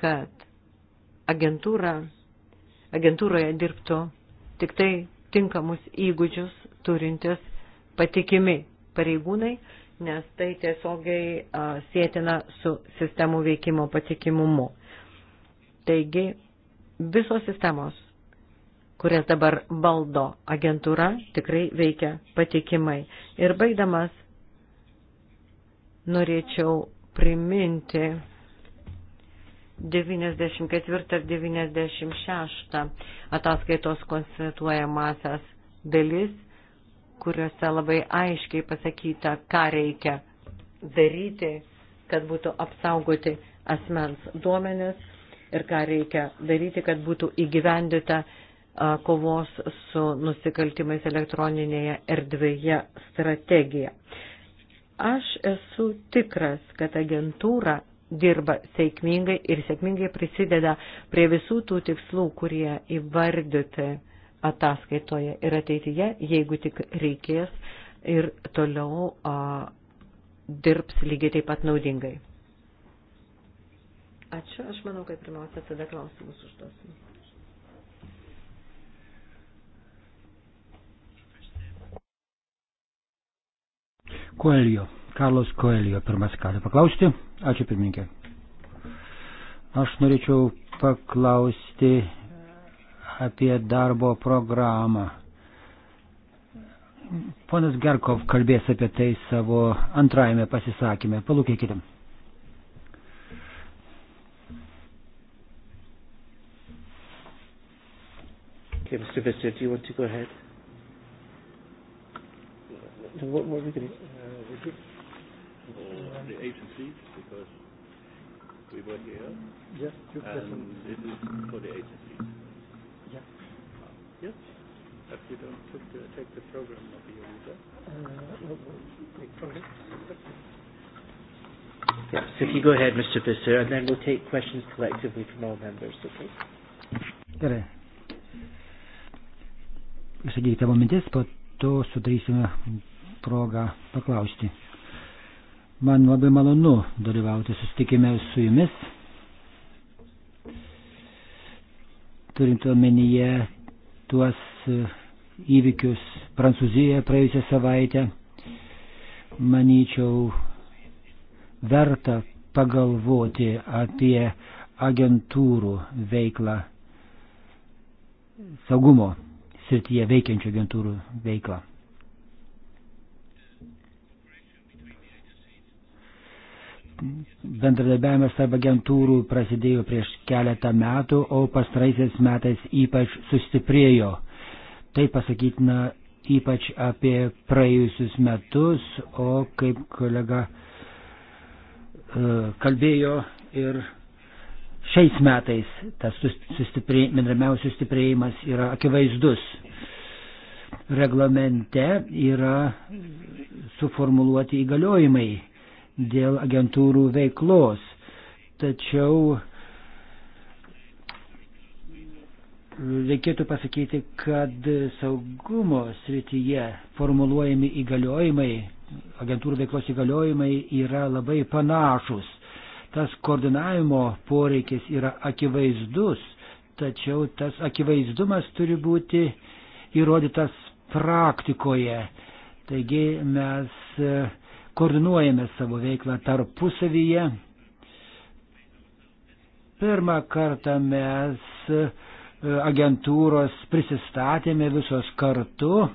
[SPEAKER 4] kad agentūra agentūroje dirbtų tik tai tinkamus įgūdžius turintis patikimi pareigūnai, nes tai tiesiogiai sėtina su sistemų veikimo patikimumu. Taigi, visos sistemos, kurias dabar valdo agentūra, tikrai veikia patikimai. Ir baigdamas, norėčiau priminti 94 ir 96 ataskaitos konstituojamasias dalis, kuriuose labai aiškiai pasakyta, ką reikia daryti, kad būtų apsaugoti asmens duomenis ir ką reikia daryti, kad būtų įgyvendita kovos su nusikaltimais elektroninėje erdvėje strategija. Aš esu tikras, kad agentūra dirba sėkmingai ir sėkmingai prisideda prie visų tų tikslų, kurie įvardyti ataskaitoje ir ateityje, jeigu tik reikės ir toliau a, dirbs lygiai taip pat naudingai. Ačiū, aš manau, kad pirmiausia tada klausimus užduosim.
[SPEAKER 5] Coelho. Karlos Koelijo pirmas gali paklausti. Ačiū pirmininkė. Aš norėčiau paklausti apie darbo programą. Ponas Gerkov kalbės apie tai savo antrajame pasisakymė. Palūkėkite.
[SPEAKER 1] Okay, Mr. Visser, do you want to go ahead?
[SPEAKER 2] No, what, what are we going to... Uh, agencies because we were here. Yes, two questions. This is for the agencies. Yeah. Yes. If you don't took the, take the program of the user. Uh, take program.
[SPEAKER 1] Yeah, so if you go ahead, Mr. Visser, and then we'll take questions collectively from all members, okay?
[SPEAKER 5] Gerai. Sakykite savo mintis, po to sudarysime progą paklausti. Man labai malonu dalyvauti susitikime su jumis, turint omenyje tuos e, įvykius Prancūzijoje praėjusią savaitę. Manyčiau, verta pagalvoti apie agentūrų veiklą, saugumo srityje veikiančių agentūrų veiklą. bendradarbiavimas tarp agentūrų prasidėjo prieš keletą metų, o pastraisiais metais ypač sustiprėjo. Tai pasakytina ypač apie praėjusius metus, o kaip kolega e, kalbėjo ir šiais metais tas bendramiaus sustiprėjimas yra akivaizdus. Reglamente yra suformuluoti įgaliojimai dėl agentūrų veiklos. Tačiau reikėtų pasakyti, kad saugumo srityje formuluojami įgaliojimai, agentūrų veiklos įgaliojimai yra labai panašus. Tas koordinavimo poreikis yra akivaizdus, tačiau tas akivaizdumas turi būti įrodytas praktikoje. Taigi mes koordinuojame savo veiklą tarpusavyje. Pirmą kartą mes e, agentūros prisistatėme visos kartu,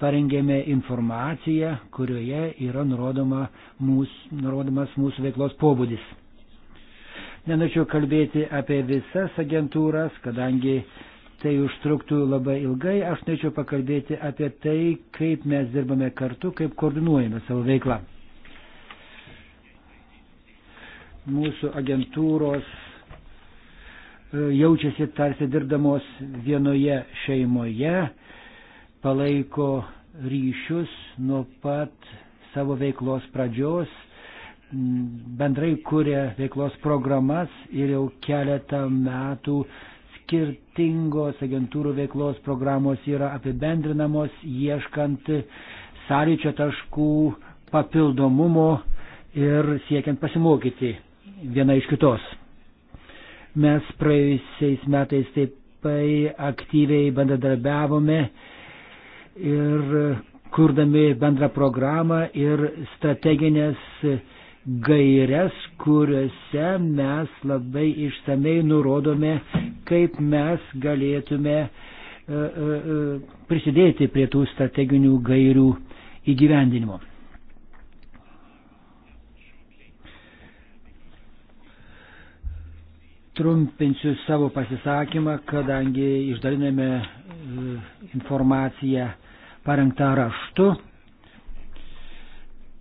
[SPEAKER 5] parengėme informaciją, kurioje yra nurodoma mūsų, nurodomas mūsų veiklos pobūdis. Nenorėčiau kalbėti apie visas agentūras, kadangi uh, tai užtruktų labai ilgai. Aš norėčiau pakalbėti apie tai, kaip mes dirbame kartu, kaip koordinuojame savo veiklą. Mūsų agentūros e, jaučiasi tarsi dirbdamos vienoje šeimoje, palaiko ryšius nuo pat savo veiklos pradžios, bendrai kūrė veiklos programas ir jau keletą metų uh, skirtingos agentūrų veiklos programos yra apibendrinamos, ieškant sąlyčio taškų papildomumo ir siekiant pasimokyti viena iš kitos. Mes praėjusiais metais taip aktyviai bendradarbiavome ir kurdami bendrą programą ir strateginės gairias, kuriuose mes labai išsamei nurodome, kaip mes galėtume e, e, e, prisidėti prie tų strateginių gairių įgyvendinimo. Trumpinsiu savo pasisakymą, kadangi išdaliname informaciją parengtą raštu.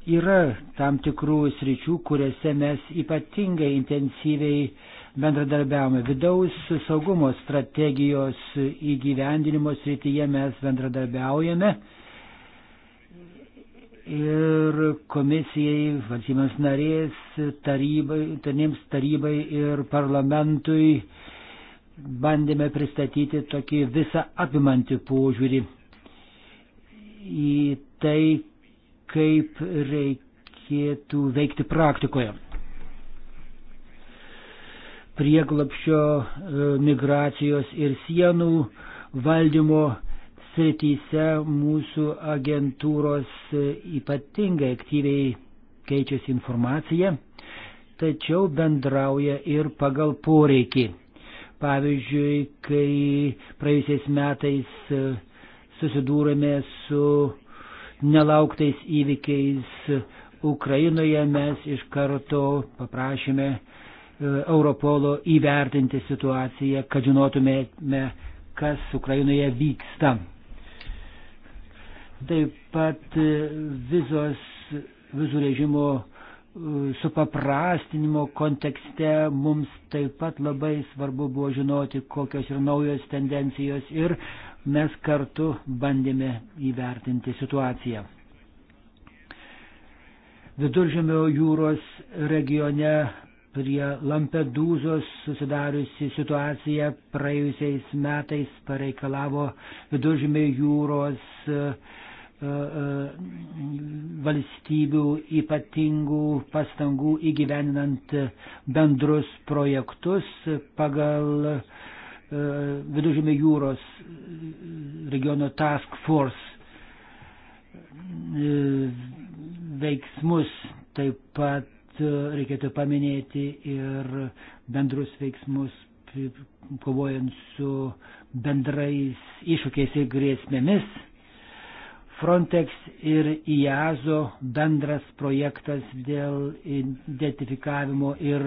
[SPEAKER 5] Yra tam tikrų sričių, kuriuose mes ypatingai intensyviai bendradarbiavome. Vidaus saugumo strategijos įgyvendinimo srityje mes bendradarbiaujame. Ir komisijai, valstybėms narės, tarybai, tarnėms tarybai ir parlamentui bandėme pristatyti tokį visą apimantį požiūrį į tai, kaip reikėtų veikti praktikoje. Prieglapšio e, migracijos ir sienų valdymo srityse mūsų agentūros e, ypatingai aktyviai keičiasi informacija, tačiau bendrauja ir pagal poreikį. Pavyzdžiui, kai praėjusiais metais e, susidūrėme su nelauktais įvykiais Ukrainoje mes iš karto paprašėme e, Europolo įvertinti situaciją, kad žinotumėme, kas Ukrainoje vyksta. Taip pat e, vizos, vizų režimo e, supaprastinimo kontekste mums taip pat labai svarbu buvo žinoti, kokios ir naujos tendencijos ir mes kartu bandėme įvertinti situaciją. Viduržėmio jūros regione prie Lampedūzos susidariusi situacija praėjusiais metais pareikalavo viduržėmio jūros e, e, valstybių ypatingų pastangų įgyveninant bendrus projektus pagal uh, E, Vidužėmė jūros regiono task force e, veiksmus. Taip pat e, reikėtų paminėti ir bendrus veiksmus kovojant su bendrais iššūkiais ir grėsmėmis. Frontex ir IAZO bendras projektas dėl identifikavimo ir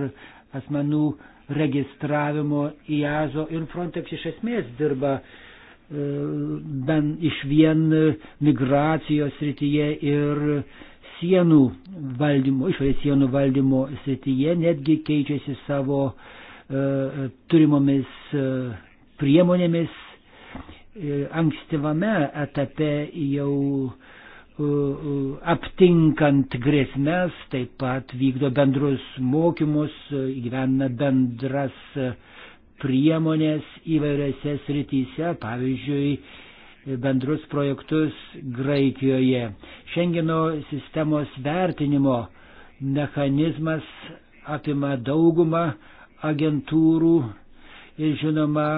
[SPEAKER 5] asmenų registravimo IAZO ir Frontex iš esmės dirba e, ben iš vien migracijos srityje ir sienų valdymo, išorės sienų valdymo srityje, netgi keičiasi savo e, turimomis e, priemonėmis. E, ankstyvame etape jau e, aptinkant grėsmės, taip pat vykdo bendrus mokymus, gyvena bendras priemonės įvairiose srityse, pavyzdžiui, bendrus projektus Graikijoje. Šengino sistemos vertinimo mechanizmas apima daugumą agentūrų ir žinoma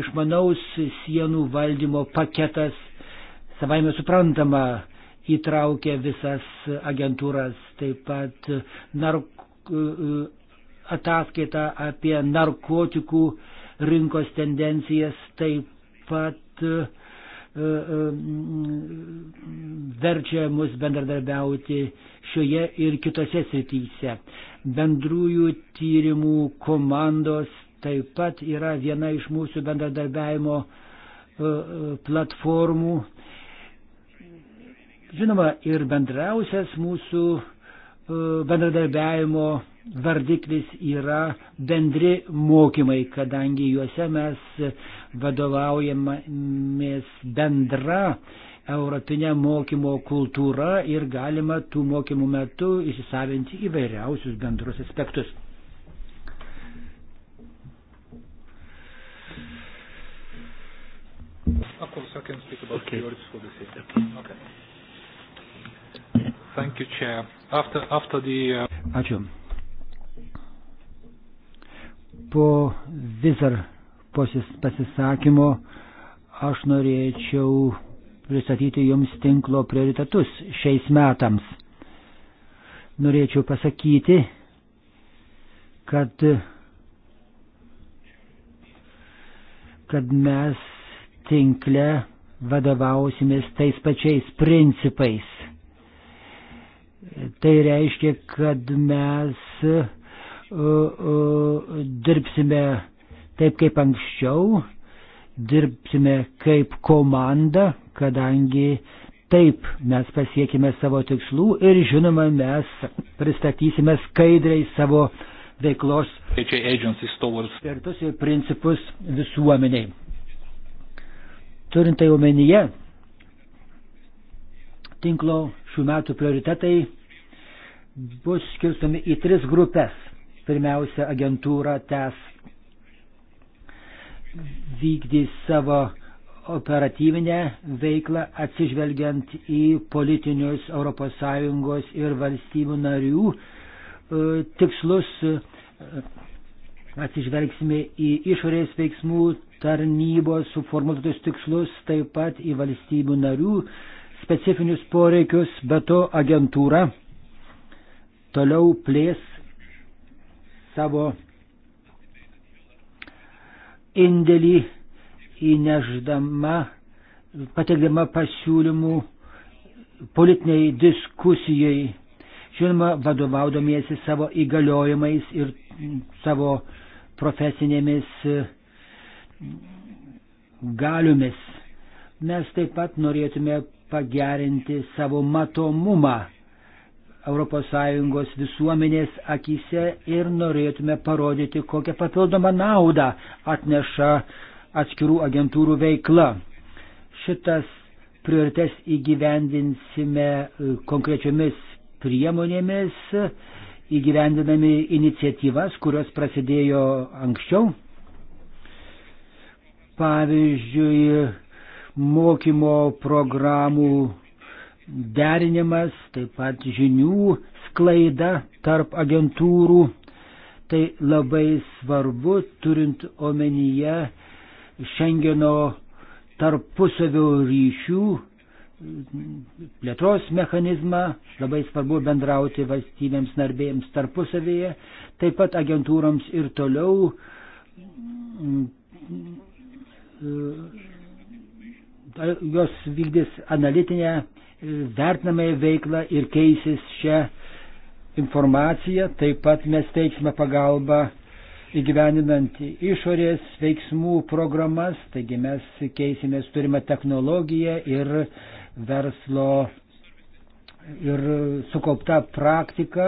[SPEAKER 5] išmanaus sienų valdymo paketas savaime suprantama įtraukia visas agentūras, taip pat nark... ataskaita apie narkotikų rinkos tendencijas, taip pat uh, verčia mus bendradarbiauti šioje ir kitose srityse. Bendrųjų tyrimų komandos taip pat yra viena iš mūsų bendradarbiavimo e, e, platformų. Žinoma, ir bendrausias mūsų e, bendradarbiavimo vardiklis yra bendri mokymai, kadangi juose mes vadovaujamės bendra europinė mokymo kultūra ir galima tų mokymų metu įsisavinti įvairiausius bendrus aspektus.
[SPEAKER 2] Of course, I can speak about okay. priorities for the system. Okay. Thank you, Chair. After, after the, uh...
[SPEAKER 5] Ačiū. Po vizar pasisakymo aš norėčiau pristatyti jums tinklo prioritetus šiais metams. Norėčiau pasakyti, kad, kad mes tinkle vadovausimės tais pačiais principais. Tai reiškia, kad mes uh, uh, dirbsime taip kaip anksčiau, dirbsime kaip komanda, kadangi taip mes pasiekime savo tikslų ir žinoma mes pristatysime skaidriai savo veiklos vertus ir principus visuomeniai. Turint tai omenyje, tinklo šių metų prioritetai bus skirstomi į tris grupės. Pirmiausia, agentūra tęs vykdys savo operatyvinę veiklą atsižvelgiant į politinius ES ir valstybių narių e, tikslus. E, atsižvelgsime į išorės veiksmų tarnybos suformuotus tikslus, taip pat į valstybių narių specifinius poreikius, bet to agentūra toliau plės savo indėlį įneždama, patekdama pasiūlymų politiniai diskusijai, žinoma, vadovaudomiesi savo įgaliojimais ir savo profesinėmis galiomis. Mes taip pat norėtume pagerinti savo matomumą ES visuomenės akise ir norėtume parodyti, kokią papildomą naudą atneša atskirų agentūrų veikla. Šitas priorites įgyvendinsime e, konkrečiomis priemonėmis, įgyvendinami iniciatyvas, kurios prasidėjo anksčiau pavyzdžiui, mokymo programų derinimas, taip pat žinių sklaida tarp agentūrų. Tai labai svarbu, turint omenyje Šengeno tarpusavio ryšių plėtros mechanizmą, labai svarbu bendrauti valstybėms narbėjams tarpusavėje, taip pat agentūroms ir toliau E, jos vykdys analitinę e, vertinamąją veiklą ir keisis šią informaciją. Taip pat mes teiksime pagalbą įgyveninant išorės veiksmų programas, taigi mes keisimės turimą technologiją ir verslo ir sukauptą praktiką.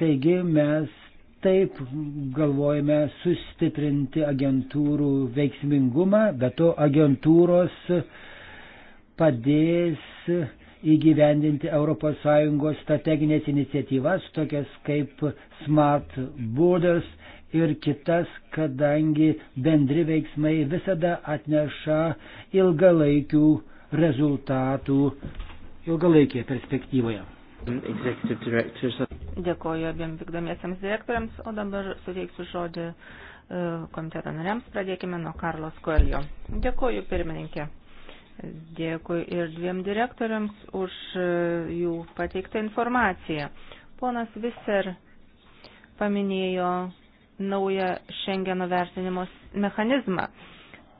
[SPEAKER 5] Taigi mes Taip, galvojame sustiprinti agentūrų veiksmingumą, bet to agentūros padės įgyvendinti ES strateginės iniciatyvas, tokias kaip Smart Borders ir kitas, kadangi bendri veiksmai visada atneša ilgalaikių rezultatų ilgalaikėje perspektyvoje.
[SPEAKER 3] Dėkoju abiem vykdomiesiams direktoriams, o dabar suteiksiu žodį e, komiteto nariams. Pradėkime nuo Karlos Koelio. Dėkoju pirmininkė. Dėkui ir dviem direktoriams už e, jų pateiktą informaciją. Ponas Viser paminėjo naują Šengeno vertinimo mechanizmą.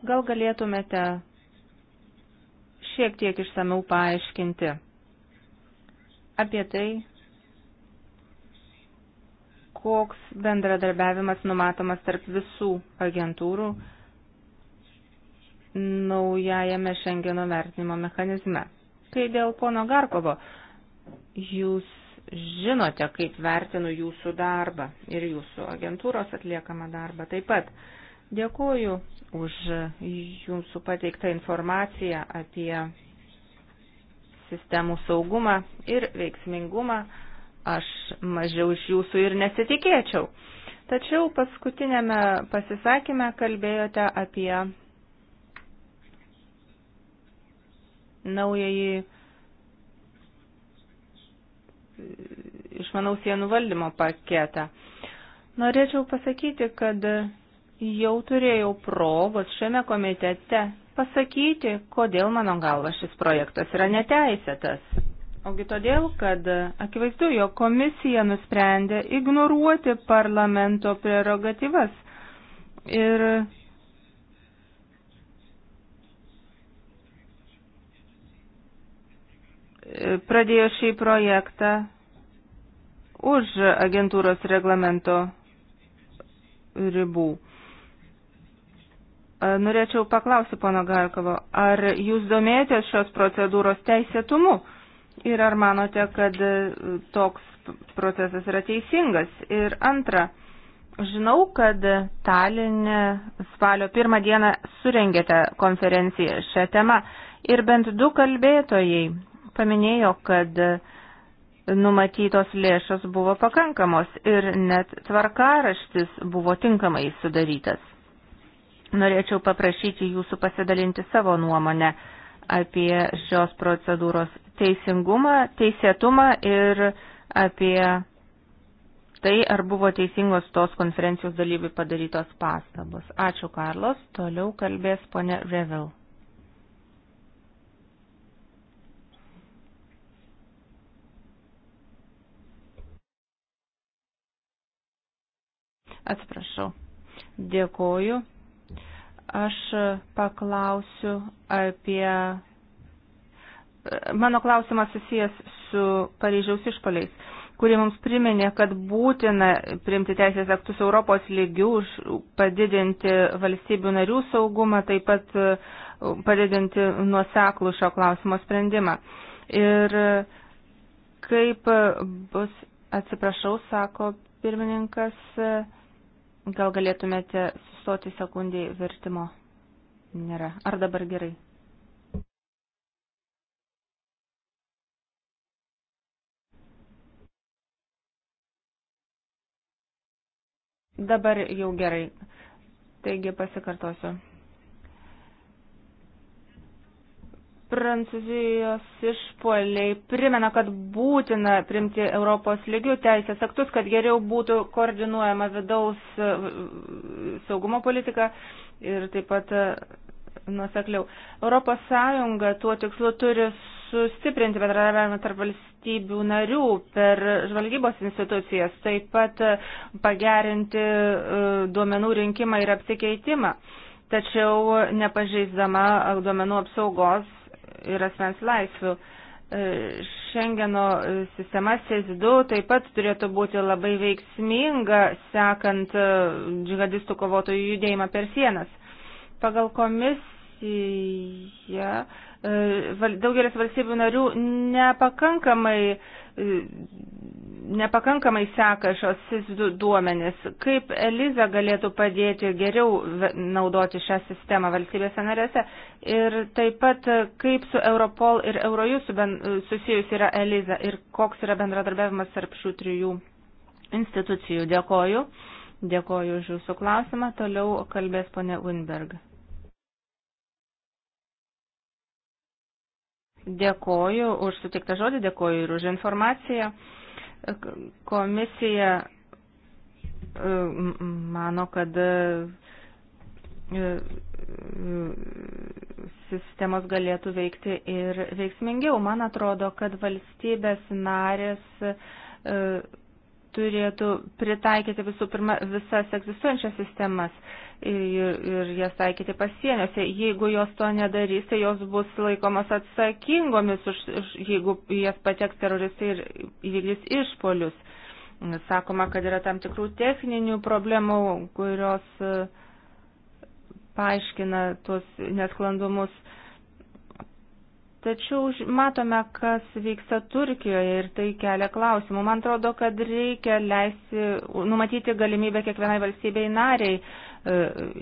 [SPEAKER 3] Gal galėtumėte šiek tiek išsameu paaiškinti? apie tai, koks bendradarbiavimas numatomas tarp visų agentūrų naujajame Šengeno vertinimo mechanizme. Kai dėl pono Garkovo, jūs žinote, kaip vertinu jūsų darbą ir jūsų agentūros atliekamą darbą taip pat. Dėkuoju už jūsų pateiktą informaciją apie sistemų saugumą ir veiksmingumą, aš mažiau iš jūsų ir nesitikėčiau. Tačiau paskutinėme pasisakymę kalbėjote apie naująjį išmanau sienų valdymo paketą. Norėčiau pasakyti, kad jau turėjau progos šiame komitete pasakyti, kodėl mano galva šis projektas yra neteisėtas. Ogi todėl, kad akivaizdu, jo komisija nusprendė ignoruoti parlamento prerogatyvas ir pradėjo šį projektą už agentūros reglamento ribų. Norėčiau paklausti pono Garkovo, ar jūs domėjotės šios procedūros teisėtumu ir ar manote, kad e, toks procesas yra teisingas? Ir antra, žinau, kad Talinė spalio pirmą dieną surengėte konferenciją šią temą ir bent du kalbėtojai paminėjo, kad e, numatytos lėšos buvo pakankamos ir net tvarkaraštis buvo tinkamai sudarytas. Norėčiau paprašyti jūsų pasidalinti savo nuomonę apie šios procedūros teisingumą, teisėtumą ir apie tai, ar buvo teisingos tos konferencijos dalyvių padarytos pastabos. Ačiū, Karlos. Toliau kalbės ponė Revel.
[SPEAKER 1] Atsiprašau.
[SPEAKER 3] Dėkoju. Aš paklausiu apie. Mano klausimas susijęs su Paryžiaus išpoliais, kurie mums priminė, kad būtina priimti teisės aktus Europos lygių, padidinti valstybių narių saugumą, taip pat uh, padidinti nuoseklų šio klausimo sprendimą. Ir kaip bus, atsiprašau, sako pirmininkas, Gal galėtumėte sustoti sekundį vertimo? Nėra. Ar dabar gerai? Dabar jau gerai. Taigi pasikartosiu. Prancūzijos išpoliai primena, kad būtina primti Europos lygių teisės aktus, kad geriau būtų koordinuojama vidaus e, saugumo politika ir taip pat e, nusekliau. Europos Sąjunga tuo tikslu turi sustiprinti bendradarbiavimą tarp valstybių narių per žvalgybos institucijas, taip pat e, pagerinti duomenų rinkimą ir apsikeitimą tačiau nepažeisdama duomenų apsaugos ir asmens laisvių. E, Šengeno sistema SES2 taip pat turėtų būti labai veiksminga, sekant e, džihadistų kovotojų judėjimą per sienas. Pagal komis komisija e, daugelis valstybių narių nepakankamai, e, nepakankamai seka šios SIS duomenis. Kaip Eliza galėtų padėti geriau naudoti šią sistemą valstybėse narėse? Ir taip pat, e, kaip su Europol ir Eurojus susijus yra Eliza ir koks yra bendradarbiavimas tarp šių trijų institucijų? Dėkoju. Dėkoju už jūsų klausimą. Toliau kalbės ponė Winberg. Dėkoju už sutiktą žodį, dėkoju ir už informaciją. Komisija e, mano, kad e, e, sistemos galėtų veikti ir veiksmingiau. Man atrodo, kad valstybės narės turėtų pritaikyti visų pirma visas egzistuojančias sistemas ir, ir jas taikyti pasieniuose. Jeigu jos to nedarys, tai jos bus laikomas atsakingomis, už, už, jeigu jas pateks teroristai ir įvykdys išpolius. Sakoma, kad yra tam tikrų techninių problemų, kurios e, paaiškina tuos nesklandumus. Uh, Tačiau matome, kas vyksta Turkijoje ir tai kelia klausimų. Man atrodo, kad reikia leisti, numatyti galimybę kiekvienai valstybei nariai e,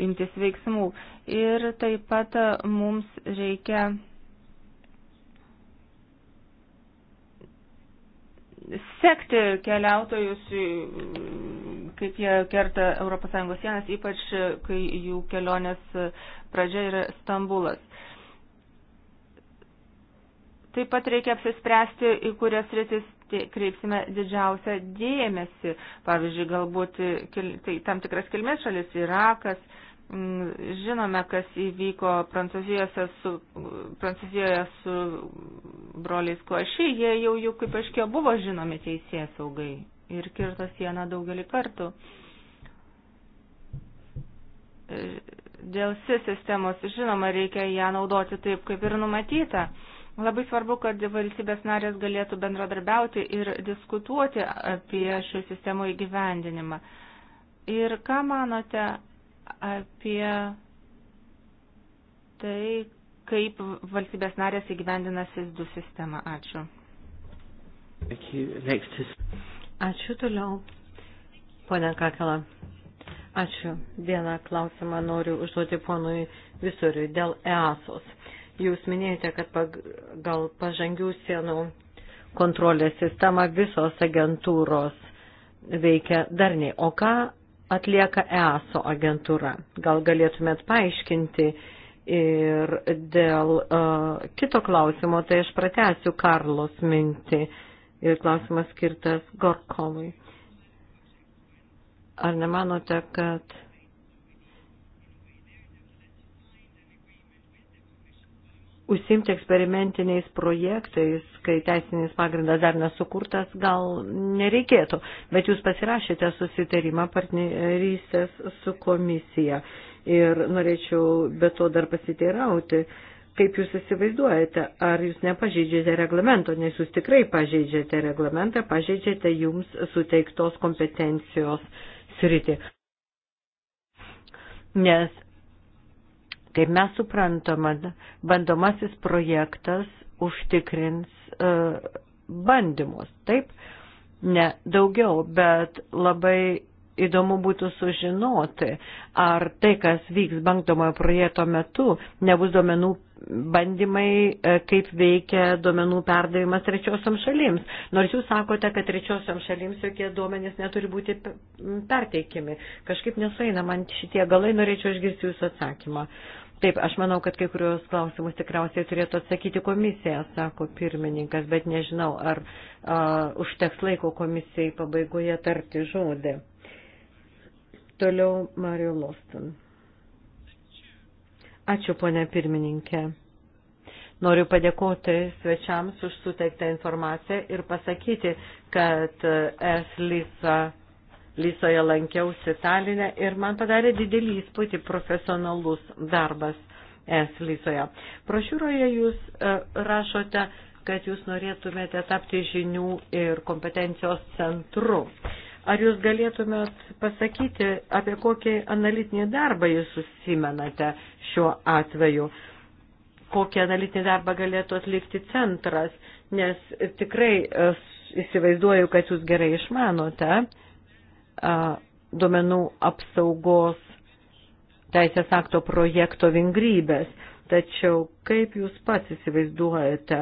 [SPEAKER 3] imtis veiksmų. Ir taip pat e, mums reikia sekti keliautojus, kaip jie kerta ES sienas, ypač e, kai jų kelionės e, pradžia yra Stambulas. E, Taip pat reikia apsispręsti, į kurias rytis kreipsime didžiausią dėmesį. Pavyzdžiui, galbūt tai tam tikras kilmės šalis Irakas. Mm, žinome, kas įvyko Prancūzijoje su, Prancūzijoje su broliais Koši, jie jau, jau kaip aiškiai buvo žinomi teisės saugai ir kirto sieną daugelį kartų. E, dėl SIS sistemos, žinoma, reikia ją naudoti taip, kaip ir numatyta. Labai svarbu, kad valstybės narės galėtų bendradarbiauti ir diskutuoti apie šių sistemų įgyvendinimą. Ir ką manote apie tai, kaip valstybės narės įgyvendina SIS2 sistemą? Ačiū.
[SPEAKER 4] Ačiū toliau. Pone Kakela. Ačiū. Vieną klausimą noriu užduoti ponui Visuriui dėl EASOS. Jūs minėjote, kad pagal pažangių sienų kontrolės sistemą visos agentūros veikia darniai. O ką atlieka EASO agentūra? Gal galėtumėt paaiškinti ir dėl uh, kito klausimo, tai aš pratęsiu Karlos mintį ir klausimas skirtas Gorkovui. Ar nemanote, kad užsimti eksperimentiniais projektais, kai teisinis pagrindas dar nesukurtas, gal nereikėtų. Bet jūs pasirašėte susitarimą partnerystės su komisija. Ir norėčiau be to dar pasiteirauti, kaip jūs įsivaizduojate, ar jūs nepažeidžiate reglamento, nes jūs tikrai pažeidžiate reglamentą, pažeidžiate jums suteiktos kompetencijos sritį. Nes Kaip mes suprantame, bandomasis projektas užtikrins uh, bandymus, taip? Ne daugiau, bet labai įdomu būtų sužinoti, ar tai, kas vyks bandomojo projekto metu, nebus duomenų bandymai, e, kaip veikia duomenų perdavimas trečiosiam šalims. Nors jūs sakote, kad trečiosiam šalims jokie duomenys neturi būti perteikimi. Kažkaip nesueina man šitie galai, norėčiau išgirsti jūsų atsakymą. Taip, aš manau, kad kai kurios klausimus tikriausiai turėtų atsakyti komisija, sako pirmininkas, bet nežinau, ar a, užteks laiko komisijai pabaigoje tarti žodį. Toliau Mario Loston. Ačiū, ponė pirmininkė. Noriu padėkoti svečiams už suteiktą informaciją ir pasakyti, kad ES lysa Lisoje lankiausi Talinę ir man padarė didelį įspūdį profesionalus darbas es Lisoje. Prošiūroje jūs e, rašote, kad jūs norėtumėte tapti žinių ir kompetencijos centru. Ar jūs galėtumėt pasakyti, apie kokį analitinį darbą jūs susimenate šiuo atveju? Kokį analitinį darbą galėtų atlikti centras? Nes tikrai e, įsivaizduoju, kad jūs gerai išmanote duomenų apsaugos teisės akto projekto vingrybės. Tačiau kaip jūs pats įsivaizduojate,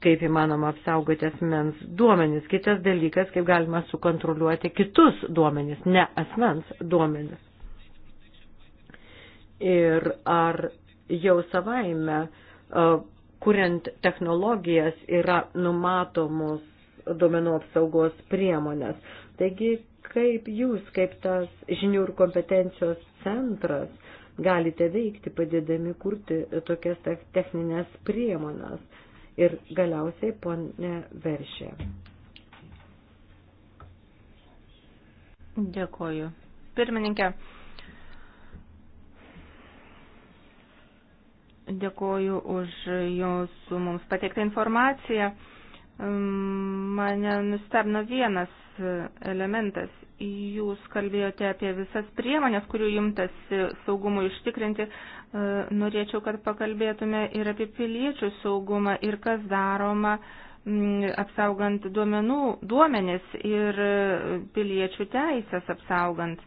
[SPEAKER 4] kaip įmanoma apsaugoti asmens duomenis? Kitas dalykas, kaip galima sukontroliuoti kitus duomenis, ne asmens duomenis. Ir ar jau savaime, kuriant technologijas, yra numatomos duomenų apsaugos priemonės. Taigi, kaip jūs, kaip tas žinių ir kompetencijos centras, galite veikti padėdami kurti tokias techninės priemonas. Ir galiausiai ponė Veršė. Dėkoju.
[SPEAKER 3] Pirmininkė, dėkoju už jūsų mums pateiktą informaciją. Mane nustebino vienas elementas Jūs kalbėjote apie visas priemonės, kurių imtasi saugumui ištikrinti. E, norėčiau, kad pakalbėtume ir apie piliečių saugumą ir kas daroma apsaugant duomenų, duomenis ir piliečių teisės apsaugant.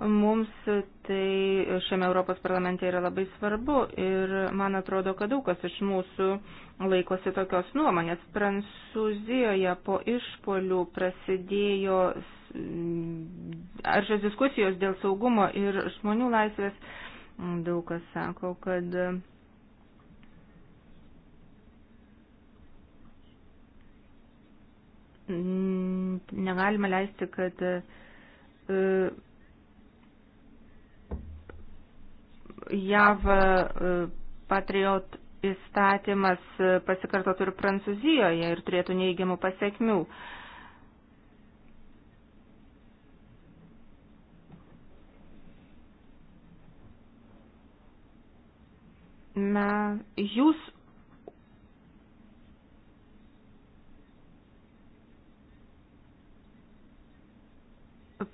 [SPEAKER 3] Mums tai šiame Europos parlamente yra labai svarbu ir man atrodo, kad daug kas iš mūsų laikosi tokios nuomonės. Prancūzijoje po išpolių prasidėjo Mm, aršios diskusijos dėl saugumo ir žmonių laisvės. Mm, daug kas sako, kad mm, negalime leisti, kad e, JAV e, patriot įstatymas e, pasikartotų ir Prancūzijoje ir turėtų neįgiamų pasiekmių. na, jūs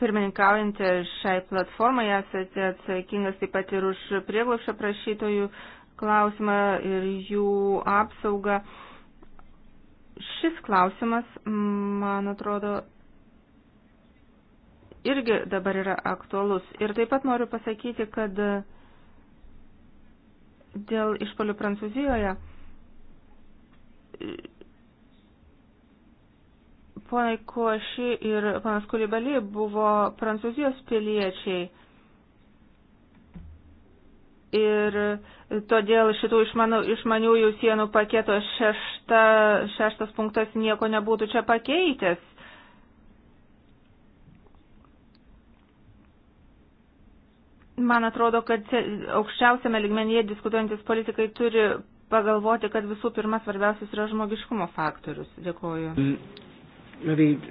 [SPEAKER 3] pirmininkaujantį šiai platformai esate atsakingas taip pat ir už prieglapšio prašytojų klausimą ir jų apsaugą. Šis klausimas, man atrodo, irgi dabar yra aktualus. Ir taip pat noriu pasakyti, kad dėl išpolių Prancūzijoje. Ponai Koši ir panas Kulibali buvo Prancūzijos piliečiai. Ir todėl šitų išmanų, išmaniųjų sienų paketo šešta, šeštas punktas nieko nebūtų čia pakeitęs Man atrodo, kad aukščiausiame ligmenyje diskutuojantis politikai turi pagalvoti,
[SPEAKER 4] kad visų pirma svarbiausias yra žmogiškumo faktorius. Dėkuoju.
[SPEAKER 1] Mm,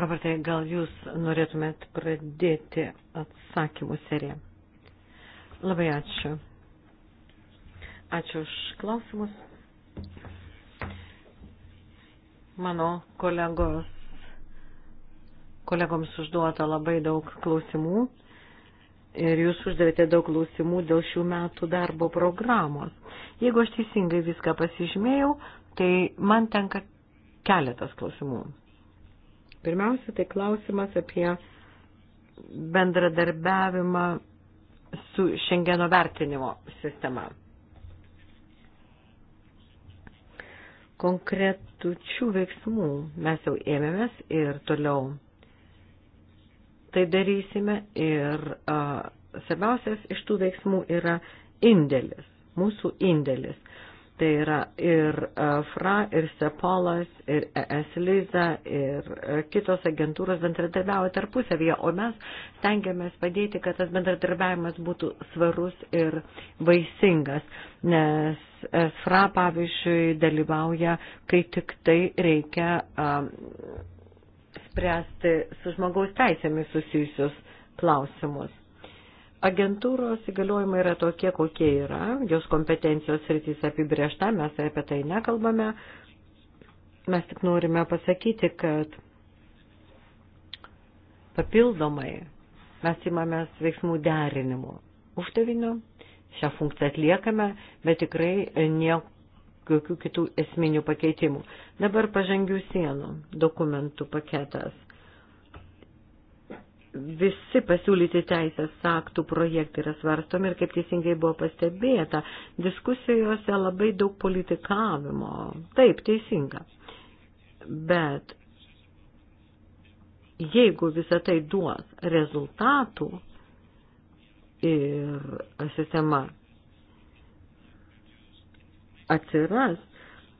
[SPEAKER 4] Robertai, gal jūs norėtumėt pradėti atsakymų seriją? Labai ačiū. Ačiū už klausimus. Mano kolegos Kolegoms užduota labai daug klausimų ir jūs uždavėte daug klausimų dėl šių metų darbo programos. Jeigu aš teisingai viską pasižymėjau, tai man tenka keletas klausimų. Pirmiausia, tai klausimas apie bendradarbiavimą su Šengeno vertinimo sistema. Konkretučių veiksmų mes jau ėmėmės ir toliau tai darysime ir a, svarbiausias iš tų veiksmų yra indėlis, mūsų indėlis. Tai yra ir FRA, ir SEPOLAS, ir ESLIZA, ir kitos agentūros bendradarbiauja tarpusavyje, o mes stengiamės padėti, kad tas bendradarbiavimas būtų svarus ir vaisingas, nes SFRA, e, pavyzdžiui, dalyvauja, kai tik tai reikia spręsti su žmogaus teisėmis susijusius klausimus. Agentūros įgaliojimai yra tokie, kokie yra, jos kompetencijos rytis apibriešta, mes apie tai nekalbame, mes tik norime pasakyti, kad papildomai mes įmamės veiksmų derinimo uždavinio, šią funkciją atliekame, bet tikrai nieko jokių kitų esminių pakeitimų. Dabar pažangių sienų dokumentų paketas. Visi pasiūlyti teisės aktų projektai yra svarstomi ir kaip teisingai buvo pastebėta, diskusijose labai daug politikavimo. Taip, teisinga. Bet jeigu visą tai duos rezultatų ir sistema atsiras,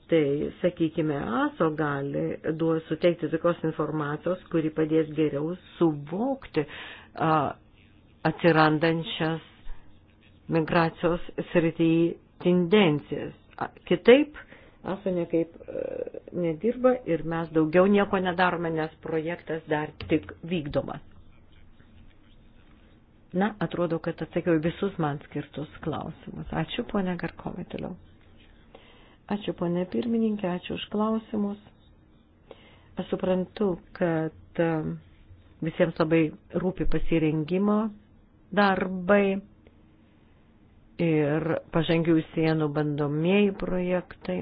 [SPEAKER 4] tai, sakykime, ASO gali duos suteikti tokios informacijos, kuri padės geriau suvokti a, atsirandančias migracijos srityje tendencijas. A, kitaip, ASO nekaip a, e, nedirba ir mes daugiau nieko nedarome, nes projektas dar tik vykdomas. Na, atrodo, kad atsakiau visus man skirtus klausimus. Ačiū, ponia Garkovai, toliau. Ačiū, ponė pirmininkė, ačiū už klausimus. Aš suprantu, kad um, visiems labai rūpi pasirengimo darbai ir pažangių sienų bandomieji projektai.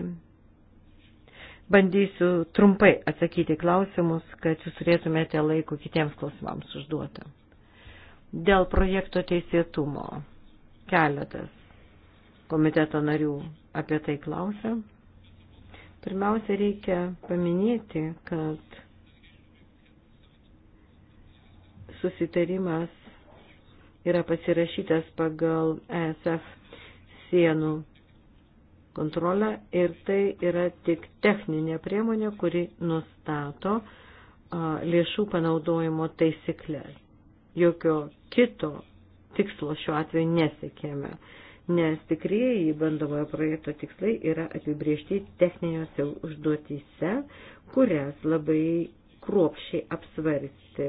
[SPEAKER 4] Bandysiu trumpai atsakyti klausimus, kad jūs turėtumėte laiko kitiems klausimams užduoti. Dėl projekto teisėtumo keletas komiteto narių apie tai klausia. Pirmiausia, reikia paminėti, kad susitarimas yra pasirašytas pagal ESF sienų kontrolę ir tai yra tik techninė priemonė, kuri nustato lėšų panaudojimo taisyklės. Jokio kito tikslo šiuo atveju nesiekėme nes tikrieji bandomojo projekto tikslai yra apibriežti techniniuose užduotyse, kurias labai kruopšiai apsvarsti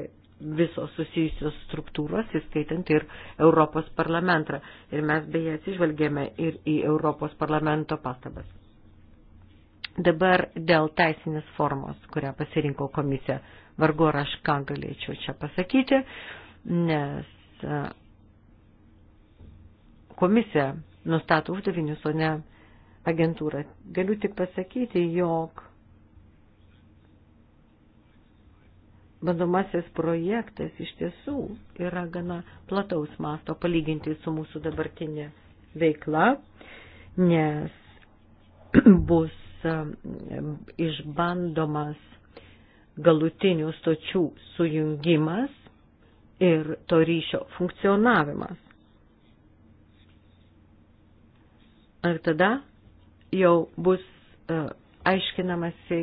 [SPEAKER 4] visos susijusios struktūros, įskaitant ir Europos parlamentą. Ir mes beje atsižvelgėme ir į Europos parlamento pastabas. Dabar dėl teisinės formos, kurią pasirinko komisija, vargu ar aš ką galėčiau čia pasakyti, nes komisija nustato uždavinius, o ne agentūra. Galiu tik pasakyti, jog bandomasis projektas iš tiesų yra gana plataus masto palyginti su mūsų dabartinė veikla, nes bus um, išbandomas galutinių stočių sujungimas ir to ryšio funkcionavimas. Ir tada jau bus e, aiškinamasi,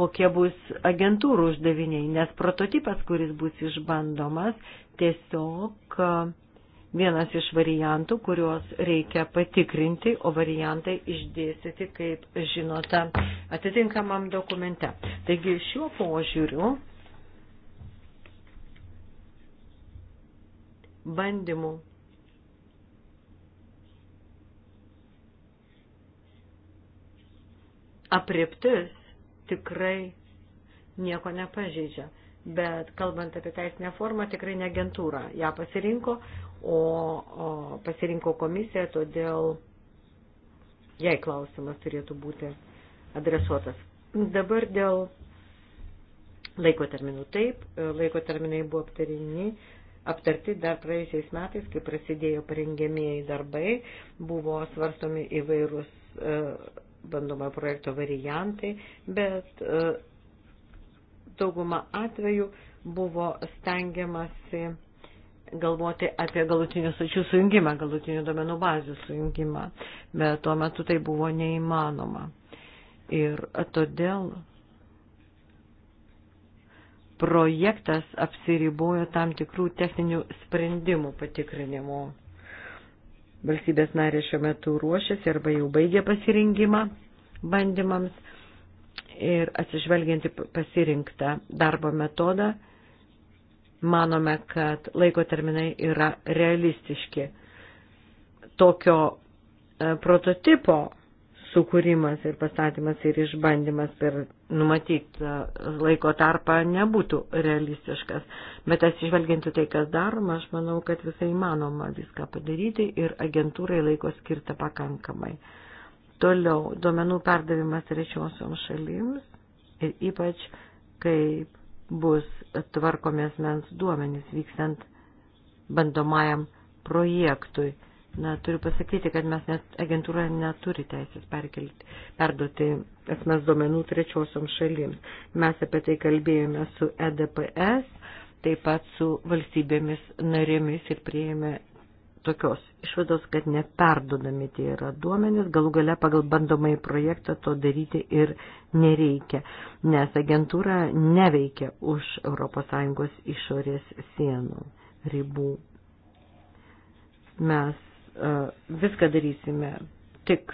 [SPEAKER 4] kokie bus agentūrų uždaviniai, nes prototipas, kuris bus išbandomas, tiesiog e, vienas iš variantų, kuriuos reikia patikrinti, o variantai išdėstyti, kaip žinote, atitinkamam dokumente. Taigi šiuo požiūriu bandymų apriptis tikrai nieko nepažeidžia. Bet kalbant apie teisinę formą, tikrai ne agentūra ją pasirinko, o, o pasirinko komisija, todėl jai klausimas turėtų būti adresuotas. Dabar dėl laiko terminų. Taip, laiko terminai buvo aptarini, aptarti dar praėjusiais metais, kai prasidėjo parengėmėjai darbai, buvo svarstomi įvairūs e, bandoma projekto variantai, bet e, dauguma atvejų buvo stengiamasi galvoti apie galutinių sučių sujungimą, galutinių domenų bazių sujungimą, bet tuo metu tai buvo neįmanoma. Ir todėl projektas apsiribojo tam tikrų techninių sprendimų patikrinimu. Valstybės narė šiuo metu ruošiasi arba jau baigė pasirinkimą bandymams ir atsižvelgianti pasirinktą darbo metodą, manome, kad laiko terminai yra realistiški. Tokio e, prototipo sukūrimas ir pastatymas ir išbandymas per numatytą e, laiko tarpą nebūtų realistiškas. Bet atsižvelgiant į tai, kas daroma, aš manau, kad visai įmanoma viską padaryti ir agentūrai laiko skirta pakankamai. Toliau, duomenų perdavimas trečiosioms šalims ir ypač, kaip bus tvarkomės mens duomenys vykstant bandomajam projektui Na, turiu pasakyti, kad mes net, agentūra neturi teisės perkelti, perduoti asmens duomenų trečiosioms šalims. Mes apie tai kalbėjome su EDPS, taip pat su valstybėmis narėmis ir prieėmė tokios išvados, kad neperdodami tie yra duomenys, galų gale pagal bandomąjį projektą to daryti ir nereikia, nes agentūra neveikia už ES išorės sienų ribų. Mes E, viską darysime tik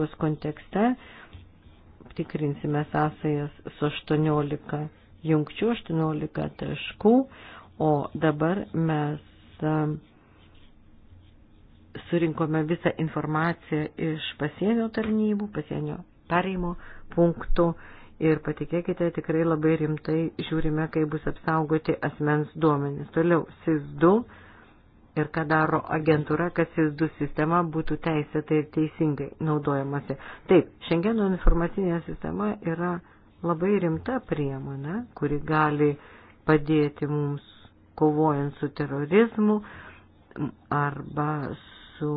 [SPEAKER 4] ES kontekste, tikrinsime sąsajas su 18 jungčių, 18 taškų, o dabar mes e, surinkome visą informaciją iš pasienio tarnybų, pasienio pereimo punktų ir patikėkite, tikrai labai rimtai žiūrime, kaip bus apsaugoti asmens duomenys. Toliau, SIS 2 ir ką daro agentūra, kad SIS2 sistema būtų teisėtai ir teisingai naudojamasi. Taip, šiandieno informacinė sistema yra labai rimta priemonė, kuri gali padėti mums kovojant su terorizmu arba su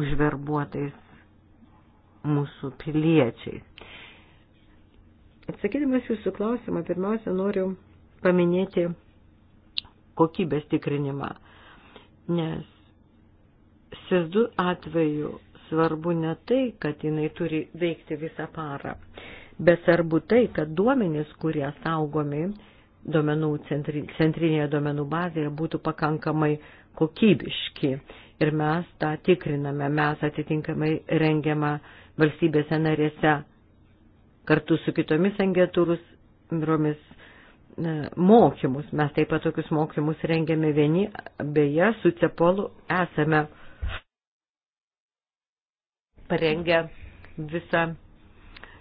[SPEAKER 4] užverbuotais mūsų piliečiais. Atsakydamas jūsų klausimą, pirmiausia, noriu paminėti kokybės tikrinimą nes SIS2 atveju svarbu ne tai, kad jinai turi veikti visą parą, bet svarbu tai, kad duomenys, kurie saugomi duomenų centri, centrinėje duomenų bazėje, būtų pakankamai kokybiški. Ir mes tą tikriname, mes atitinkamai rengiamą valstybėse narėse kartu su kitomis agentūromis mokymus. Mes taip pat tokius mokymus rengiame vieni, beje, su Cepolu esame parengę visą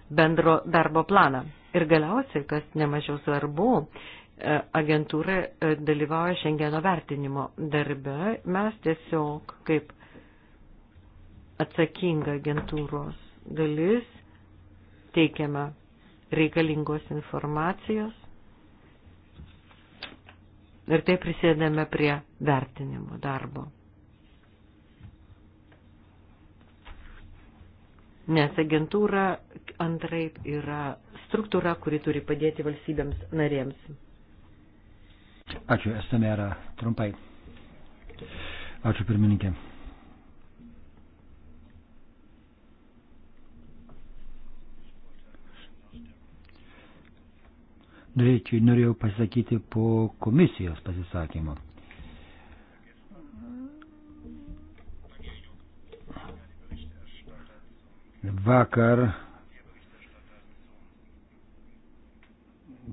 [SPEAKER 4] bendro darbo planą. Ir galiausiai, kas nemažiau svarbu, e, agentūra e, dalyvauja šengeno vertinimo darbe. Mes tiesiog kaip atsakinga agentūros dalis teikiame reikalingos informacijos ir taip prisėdame prie vertinimo darbo. Nes agentūra antraip yra struktūra, kuri turi padėti valstybėms narėms.
[SPEAKER 5] Ačiū, Estamera, trumpai. Ačiū, pirmininkė. Dvičiui norėjau pasakyti po komisijos pasisakymo. Vakar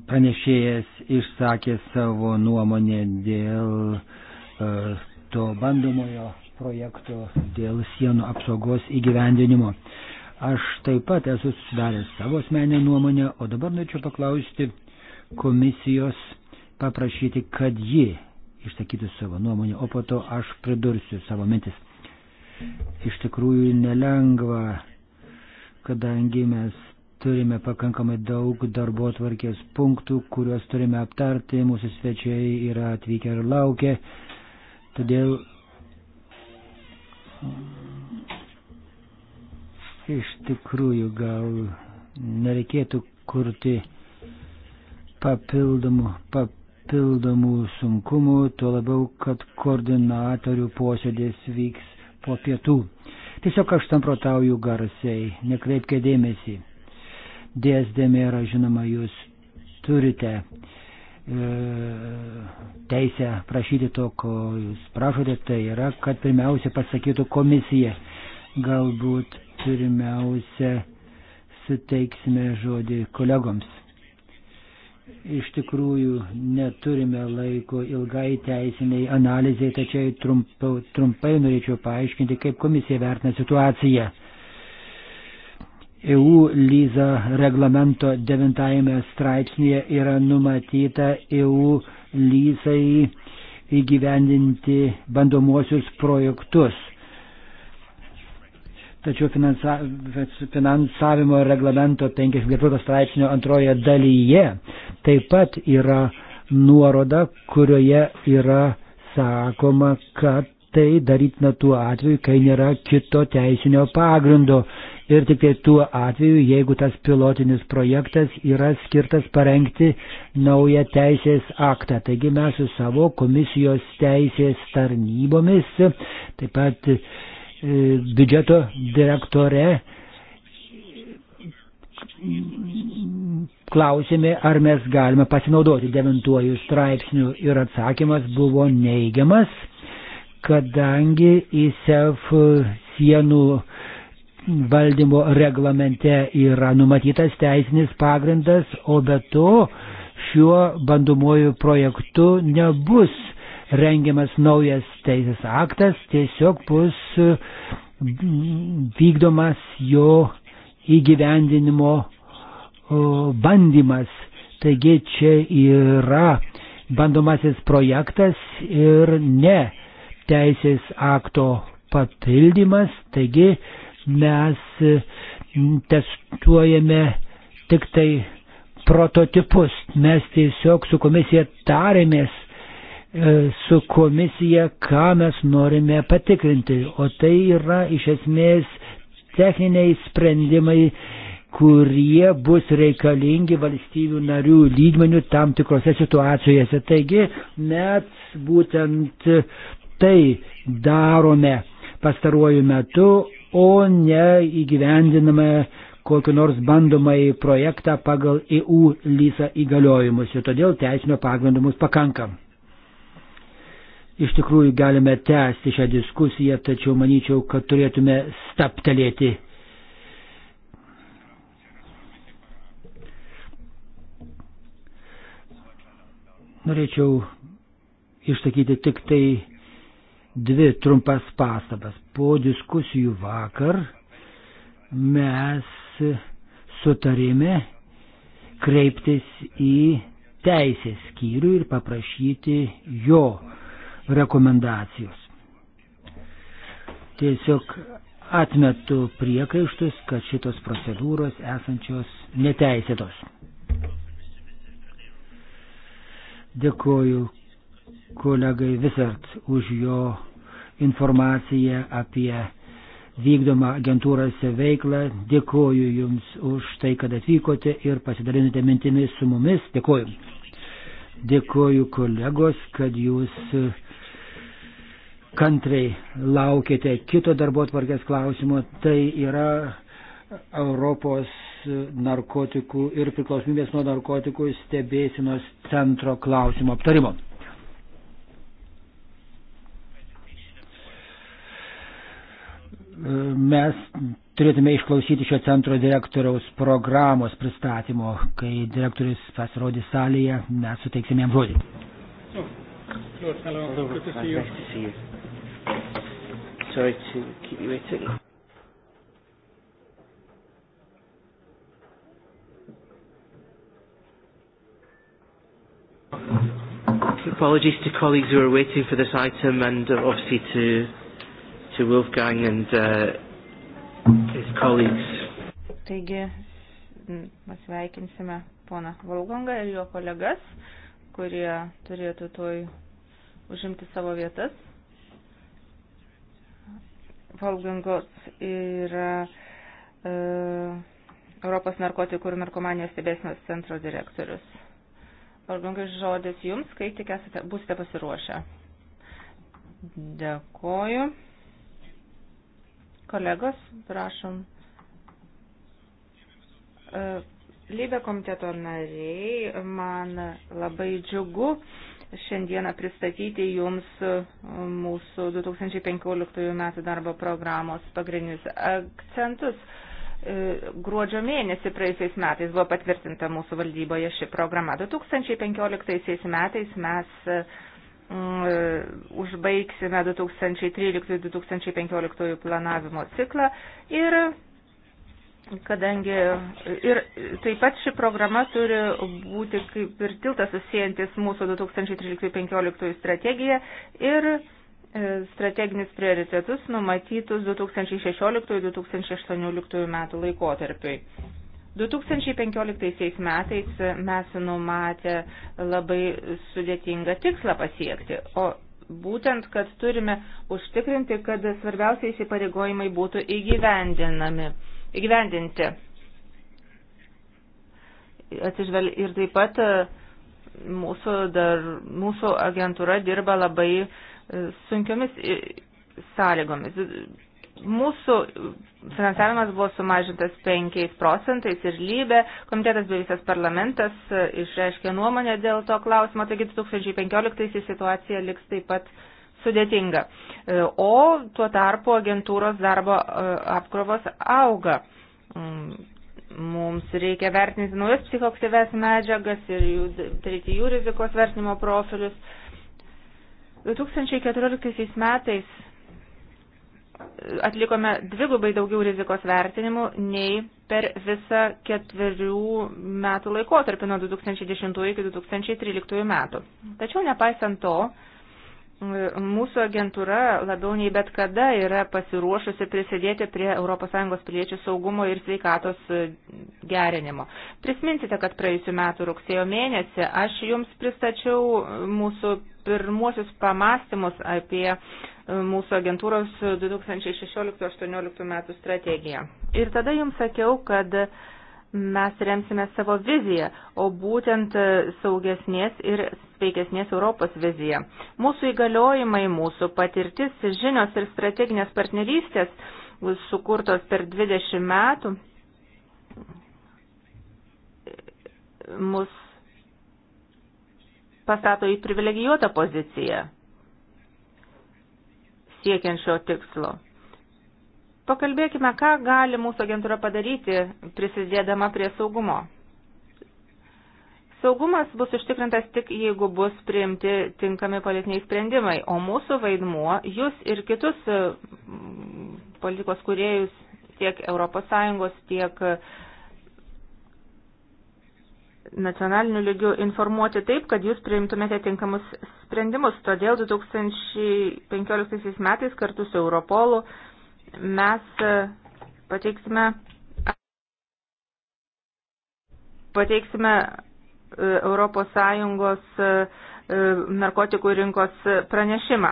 [SPEAKER 5] pranešėjas išsakė savo nuomonę dėl e, to bandomojo projekto dėl sienų apsaugos įgyvendinimo. Aš taip pat esu susidaręs savo asmenę nuomonę, o dabar norėčiau paklausti komisijos paprašyti, kad ji išsakytų savo nuomonę, o po to aš pridursiu savo mintis. Iš tikrųjų nelengva, kadangi mes turime pakankamai daug darbo tvarkės punktų, kuriuos turime aptarti, mūsų svečiai yra atvykę ir laukia. Todėl iš tikrųjų gal nereikėtų kurti papildomų, papildomų sunkumų, tuo labiau, kad koordinatorių posėdės vyks po pietų. Tiesiog aš samprotauju garsiai, nekreipkite dėmesį. Dėsdėmė yra žinoma, jūs turite e, teisę prašyti to, ko jūs prašote, tai yra, kad pirmiausia pasakytų komisija. Galbūt pirmiausia suteiksime žodį kolegoms. Iš tikrųjų neturime laiko ilgai teisiniai analizai, tačiau trumpai, trumpai norėčiau paaiškinti, kaip komisija vertina situaciją. EU lyza reglamento devintajame straipsnėje yra numatyta EU lyzai įgyvendinti bandomuosius projektus Tačiau finansavimo reglamento 54 straipsnio antroje dalyje taip pat yra nuoroda, kurioje yra sakoma, kad tai darytina tuo atveju, kai nėra kito teisinio pagrindo. Ir tik tai tuo atveju, jeigu tas pilotinis projektas yra skirtas parengti naują teisės aktą. Taigi mes su savo komisijos teisės tarnybomis, taip pat E, biudžeto direktore klausėme, ar mes galime pasinaudoti devintuoju straipsniu ir atsakymas buvo neigiamas, kadangi ISEF sienų valdymo reglamente yra numatytas teisinis pagrindas, o be to šiuo bandomuoju projektu nebus rengiamas naujas teisės aktas, tiesiog bus e, vykdomas jo įgyvendinimo bandymas. Taigi čia yra bandomasis projektas ir ne teisės akto papildymas, taigi mes e, testuojame tik tai prototipus. Mes tiesiog su komisija tarėmės E, su komisija, ką mes norime patikrinti. O tai yra iš esmės techniniai sprendimai, kurie bus reikalingi valstybių narių lygmenių tam tikrose situacijose. Taigi mes būtent tai darome pastaruoju metu, o ne įgyvendiname kokiu nors bandomai projektą pagal EU lysa įgaliojimus. Ir todėl teisinio pagrindo mums pakankam. Iš tikrųjų galime tęsti šią diskusiją, tačiau manyčiau, kad turėtume staptelėti. Norėčiau išsakyti tik tai dvi trumpas pastabas. Po diskusijų vakar mes sutarėme kreiptis į teisės skyrių ir paprašyti jo rekomendacijos. Tiesiog atmetu priekaištus, kad šitos procedūros esančios neteisėtos. Dėkoju kolegai Visart už jo informaciją apie vykdomą agentūrose veiklą. Dėkoju Jums už tai, kad atvykote ir pasidalinote mintimis su mumis. Dėkoju. Dėkoju kolegos, kad Jūs kantriai laukite kito darbo tvarkės klausimo, tai yra Europos narkotikų ir priklausomybės nuo narkotikų stebėsinos centro klausimo aptarimo. Mes turėtume išklausyti šio centro direktoriaus programos pristatymo. Kai direktorius pasirodys salėje, mes suteiksime jam žodį.
[SPEAKER 1] So, Lord, hello. Good to see you. Nice to see you. Sorry to keep you waiting. Apologies to colleagues who are waiting for this item and uh, obviously to, to Wolfgang and uh, his colleagues.
[SPEAKER 3] Taigi, pasveikinsime poną Volgongą ir jo kolegas, kurie turėtų toj užimti savo vietas. Volgangos yra e, Europos narkotikų ir narkomanijos stebėsinos centro direktorius. Volgangai žodis jums, kai tik esate, būsite pasiruošę. Dėkoju. Kolegos, prašom. E, Lybė komiteto nariai, man labai džiugu, šiandieną pristatyti Jums e, mūsų 2015 metų darbo programos pagrindinius akcentus. E, gruodžio mėnesį praeisiais metais buvo patvirtinta mūsų valdyboje ši programa. 2015 metais mes e, užbaigsime 2013-2015 planavimo ciklą ir kadangi ir taip pat ši programa turi būti kaip ir tiltas susijęs mūsų 2013-2015 strategiją ir e, strateginius prioritetus numatytus 2016-2018 metų laikotarpiui. 2015 metais mes numatę labai sudėtingą tikslą pasiekti, o būtent, kad turime užtikrinti, kad svarbiausiai įsipareigojimai būtų įgyvendinami įgyvendinti. Atsižvel... Ir taip pat e, mūsų, dar, mūsų agentūra dirba labai e, sunkiomis e, sąlygomis. Mūsų finansavimas buvo sumažintas 5 procentais ir lybė, komitetas bei visas parlamentas išreiškė nuomonę dėl to klausimo, taigi 2015 situacija liks taip pat sudėtinga. E, o tuo tarpu agentūros darbo e, apkrovos auga. Mm, mums reikia vertinti naujas psichoktyves medžiagas ir jų tretijų rizikos vertinimo profilius. 2014 metais atlikome dvigubai daugiau rizikos vertinimų nei per visą ketverių metų laikotarpį nuo 2010 iki 2013 metų. Tačiau nepaisant to, Mūsų agentūra labiau nei bet kada yra pasiruošusi prisidėti prie ES piliečių saugumo ir sveikatos e, gerinimo. Prisiminsite, kad praėjusiu metu rugsėjo mėnesį aš jums pristačiau e, mūsų pirmuosius pamastymus apie e, mūsų agentūros 2016-2018 metų strategiją. Ir tada jums sakiau, kad mes remsime savo viziją, o būtent e, saugesnės ir sveikesnės Europos viziją. Mūsų įgaliojimai, mūsų patirtis, žinios ir strateginės partnerystės e, sukurtos per 20 metų e, mus pastato į privilegijuotą poziciją siekiant šio tikslo. Pakalbėkime, ką gali mūsų agentūra padaryti, prisidėdama prie saugumo. Saugumas bus užtikrintas tik jeigu bus priimti tinkami politiniai sprendimai, o mūsų vaidmuo, jūs ir kitus e, politikos kuriejus tiek ES, tiek nacionaliniu lygiu informuoti taip, kad jūs priimtumėte tinkamus sprendimus. Todėl 2015 metais kartu su Europolu mes e, pateiksime, pateiksime e, Europos Sąjungos e, narkotikų rinkos pranešimą.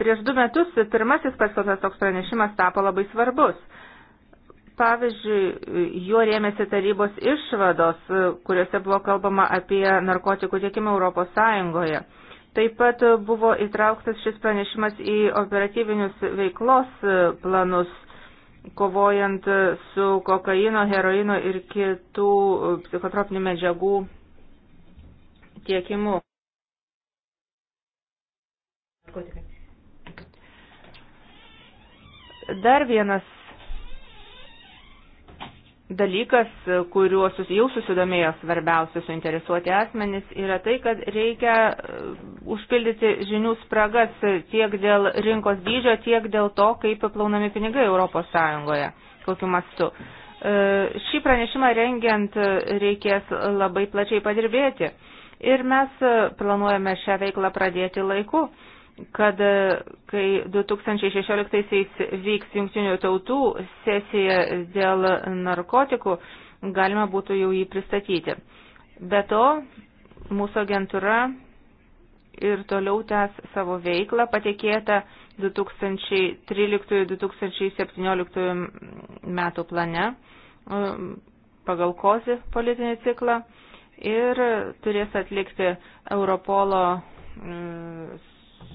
[SPEAKER 3] Prieš du metus pirmasis paskelbtas toks pranešimas tapo labai svarbus. Pavyzdžiui, juo rėmėsi tarybos išvados, kuriuose buvo kalbama apie narkotikų tiekimą Europos Sąjungoje. Taip pat buvo įtrauktas šis pranešimas į operatyvinius veiklos e, planus, kovojant su kokaino, heroino ir kitų e, psichotropinių medžiagų tiekimu. Dar vienas dalykas, kuriuo jau susidomėjo svarbiausi suinteresuoti asmenys, yra tai, kad reikia uh, užpildyti žinių spragas tiek dėl rinkos dydžio, tiek dėl to, kaip plaunami pinigai Europos Sąjungoje, kokiu mastu. Uh, šį pranešimą rengiant uh, reikės labai plačiai padirbėti ir mes planuojame šią veiklą pradėti laiku kad e, kai 2016 vyks jungtinių tautų sesija dėl narkotikų, galima būtų jau jį pristatyti. Be to, mūsų agentūra ir toliau tęs savo veiklą patikėtą 2013-2017 metų plane e, pagal kozi politinį ciklą ir turės atlikti Europolo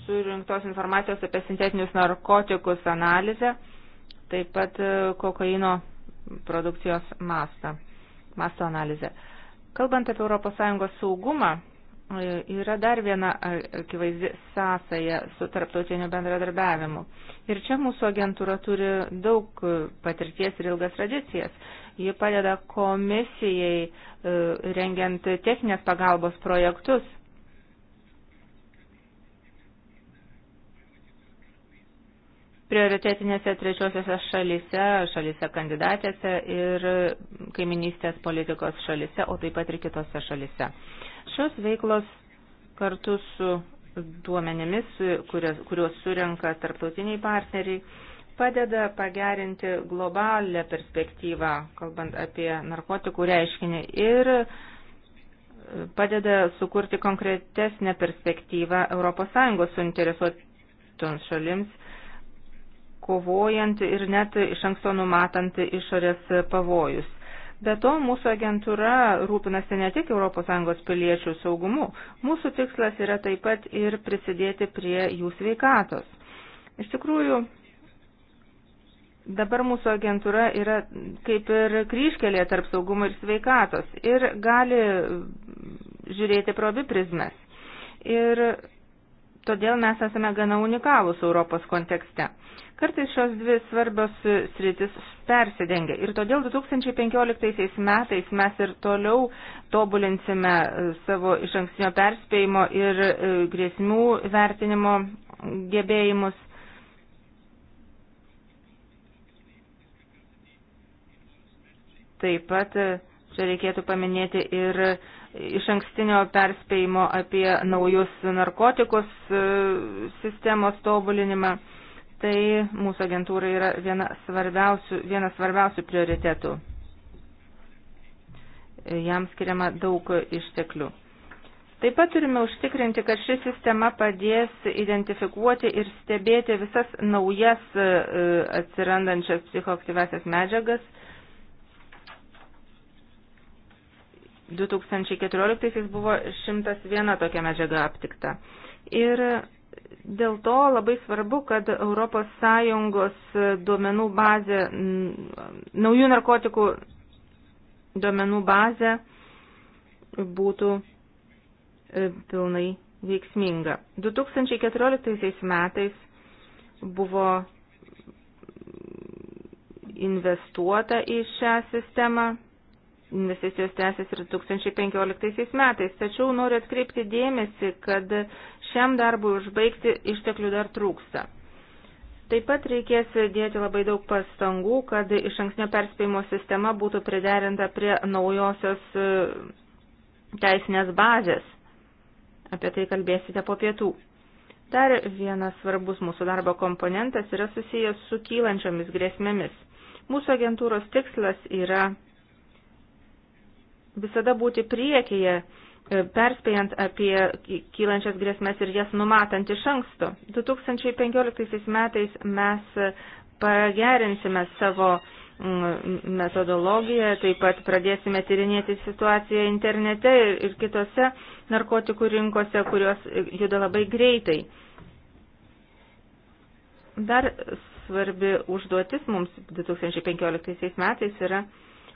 [SPEAKER 3] surinktos informacijos apie sintetinius narkotikus analizę, taip pat e, kokaino produkcijos mastą, masto analizę. Kalbant apie ES saugumą, e, yra dar viena akivaizdi sąsaja su tarptautiniu bendradarbiavimu. Ir čia mūsų agentūra turi daug patirties ir ilgas tradicijas. Ji padeda komisijai e, rengiant techninės pagalbos projektus prioritetinėse trečiosiose šalise, šalise kandidatėse ir kaiminystės politikos šalise, o taip pat ir kitose šalise. Šios veiklos kartu su duomenimis, kurios, kuriuos surenka tarptautiniai partneriai, padeda pagerinti globalę perspektyvą, kalbant apie narkotikų reiškinį ir padeda sukurti konkretesnę perspektyvą ES suinteresuotoms šalims kovojant ir net iš anksto numatant išorės pavojus. Be to, mūsų agentūra rūpinasi ne tik ES piliečių saugumu, mūsų tikslas yra taip pat ir prisidėti prie jų sveikatos. Iš tikrųjų, dabar mūsų agentūra yra kaip ir kryškelė tarp saugumo ir sveikatos ir gali žiūrėti pro abi prizmes. Ir Todėl mes esame gana unikalūs Europos kontekste. Kartais šios dvi svarbios sritis persidengia ir todėl 2015 metais mes ir toliau tobulinsime e, savo iš ankstinio perspėjimo ir e, grėsmių vertinimo gebėjimus. Taip pat e, Čia reikėtų paminėti ir iš ankstinio perspėjimo apie naujus narkotikus e, sistemos tobulinimą. Tai mūsų agentūra yra viena svarbiausių, vienas svarbiausių prioritetų. Jam skiriama daug išteklių. Taip pat turime užtikrinti, kad ši sistema padės identifikuoti ir stebėti visas naujas e, atsirandančias psichoaktyvesias medžiagas 2014 buvo 101 tokia medžiaga aptikta. Ir dėl to labai svarbu, kad ES duomenų bazė, naujų narkotikų duomenų bazė būtų e, pilnai veiksminga. 2014 metais buvo investuota į šią sistemą investicijos tęsis ir 2015 metais. Tačiau noriu atkreipti dėmesį, kad šiam darbui užbaigti išteklių dar trūksta. Taip pat reikės dėti labai daug pastangų, kad iš anksnio perspėjimo sistema būtų priderinta prie naujosios e, teisinės bazės. Apie tai kalbėsite po pietų. Dar vienas svarbus mūsų darbo komponentas yra susijęs su kylančiomis grėsmėmis. Mūsų agentūros tikslas yra visada būti priekyje, e, perspėjant apie kylančias grėsmės ir jas numatant iš anksto. 2015 metais mes e, pagerinsime savo mm, metodologiją, taip pat pradėsime tyrinėti situaciją internete ir kitose narkotikų rinkose, kurios e, juda labai greitai. Dar svarbi užduotis mums 2015 metais yra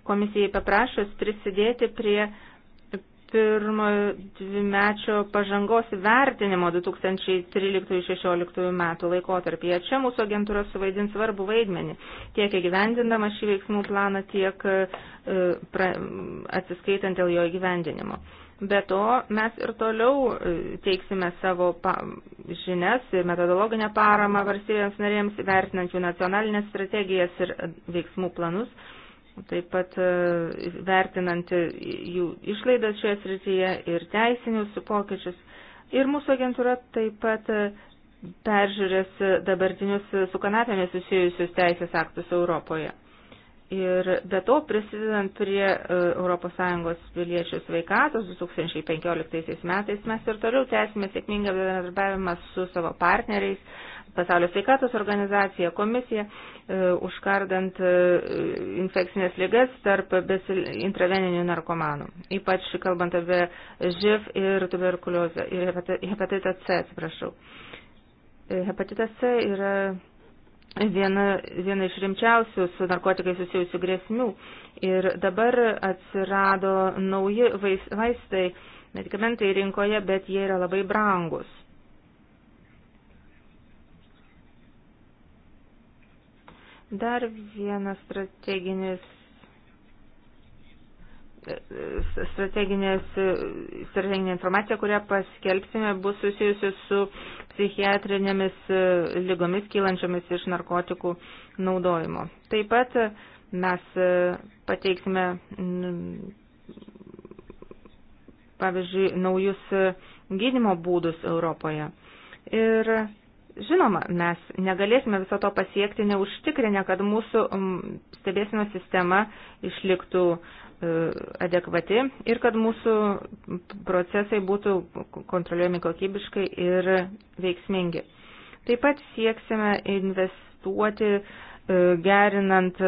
[SPEAKER 3] komisijai paprašus prisidėti prie pirmo dvimečio pažangos vertinimo 2013-2016 metų laikotarpyje. Čia mūsų agentūra suvaidins svarbu vaidmenį, tiek įgyvendindama šį veiksmų planą, tiek e, pra, atsiskaitant dėl jo įgyvendinimo. Be to, mes ir toliau e, teiksime savo pa, žinias ir metodologinę paramą valstybėms narėms, vertinant jų nacionalinės strategijas ir veiksmų planus taip pat e, vertinant jų išlaidas šioje srityje ir teisinius pokyčius. Ir mūsų agentūra taip pat e, peržiūrės dabartinius su kanapėmis susijusius teisės aktus Europoje. Ir be to, prisidedant prie ES piliečių sveikatos 2015 metais, mes ir toliau tęsime sėkmingą bendradarbiavimą su savo partneriais Pasaulio sveikatos organizacija, komisija, e, užkardant e, infekcinės lygas tarp intraveninių narkomanų, ypač kalbant apie živ ir tuberkuliozę, ir hepatitą C, atsiprašau. E, Hepatitas C yra viena, viena iš rimčiausių su narkotikai susijusių grėsmių ir dabar atsirado nauji vaistai, medikamentai rinkoje, bet jie yra labai brangus Dar vienas strateginis strateginės, strateginė informacija, kurią paskelbsime, bus susijusi su psichiatrinėmis lygomis kylančiomis iš narkotikų naudojimo. Taip pat mes pateiksime, pavyzdžiui, naujus gydimo būdus Europoje. Ir Žinoma, mes negalėsime viso to pasiekti neužtikrinę, kad mūsų stebėsino sistema išliktų e, adekvati ir kad mūsų procesai būtų kontroliuojami kokybiškai ir veiksmingi. Taip pat sieksime investuoti e, gerinant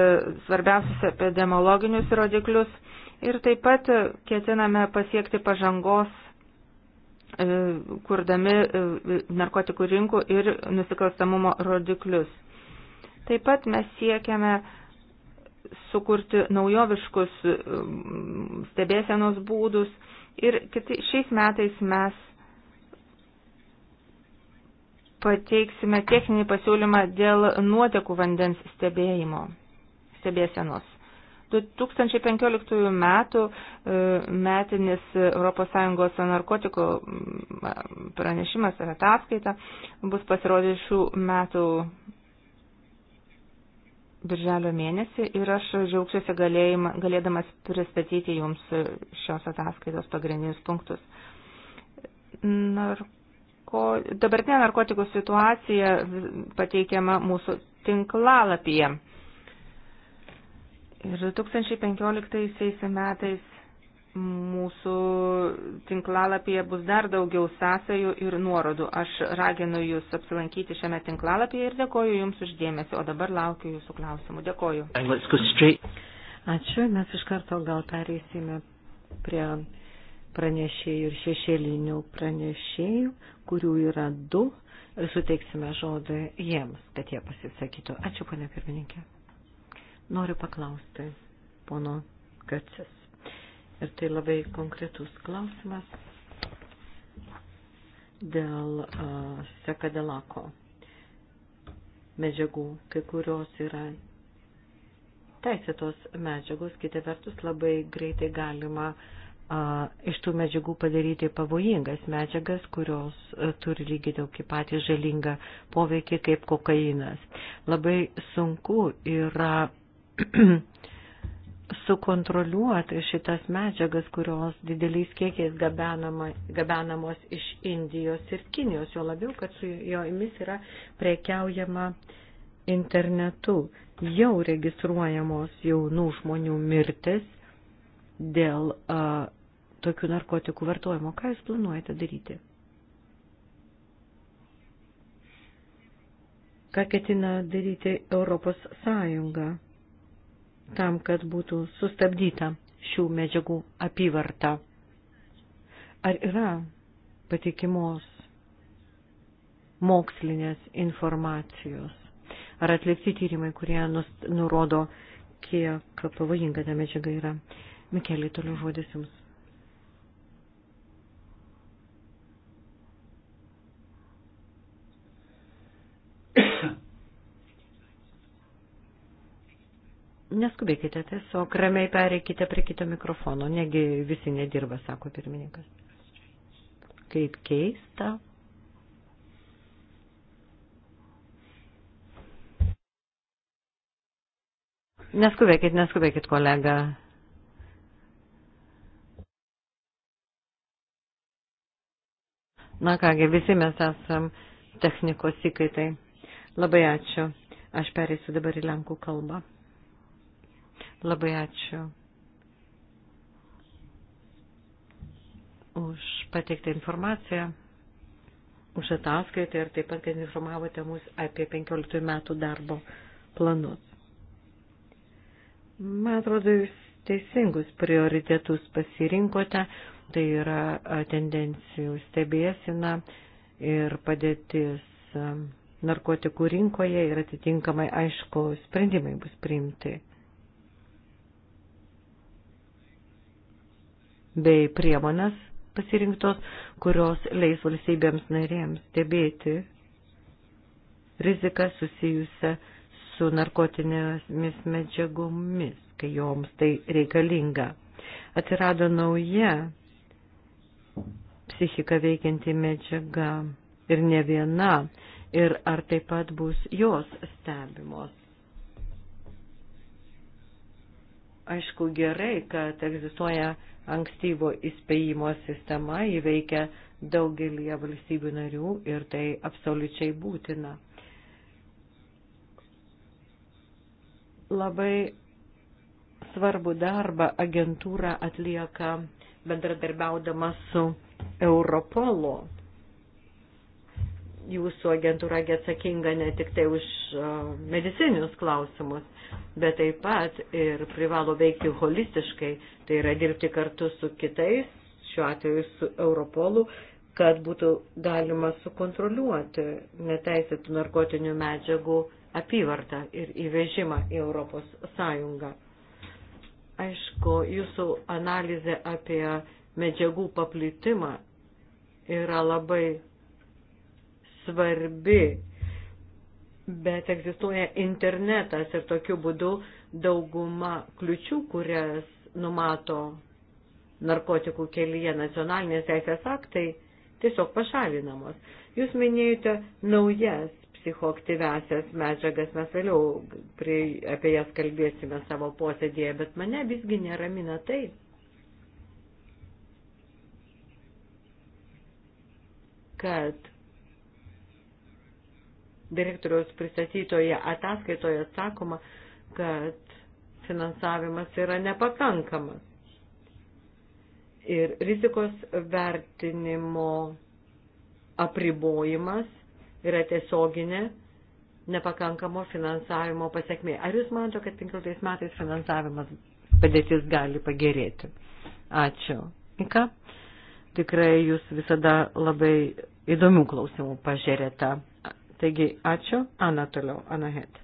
[SPEAKER 3] svarbiausius epidemiologinius rodiklius ir taip pat ketiname pasiekti pažangos E, kurdami e, narkotikų rinkų ir nusikalstamumo rodiklius. Taip pat mes siekiame sukurti naujoviškus e, stebėsenos būdus ir kitai, šiais metais mes pateiksime techninį pasiūlymą dėl nuotekų vandens stebėjimo, stebėsenos. 2015 metų e, metinis ES narkotikų pranešimas ir ataskaita bus pasirodė šių metų birželio mėnesį ir aš žiaugsiuosi galėdamas pristatyti jums šios ataskaitos pagrindinius punktus. Narko... Dabartinė narkotikų situacija pateikiama mūsų tinklalapyje. Ir 2015 metais mūsų tinklalapyje bus dar daugiau sąsajų ir nuorodų. Aš raginu Jūs apsilankyti šiame tinklalapyje ir dėkoju Jums uždėmesi, o
[SPEAKER 4] dabar laukiu Jūsų klausimų. Dėkoju. Ačiū, mes iš karto gal pereisime prie pranešėjų ir šešėlinių pranešėjų, kurių yra du, ir suteiksime žodį jiems, kad jie pasisakytų. Ačiū, ponė pirmininkė. Noriu paklausti pono Gacis. Ir tai labai konkretus klausimas dėl uh, sekadelako medžiagų, kai kurios yra teisėtos medžiagos, kita vertus labai greitai galima a, iš tų medžiagų padaryti pavojingas medžiagas, kurios a, turi lygiai tokį patį žalingą poveikį kaip kokainas. Labai sunku yra sukontroliuoti šitas medžiagas, kurios dideliais kiekiais gabenama, gabenamos iš Indijos ir Kinijos, jo labiau, kad su jomis yra prekiaujama internetu. Jau registruojamos jaunų žmonių mirtis dėl a, tokių narkotikų vartojimo. Ką jūs planuojate daryti? Ką ketina daryti Europos Sąjunga? tam, kad būtų sustabdyta šių medžiagų apyvarta. Ar yra patikimos mokslinės informacijos? Ar atlikti tyrimai, kurie nurodo, kiek pavojinga ta medžiaga yra? Mikeliai, toliau žodis jums. Neskubėkite, tiesiog ramiai pereikite prie kito mikrofono, negi visi nedirba, sako pirmininkas. Kaip keista. Neskubėkit, neskubėkit, kolega. Na kągi, visi mes esam technikos įkaitai. Labai ačiū. Aš perėsiu dabar į lenkų kalbą. Labai ačiū už pateiktą informaciją, už ataskaitą ir taip pat, kad informavote mus apie 15 metų darbo planus. Man atrodo, jūs teisingus prioritetus pasirinkote, tai yra tendencijų stebėsina ir padėtis narkotikų rinkoje ir atitinkamai aišku sprendimai bus priimti. bei priemonės pasirinktos, kurios leis valstybėms narėms stebėti riziką susijusią su narkotinėmis medžiagomis, kai joms tai reikalinga. Atsirado nauja psichika veikianti medžiaga ir ne viena, ir ar taip pat bus jos stebimos. Aišku, gerai, kad egzistuoja ankstyvo įspėjimo sistema įveikia daugelį valstybių narių ir tai absoliučiai būtina. Labai svarbu darbą agentūra atlieka bendradarbiaudama su Europolu. Jūsų agentūra atsakinga ne tik tai už medicinius klausimus, bet taip pat ir privalo veikti holistiškai, tai yra dirbti kartu su kitais, šiuo atveju su Europolu, kad būtų galima sukontroliuoti neteisėtų narkotinių medžiagų apyvartą ir įvežimą į Europos Sąjungą. Aišku, jūsų analizė apie medžiagų paplitimą yra labai svarbi bet egzistuoja internetas ir tokiu būdu dauguma kliučių, kurias numato narkotikų kelyje nacionalinės teisės aktai, tiesiog pašalinamos. Jūs minėjote naujas psichoaktyvesias medžiagas, mes vėliau prie, apie jas kalbėsime savo posėdėje, bet mane visgi neramina tai. kad direktoriaus pristatytoje ataskaitoje sakoma, kad finansavimas yra nepakankamas. Ir rizikos vertinimo apribojimas yra tiesioginė nepakankamo finansavimo pasiekmė. Ar Jūs manote, kad 15 metais finansavimas padėtis gali pagerėti? Ačiū. Ika, tikrai Jūs visada labai įdomių klausimų pažiūrėta. Taigi, ačiū. Ana toliau, Ana Het.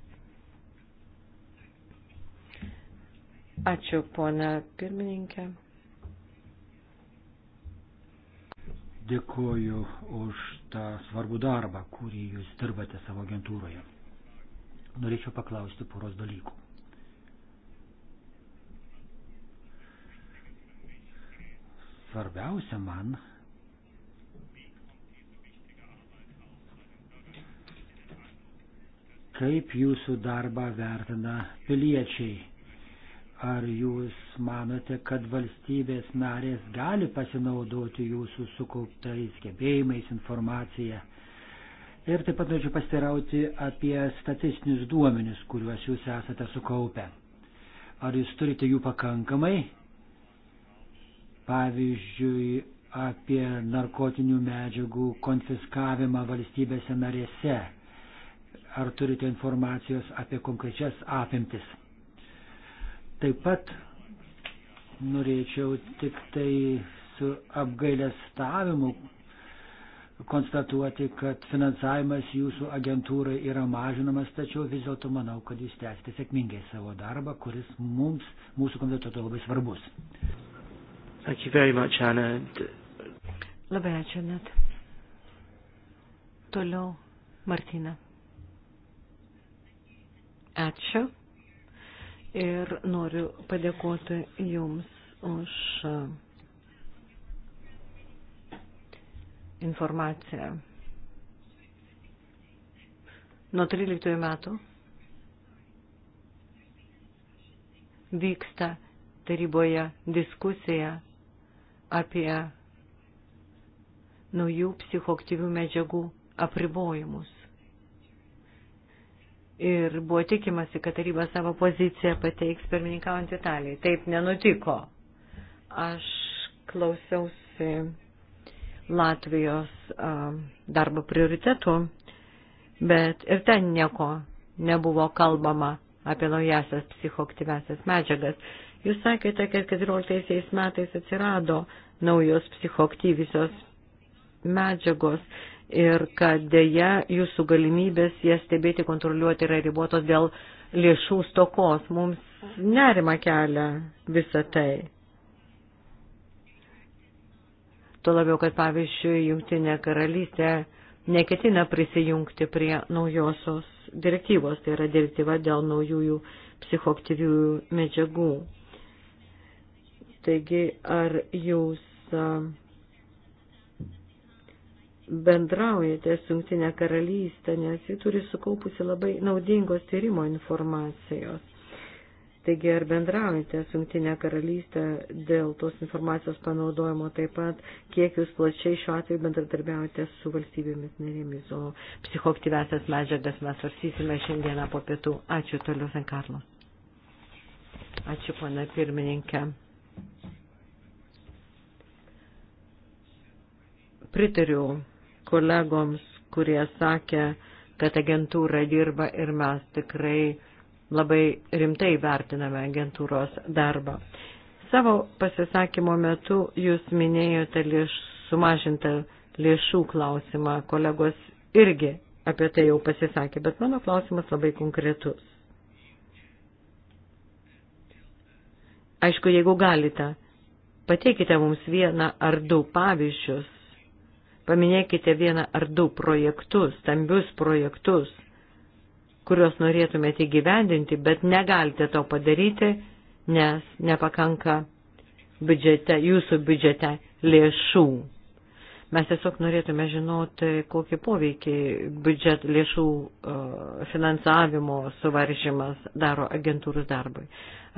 [SPEAKER 4] Ačiū, ponia pirmininkė.
[SPEAKER 5] Dėkuoju už tą svarbų darbą, kurį jūs dirbate savo agentūroje. Norėčiau paklausti poros dalykų. Svarbiausia man kaip jūsų darbą vertina piliečiai. Ar jūs manote, kad valstybės narės gali pasinaudoti jūsų sukauptais gebėjimais informaciją? Ir taip pat norėčiau pasirauti apie statistinius duomenis, kuriuos jūs esate sukaupę. Ar jūs turite jų pakankamai? Pavyzdžiui, apie narkotinių medžiagų konfiskavimą valstybėse narėse ar turite informacijos apie konkrečias apimtis. Taip pat norėčiau tik tai su apgailestavimu konstatuoti, kad finansavimas jūsų agentūrai yra mažinamas, tačiau vis dėlto manau, kad jūs tęsite sėkmingai savo darbą, kuris mums, mūsų komiteto, labai svarbus.
[SPEAKER 1] Much, Anna. Uh,
[SPEAKER 4] labai ačiū net. Toliau Martina. Ačiū. Ir noriu padėkoti Jums už uh, informaciją. Nuo 13 metų vyksta taryboje diskusija apie naujų psichoktyvių medžiagų apribojimus ir buvo tikimasi, kad taryba savo poziciją pateiks pirmininkaujant Italijai. Taip nenutiko. Aš klausiausi Latvijos darbo prioritetų, bet ir ten nieko nebuvo kalbama apie naujasias psichoktyvesias medžiagas. Jūs sakėte, kad 14 metais atsirado naujos psichoktyvisios medžiagos ir kad dėja jūsų galimybės jas stebėti, kontroliuoti yra ribotos dėl lėšų stokos. Mums nerima kelia visą tai. Tuo labiau, kad pavyzdžiui, Jungtinė karalystė neketina prisijungti prie naujosios direktyvos, tai yra direktyva dėl naujųjų psichoktyviųjų medžiagų. Taigi, ar jūs bendraujate su Junktinė karalystė, nes ji turi sukaupusi labai naudingos tyrimo informacijos. Taigi ar bendraujate su Junktinė karalystė dėl tos informacijos panaudojimo taip pat, kiek jūs plačiai šiuo atveju bendradarbiaujate su valstybėmis narėmis, o psichoktyvesias medžiagas mes varsysime šiandieną po pietų. Ačiū toliau, San Karlo. Ačiū, pana pirmininkė. pritariu kolegoms, kurie sakė, kad agentūra dirba ir mes tikrai labai rimtai vertiname agentūros darbą. Savo pasisakymo metu jūs minėjote lėš, sumažintą lėšų klausimą, kolegos irgi apie tai jau pasisakė, bet mano klausimas labai konkretus. Aišku, jeigu galite, pateikite mums vieną ar du pavyzdžius Paminėkite vieną ar du projektus, stambius projektus, kuriuos norėtumėte įgyvendinti, bet negalite to padaryti, nes nepakanka biudžete, jūsų biudžete lėšų. Mes tiesiog norėtume žinoti, kokį poveikį biudžet lėšų e, finansavimo suvaržymas daro agentūrų darbui.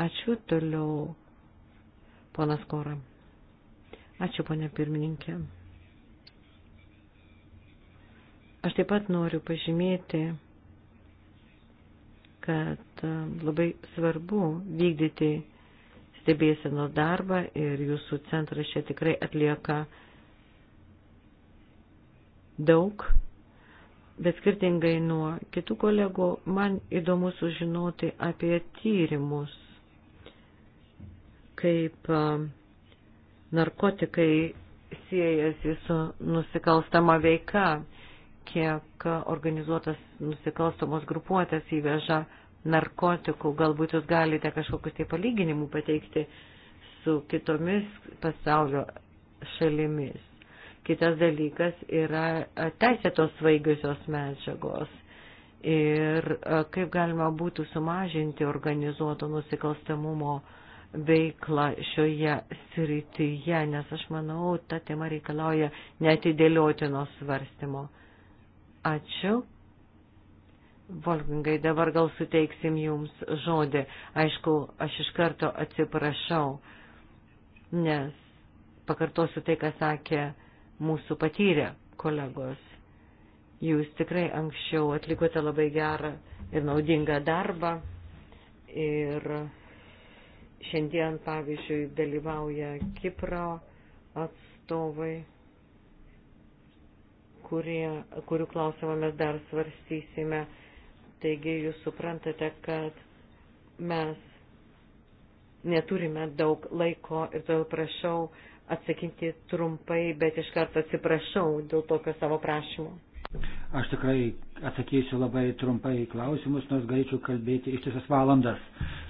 [SPEAKER 4] Ačiū toliau, ponas Kora. Ačiū, ponė pirmininkė. Aš taip pat noriu pažymėti, kad e, labai svarbu vykdyti stebėsenos darbą ir jūsų centras čia tikrai atlieka daug, bet skirtingai nuo kitų kolegų, man įdomu sužinoti apie tyrimus, kaip e, narkotikai siejasi su nusikalstama veika kiek organizuotas nusikalstamos grupuotės įveža narkotikų. Galbūt jūs galite kažkokius tai palyginimų pateikti su kitomis pasaulio šalimis. Kitas dalykas yra teisėtos svaigiusios medžiagos ir e, kaip galima būtų sumažinti organizuoto nusikalstamumo veiklą šioje srityje, nes aš manau, ta tema reikalauja netidėliotino svarstymo. Ačiū. Volgangai, dabar gal suteiksim jums žodį. Aišku, aš iš karto atsiprašau, nes pakartosiu tai, ką sakė mūsų patyrę kolegos. Jūs tikrai anksčiau atlikote labai gerą ir naudingą darbą. Ir šiandien, pavyzdžiui, dalyvauja Kipro atstovai kurie, kurių klausimą mes dar svarstysime. Taigi jūs suprantate, kad mes neturime daug laiko ir todėl prašau atsakinti trumpai, bet iš karto atsiprašau dėl tokio savo
[SPEAKER 2] prašymo.
[SPEAKER 5] Aš tikrai atsakysiu labai trumpai į klausimus, nors galėčiau kalbėti ištisas valandas.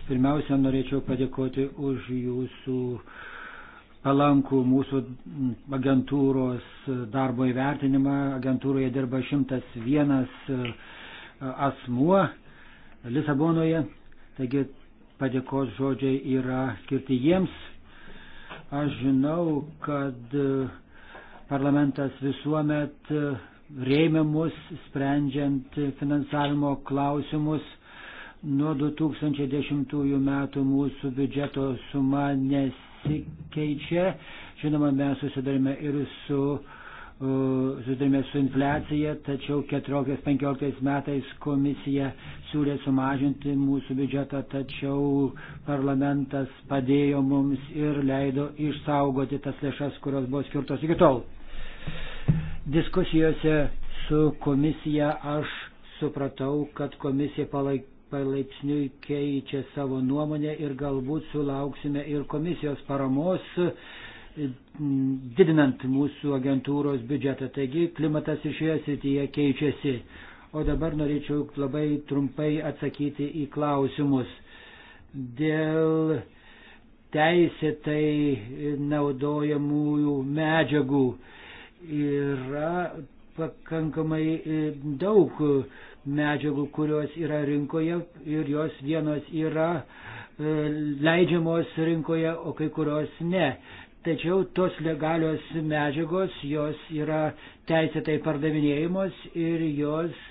[SPEAKER 5] Pirmiausia, norėčiau padėkoti už jūsų uh, palankų mūsų agentūros darbo įvertinimą. Agentūroje dirba 101 e, asmuo Lisabonoje, taigi padėkos žodžiai yra skirti jiems. Aš žinau, kad e, parlamentas visuomet e, rėmė mus sprendžiant finansavimo klausimus. Nuo 2010 metų mūsų biudžeto suma nes nepasikeičia. Žinoma, mes susidarime ir su susidurime su infliacija, tačiau 14-15 metais komisija siūlė sumažinti mūsų biudžetą, tačiau parlamentas padėjo mums ir leido išsaugoti tas lėšas, kurios buvo skirtos iki tol. Diskusijose su komisija aš supratau, kad komisija palaik, palaipsniui keičia savo nuomonę ir galbūt sulauksime ir komisijos paramos e, didinant mūsų agentūros biudžetą. Taigi klimatas ir šioje srityje keičiasi. O dabar norėčiau labai trumpai atsakyti į klausimus. Dėl teisėtai naudojamųjų medžiagų yra pakankamai e, daug medžiagų, kurios yra rinkoje ir jos vienos yra e, leidžiamos rinkoje, o kai kurios ne. Tačiau tos legalios medžiagos, jos yra teisėtai pardavinėjimos ir jos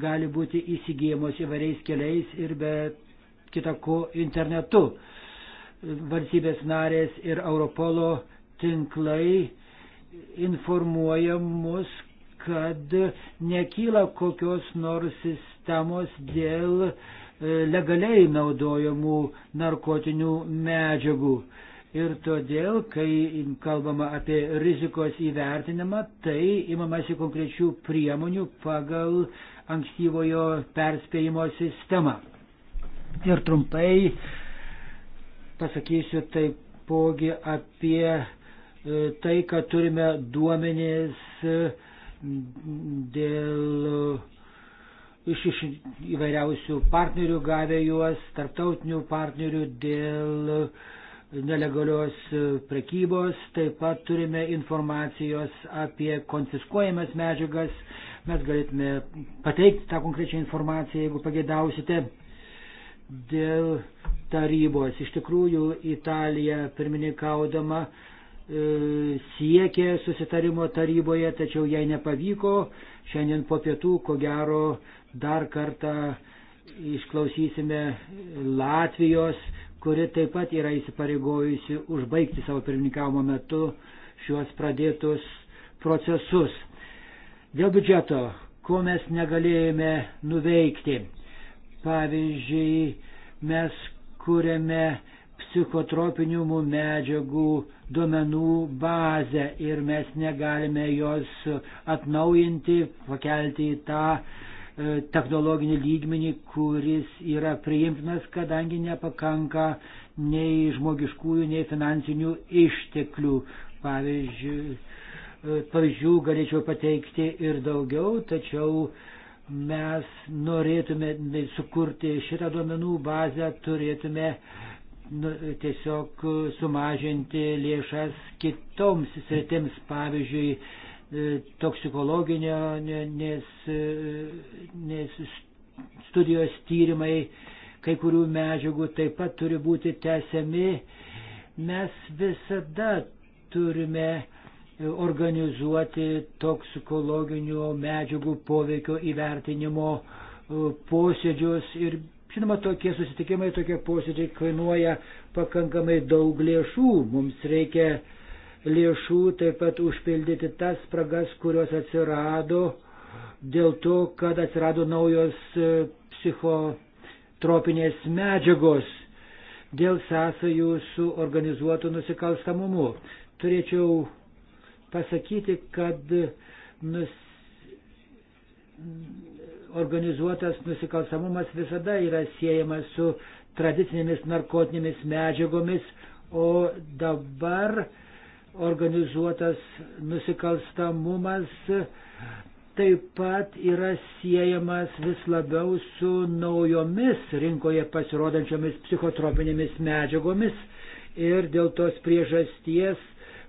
[SPEAKER 5] gali būti įsigijamos įvairiais keliais ir be kitako internetu. Valstybės narės ir Europolo tinklai informuoja mus, kad nekyla kokios nors sistemos dėl e, legaliai naudojamų narkotinių medžiagų. Ir todėl, kai kalbama apie rizikos įvertinimą, tai imamasi konkrečių priemonių pagal ankstyvojo perspėjimo sistemą. Ir trumpai pasakysiu taipogi apie e, tai, kad turime duomenys dėl uh, iš, iš įvairiausių partnerių gavę juos, tarptautinių partnerių dėl uh, nelegalios uh, prekybos, taip pat turime informacijos apie konfiskuojamas medžiagas, mes galėtume pateikti tą konkrečią informaciją, jeigu pagėdausite, dėl tarybos. Iš tikrųjų, Italija pirmininkaudama E, siekė susitarimo taryboje, tačiau jai nepavyko. Šiandien po pietų, ko gero, dar kartą išklausysime Latvijos, kuri taip pat yra įsipareigojusi užbaigti savo pirmininkavimo metu šiuos pradėtus procesus. Dėl biudžeto, ko mes negalėjome nuveikti. Pavyzdžiui, mes kūrėme psichotropinių medžiagų duomenų bazę ir mes negalime jos atnaujinti, pakelti į tą e, technologinį lygmenį, kuris yra priimtinas, kadangi nepakanka nei žmogiškųjų, nei finansinių išteklių. Pavyzdžiui, e, pavyzdžių galėčiau pateikti ir daugiau, tačiau mes norėtume sukurti šitą duomenų bazę, turėtume Nu, tiesiog sumažinti lėšas kitoms sritims, pavyzdžiui, e, toksikologinio nes, e, nes studijos tyrimai kai kurių medžiagų taip pat turi būti tęsiami. Mes visada turime organizuoti toksikologinių medžiagų poveikio įvertinimo e, posėdžius ir Žinoma, tokie susitikimai, tokie posėdžiai kainuoja pakankamai daug lėšų. Mums reikia lėšų taip pat užpildyti tas spragas, kurios atsirado dėl to, kad atsirado naujos e, psichotropinės medžiagos dėl sąsajų su organizuotu nusikalstamumu. Turėčiau pasakyti, kad nus organizuotas nusikalstamumas visada yra siejamas su tradicinėmis narkotinėmis medžiagomis, o dabar organizuotas nusikalstamumas taip pat yra siejamas vis labiau su naujomis rinkoje pasirodančiomis psichotropinėmis medžiagomis ir dėl tos priežasties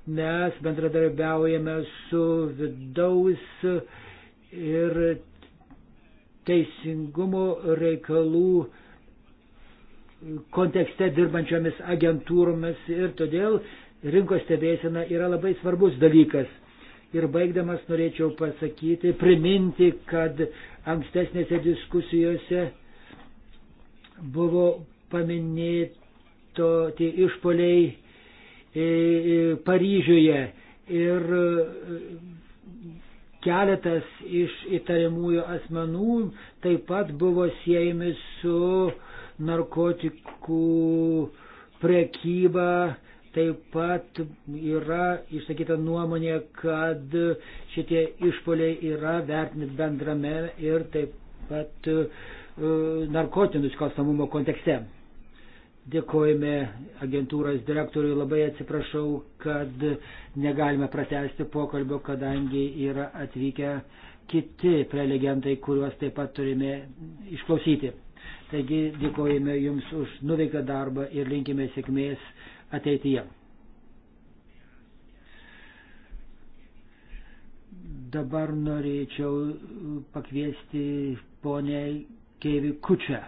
[SPEAKER 5] mes bendradarbiaujame su vidaus ir teisingumo reikalų kontekste dirbančiomis agentūromis ir todėl rinkos stebėsena yra labai svarbus dalykas. Ir baigdamas norėčiau pasakyti, priminti, kad ankstesnėse diskusijose buvo paminėto tie išpoliai e, e, Paryžiuje ir keletas iš įtariamųjų asmenų taip pat buvo siejami su narkotikų prekyba. Taip pat yra išsakyta nuomonė, kad šitie išpoliai yra vertinami bendrame ir taip pat e, narkotinių nusikalstamumo kontekste. Dėkojame agentūros direktoriui, labai atsiprašau, kad negalime pratesti pokalbio, kadangi yra atvykę kiti prelegentai, kuriuos taip pat turime išklausyti. Taigi dėkojame Jums už nuveiktą darbą ir linkime sėkmės ateityje. Dabar norėčiau pakviesti ponę Keivi Kučią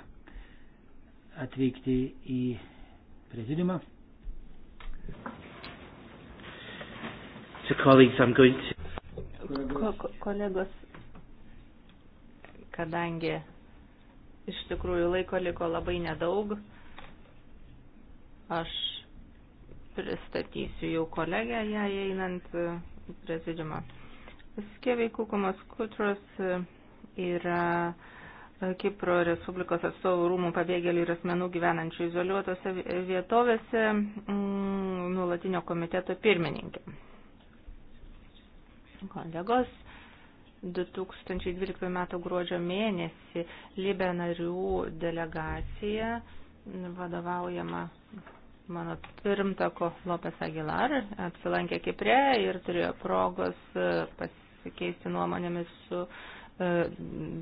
[SPEAKER 5] atvykti į prezidiumą.
[SPEAKER 1] Ko, ko, kolegos,
[SPEAKER 3] kadangi iš tikrųjų laiko liko labai nedaug, aš pristatysiu jau kolegę ją einant į prezidiumą. Skevei Kukumas Kutros yra Kipro Respublikos atstovų rūmų pabėgėlių ir asmenų gyvenančių izoliuotose vietovėse mm, nuolatinio komiteto pirmininkė. Kolegos, 2012 m. gruodžio mėnesį Libė narių delegacija vadovaujama mano pirmtako Lopes Aguilar apsilankė Kiprė ir turėjo progos pasikeisti nuomonėmis su uh, E,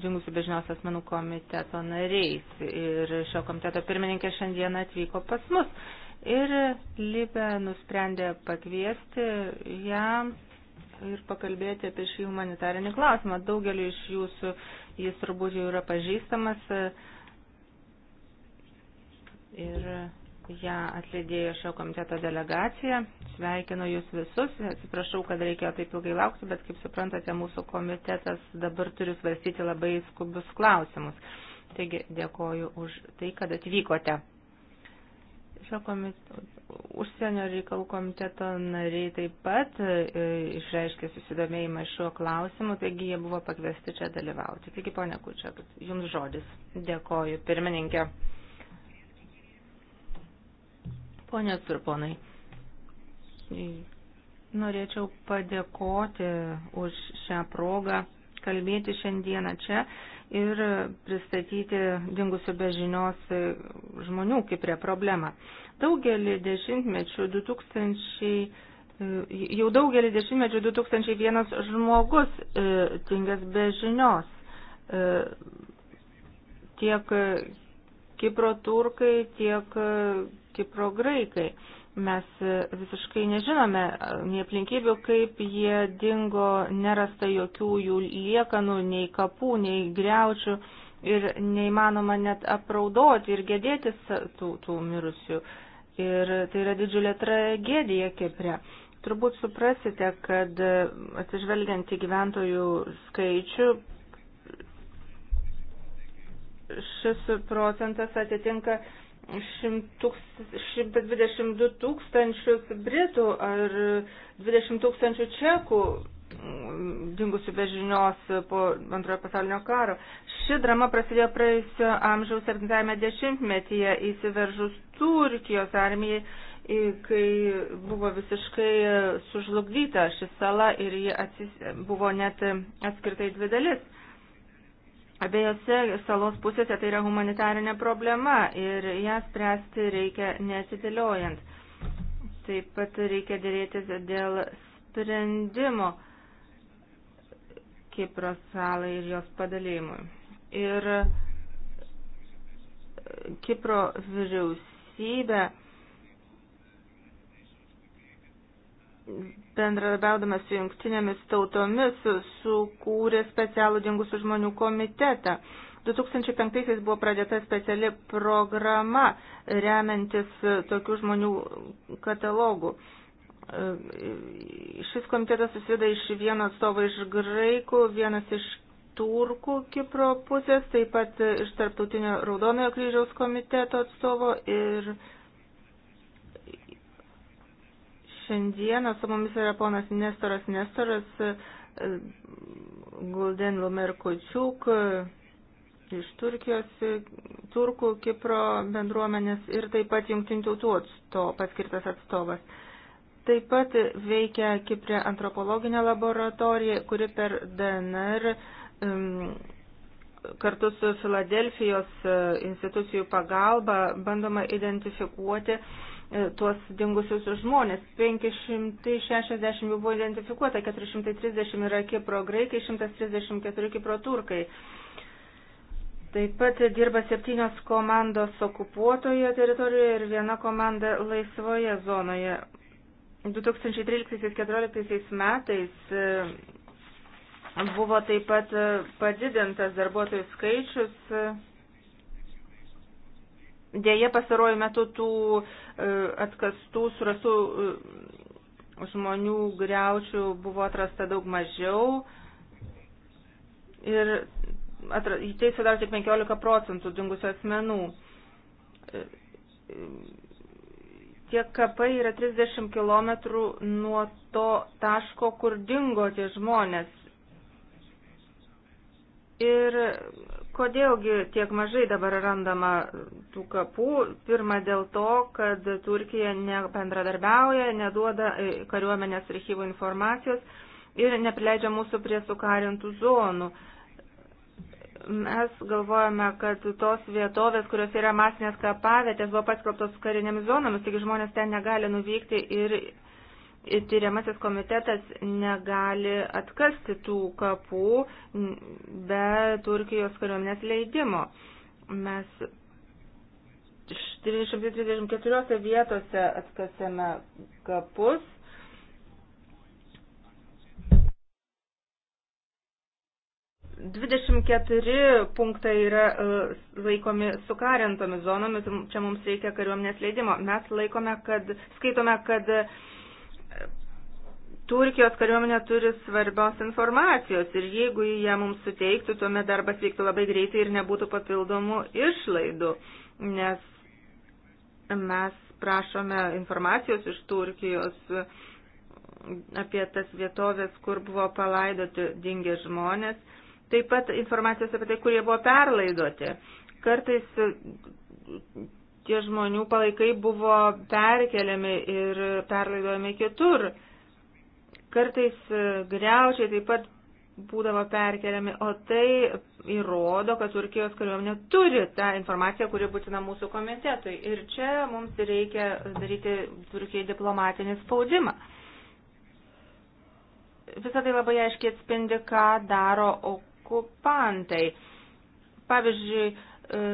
[SPEAKER 3] dingusių bežinios asmenų komiteto nariais. Ir šio komiteto pirmininkė šiandieną atvyko pas mus. Ir Libė nusprendė pakviesti ją ir pakalbėti apie šį humanitarinį klausimą. Daugeliu iš jūsų jis turbūt jau yra pažįstamas. Ir ją atlydėjo šio komiteto delegacija. Sveikinu Jūs visus. Atsiprašau, kad reikėjo taip ilgai laukti, bet kaip suprantate, mūsų komitetas dabar turi svarstyti labai skubius klausimus. Taigi dėkoju už tai, kad atvykote. Šio komiteto, užsienio reikalų komiteto nariai taip pat e, išreiškė susidomėjimą šiuo klausimu, taigi jie buvo pakviesti čia dalyvauti. Taigi, ponia Kučia, jums žodis. Dėkoju, pirmininkė. Ponios ir ponai, norėčiau padėkoti už šią progą kalbėti šiandieną čia ir pristatyti dingusių bežinios žmonių Kiprė problemą. Daugelį dešimtmečių 2000 Jau daugelį dešimtmečių 2001 žmogus e, tingęs be žinios. E, tiek Kipro turkai, tiek Kipro graikai. Mes e, visiškai nežinome e, nei aplinkybių, kaip jie dingo, nerasta jokių jų liekanų, nei kapų, nei greučių ir neįmanoma net apraudoti ir gėdėtis tų, tų mirusių. Ir tai yra didžiulė tragedija Kipre. Turbūt suprasite, kad e, atsižvelgiant į gyventojų skaičių, šis procentas atitinka 122 tūkstančius britų ar 20 tūkstančių čekų mm, dingusių be žinios po antrojo pasaulinio karo. Ši drama prasidėjo praėjusio amžiaus 70-ame dešimtmetyje įsiveržus Turkijos armijai, kai buvo visiškai sužlugdyta ši sala ir ji atsis, buvo net atskirtai dvi dalis. Abiejose salos pusėse tai yra humanitarinė problema ir ją spręsti reikia nesitiliojant. Taip pat reikia dėrėtis dėl sprendimo Kipro salai ir jos padalymui. Ir Kipro vyriausybė bendradarbiaudamas su jungtinėmis tautomis sukūrė specialų dingusių žmonių komitetą. 2005-aisiais buvo pradėta speciali programa remiantis tokių žmonių katalogų. Šis komitetas susideda iš vieno atstovo iš graikų, vienas iš turkų Kipro pusės, taip pat iš tarptautinio Raudonojo kryžiaus komiteto atstovo ir Šiandieną su mumis yra ponas Nestoras Nestoras Gulden Lumerkočiuk iš Turkijos, Turkų, Kipro bendruomenės ir taip pat jungtinių tautų atsto, paskirtas atstovas. Taip pat veikia Kiprė antropologinė laboratorija, kuri per DNR um, kartu su Filadelfijos e, institucijų pagalba bandoma identifikuoti uh, E, tuos dingusius žmonės. 560 jų buvo identifikuota, 430 yra Kipro graikai, 134 Kipro turkai. Taip pat dirba septynios komandos okupuotoje teritorijoje ir viena komanda laisvoje zonoje. 2013-2014 metais e, buvo taip pat e, padidintas darbuotojų skaičius Dėje pastaruoju metu tų e, atkastų surastų e, žmonių greučių buvo atrasta daug mažiau ir tai sudaro tik 15 procentų dingusių asmenų. E, tie kapai yra 30 km nuo to taško, kur dingo tie žmonės. Ir kodėlgi tiek mažai dabar randama tų kapų? Pirma dėl to, kad Turkija nebendradarbiauja, neduoda e, kariuomenės archyvų informacijos ir neprileidžia mūsų prie sukarintų zonų. Mes galvojame, kad tos vietovės, kurios yra masinės kapavietės, buvo paskelbtos karinėmis zonomis, taigi žmonės ten negali nuvykti ir tyriamasis komitetas negali atkasti tų kapų be Turkijos kariuomenės leidimo. Mes 334 vietose atkasėme kapus. Dvidešimt keturi punktai yra e, laikomi sukarintomis zonomis, čia mums reikia kariuomenės leidimo. Mes laikome, kad, skaitome, kad uh, Turkijos kariuomenė turi svarbios informacijos ir jeigu jie mums suteiktų, tuomet darbas vyktų labai greitai ir nebūtų papildomų išlaidų, nes mes prašome informacijos iš Turkijos apie tas vietovės, kur buvo palaidoti dingę žmonės, taip pat informacijos apie tai, kur jie buvo perlaidoti. Kartais tie žmonių palaikai buvo perkeliami ir perlaidojami kitur Kartais e, greučiai taip pat būdavo perkeliami, o tai įrodo, kad Turkijos kariuomenė turi tą informaciją, kuri būtina mūsų komitetui. Ir čia mums reikia daryti Turkijai diplomatinį spaudimą. Visą tai labai aiškiai atspindi, ką daro okupantai. Pavyzdžiui, e,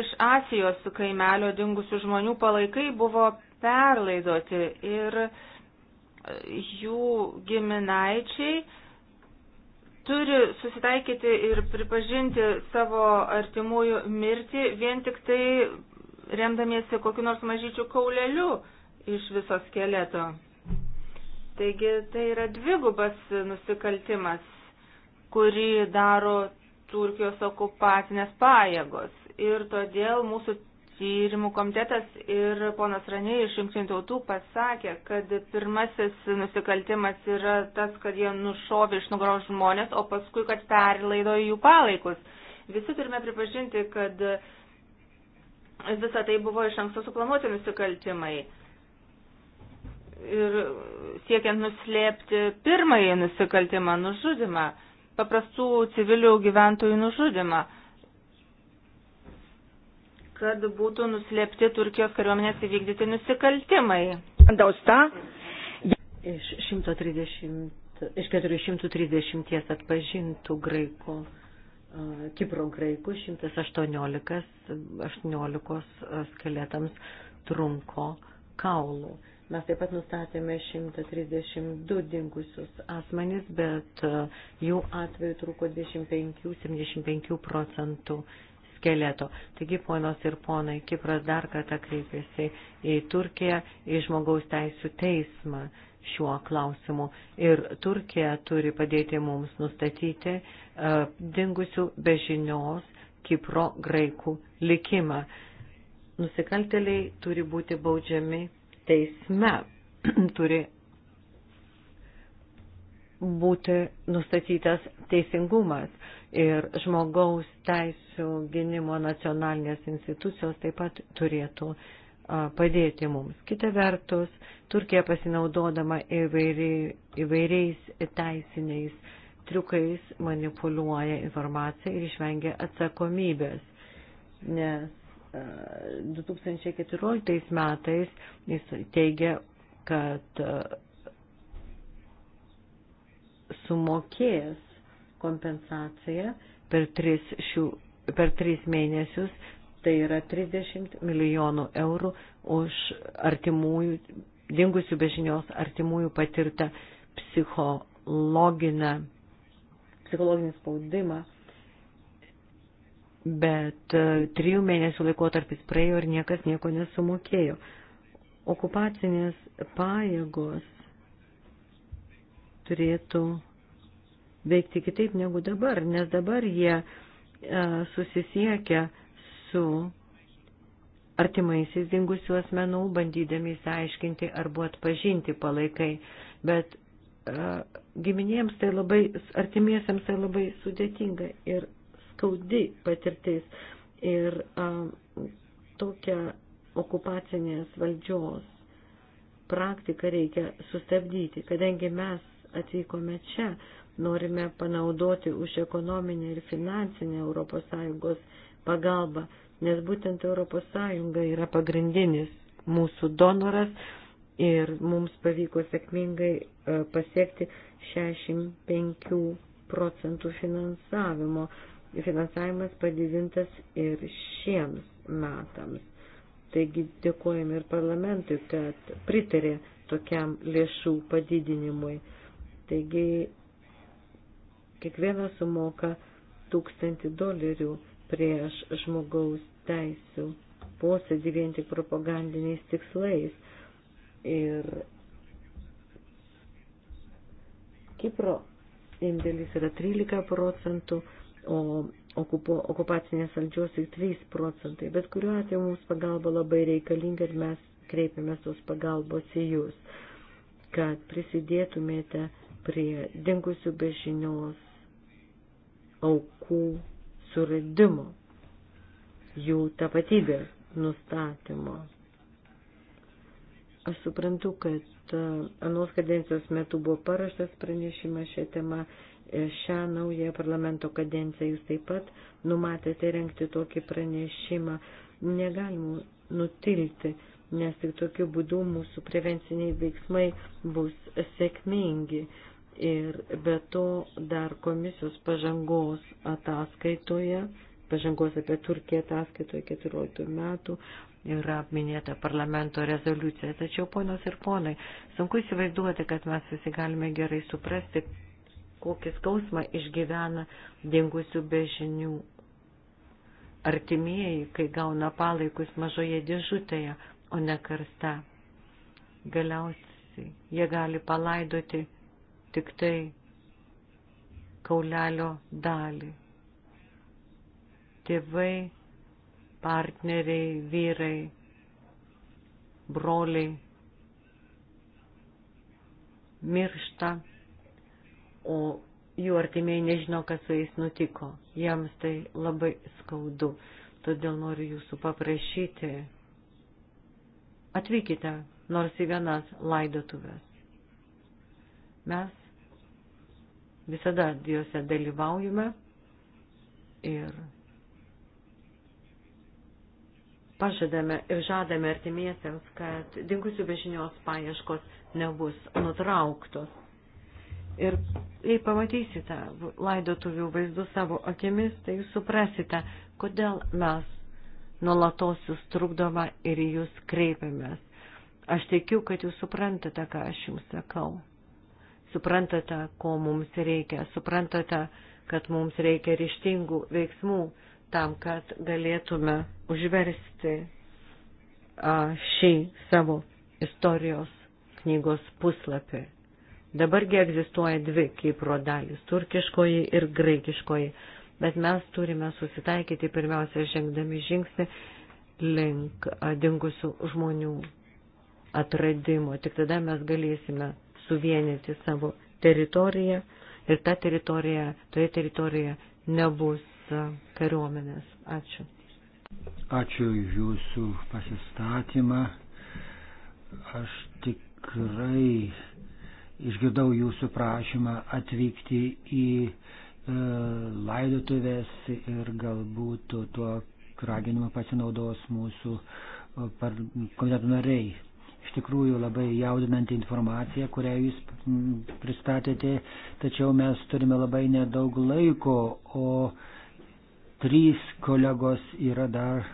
[SPEAKER 3] iš Asijos kaimelio dingusių žmonių palaikai buvo perlaidoti ir uh, jų giminaičiai turi susitaikyti ir pripažinti savo artimųjų mirtį vien tik tai remdamiesi kokiu nors mažyčiu kauleliu iš viso skeleto. Taigi tai yra dvigubas nusikaltimas, kurį daro Turkijos okupacinės pajėgos. Ir todėl mūsų tyrimų komitetas ir ponas Ranė iš jungtinių tautų pasakė, kad pirmasis nusikaltimas yra tas, kad jie nušovė iš nugaros žmonės, o paskui, kad perlaido jų palaikus. Visi turime pripažinti, kad visa tai buvo iš anksto suplanuoti nusikaltimai. Ir siekiant nuslėpti pirmąjį nusikaltimą, nužudimą, paprastų civilių gyventojų nužudimą kad būtų nuslėpti Turkijos kariuomenės įvykdyti nusikaltimai.
[SPEAKER 4] Dausta. Iš, 130, iš 430 atpažintų graikų, Kipro graikų, 118 18 skeletams trunko kaulų. Mes taip pat nustatėme 132 dingusius asmenys, bet jų atveju trūko 25-75 procentų skeleto. Taigi, ponos ir ponai, Kipras dar kartą kreipėsi į Turkiją, į žmogaus teisų teismą šiuo klausimu. Ir Turkija turi padėti mums nustatyti uh, dingusių bežinios Kipro graikų likimą. Nusikalteliai turi būti baudžiami teisme, turi būti nustatytas teisingumas ir žmogaus teisų gynimo nacionalinės institucijos taip pat turėtų padėti mums. Kita vertus, Turkija pasinaudodama įvairiai, įvairiais teisiniais triukais manipuliuoja informaciją ir išvengia atsakomybės, nes 2014 metais jis teigia, kad sumokės kompensacija per tris, šių, per tris mėnesius, tai yra 30 milijonų eurų už artimųjų, dingusių bežinios artimųjų patirtą psichologinę, psichologinį spaudimą. Bet e, trijų mėnesių laikotarpis praėjo ir niekas nieko nesumokėjo. Okupacinės pajėgos turėtų veikti kitaip negu dabar, nes dabar jie e, susisiekia su artimaisiais dingusių asmenų, bandydami įsiaiškinti ar buvo atpažinti palaikai, bet e, giminėms tai labai, artimiesiams tai labai sudėtinga ir skaudi patirtis. Ir a, e, tokia okupacinės valdžios praktiką reikia sustabdyti, kadangi mes atvykome čia, norime panaudoti už ekonominę ir finansinę ES pagalbą, nes būtent ES yra pagrindinis mūsų donoras ir mums pavyko sėkmingai e, pasiekti 65 procentų finansavimo. Finansavimas padidintas ir šiems metams. Taigi dėkojame ir parlamentui, kad pritarė tokiam lėšų padidinimui. Taigi kiekvienas sumoka tūkstantį dolerių prieš žmogaus teisų posėdį vien tik propagandiniais tikslais. Ir Kipro indėlis yra 13 procentų, o okupo, okupacinės valdžios tik 3 procentai. Bet kuriuo atveju mums pagalba labai reikalinga ir mes kreipiamės tos pagalbos į jūs, kad prisidėtumėte prie dingusių be žinios aukų suradimo, jų tapatybės nustatymo. Aš suprantu, kad e, anos kadencijos metu buvo paraštas pranešimas šią temą, e, šią naują parlamento kadenciją jūs taip pat numatėte renkti tokį pranešimą. Negalima nutilti, nes tik tokiu būdu mūsų prevenciniai veiksmai bus sėkmingi. Ir be to dar komisijos pažangos ataskaitoje, pažangos apie Turkiją ataskaitoje 14 metų yra minėta parlamento rezoliucija. Tačiau, ponios ir ponai, sunku įsivaizduoti, kad mes visi galime gerai suprasti, kokį skausmą išgyvena dingusių bežinių artimieji, kai gauna palaikus mažoje dėžutėje, o ne karsta. Galiausiai jie gali palaidoti tik tai kaulelio dalį. Tėvai, partneriai, vyrai, broliai miršta, o jų artimiai nežino, kas su jais nutiko. Jiems tai labai skaudu. Todėl noriu jūsų paprašyti. Atvykite nors į vienas laidotuvės. Mes visada juose dalyvaujame ir pažadame ir žadame artimiesiams, kad dingusių bežinios paieškos nebus nutrauktos. Ir jei pamatysite laidotuvių vaizdų savo akimis, tai jūs suprasite, kodėl mes nuolatos jūs trukdoma ir jūs kreipiamės. Aš tikiu, kad jūs suprantate, ką aš jums sakau suprantate, ko mums reikia, suprantate, kad mums reikia ryštingų veiksmų tam, kad galėtume užversti šį savo istorijos knygos puslapį. Dabargi egzistuoja dvi Kipro dalis - turkiškoji ir graikiškoji, bet mes turime susitaikyti pirmiausia žengdami žingsnį link dingusių žmonių atradimo. Tik tada mes galėsime suvienyti savo teritoriją ir ta teritorija, toje teritorijoje nebus kariuomenės. Ačiū.
[SPEAKER 5] Ačiū jūsų pasistatymą. Aš tikrai išgirdau jūsų prašymą atvykti į e, laidotuvės ir galbūt tuo raginimu pasinaudos mūsų e, komiteto nariai. Iš tikrųjų labai jaudinanti informacija, kurią jūs pristatėte, tačiau mes turime labai nedaug laiko, o trys kolegos yra dar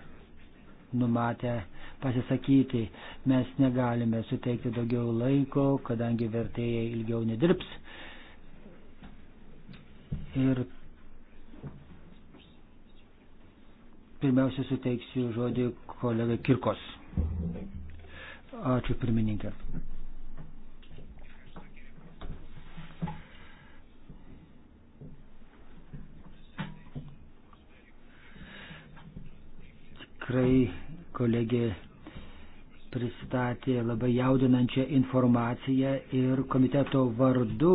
[SPEAKER 5] numatę pasisakyti. Mes negalime suteikti daugiau laiko, kadangi vertėjai ilgiau nedirbs. Ir pirmiausia suteiksiu žodį kolegai Kirkos. Thank you. Ačiū pirmininkė.
[SPEAKER 2] Tikrai
[SPEAKER 5] kolegė pristatė labai jaudinančią informaciją ir komiteto vardu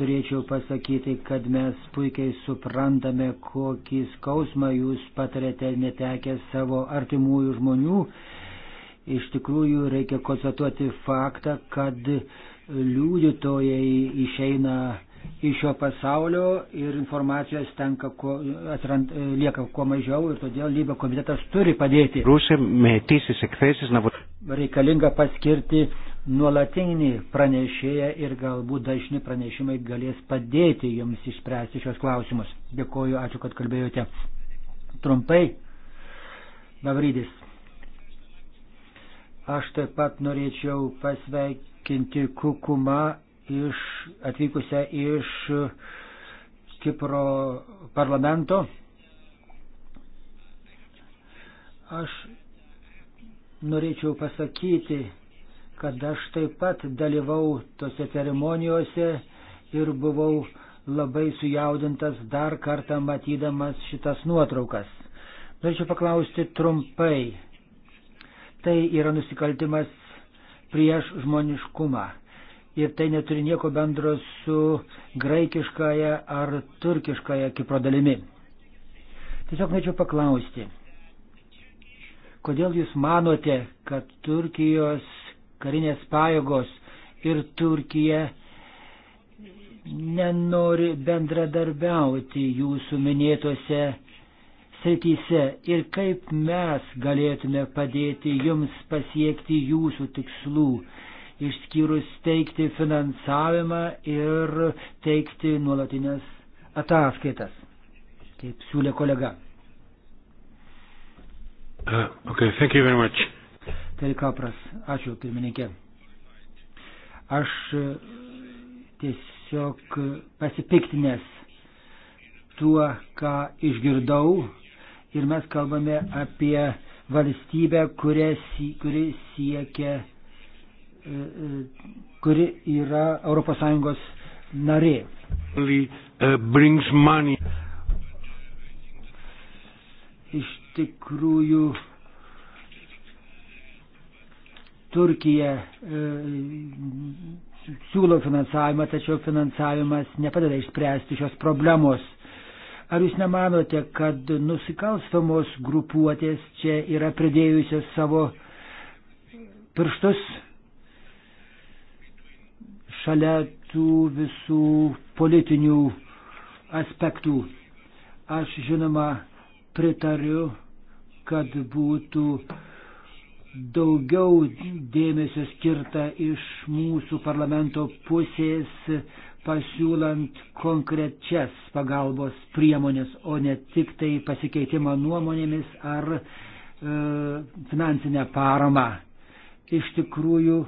[SPEAKER 5] turėčiau pasakyti, kad mes puikiai suprantame, kokį skausmą jūs patirėte netekę savo artimųjų žmonių Iš tikrųjų reikia konstatuoti faktą, kad liūdytojai išeina iš šio pasaulio ir informacijos tenka, ko, atrand, lieka kuo mažiau ir todėl lygio komitetas turi padėti. Reikalinga paskirti nuolatinį pranešėją ir galbūt dažni pranešimai galės padėti jums išspręsti šios klausimus. Dėkoju, ačiū, kad kalbėjote trumpai. Navrydis. Aš taip pat norėčiau pasveikinti Kukumą iš, atvykusią iš Kipro parlamento. Aš norėčiau pasakyti, kad aš taip pat dalyvau tose ceremonijose ir buvau labai sujaudintas dar kartą matydamas šitas nuotraukas. Norėčiau paklausti trumpai Tai yra nusikaltimas prieš žmoniškumą. Ir tai neturi nieko bendro su graikiškaja ar turkiškaja Kipro dalimi. Tiesiog norėčiau paklausti, kodėl jūs manote, kad Turkijos karinės pajėgos ir Turkija nenori bendradarbiauti jūsų minėtose srityse ir kaip mes galėtume padėti jums pasiekti jūsų tikslų, išskyrus teikti finansavimą ir teikti nuolatinės ataskaitas, kaip siūlė kolega.
[SPEAKER 2] Uh, okay, thank you very much.
[SPEAKER 5] Tai kapras, ačiū pirmininkė. Aš uh, tiesiog pasipiktinęs tuo, ką išgirdau ir mes kalbame apie valstybę, kuri, kuri siekia, e, e, kuri yra ES narė.
[SPEAKER 2] E,
[SPEAKER 5] Iš tikrųjų, Turkija e, siūlo finansavimą, tačiau finansavimas nepadeda išspręsti šios problemos. Ar jūs nemanote, kad nusikalstamos grupuotės čia yra pridėjusios savo pirštus šalia tų visų politinių aspektų? Aš žinoma pritariu, kad būtų daugiau dėmesio skirta iš mūsų parlamento pusės pasiūlant konkrečias pagalbos priemonės, o ne tik tai pasikeitimą nuomonėmis ar e, finansinę paramą. Iš tikrųjų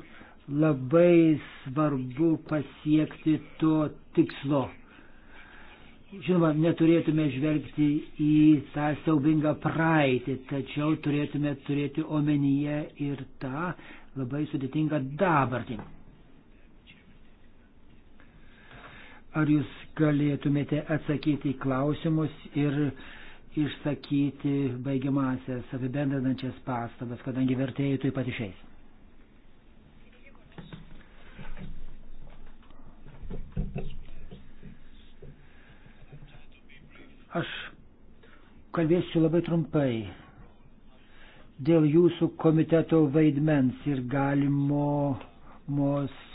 [SPEAKER 5] labai svarbu pasiekti to tikslo. Žinoma, neturėtume žvelgti į tą siaubingą praeitį, tačiau turėtume turėti omenyje ir tą labai sudėtingą dabartį. Ar jūs galėtumėte atsakyti į klausimus ir išsakyti baigiamasias apibendrinančias pastabas, kadangi vertėjai taip pat išeis? Aš kalbėsiu labai trumpai dėl jūsų komiteto vaidmens ir galimos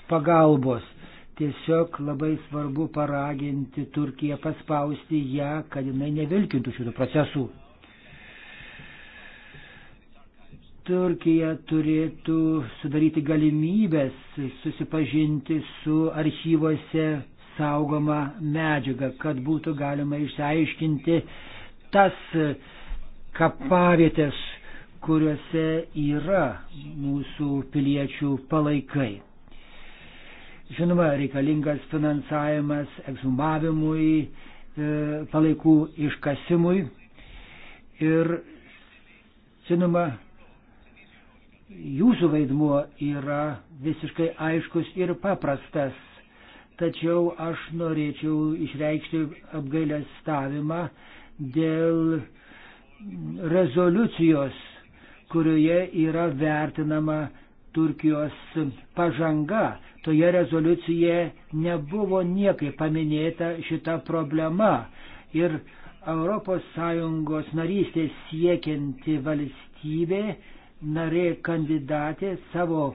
[SPEAKER 5] pagalbos. Tiesiog labai svarbu paraginti Turkiją, paspausti ją, kad jinai nevilkintų šitų procesų. Turkija turėtų sudaryti galimybės susipažinti su archyvose saugoma medžiaga, kad būtų galima išsiaiškinti tas kapavietės, kuriuose yra mūsų piliečių palaikai. Žinoma, reikalingas finansavimas ekshumavimui, e, palaikų iškasimui ir, žinoma, jūsų vaidmuo yra visiškai aiškus ir paprastas. Tačiau aš norėčiau išreikšti apgailestavimą dėl rezoliucijos, kurioje yra vertinama Turkijos pažanga. Toje rezoliucijoje nebuvo niekai paminėta šita problema. Ir ES narystės siekianti valstybė, narė kandidatė savo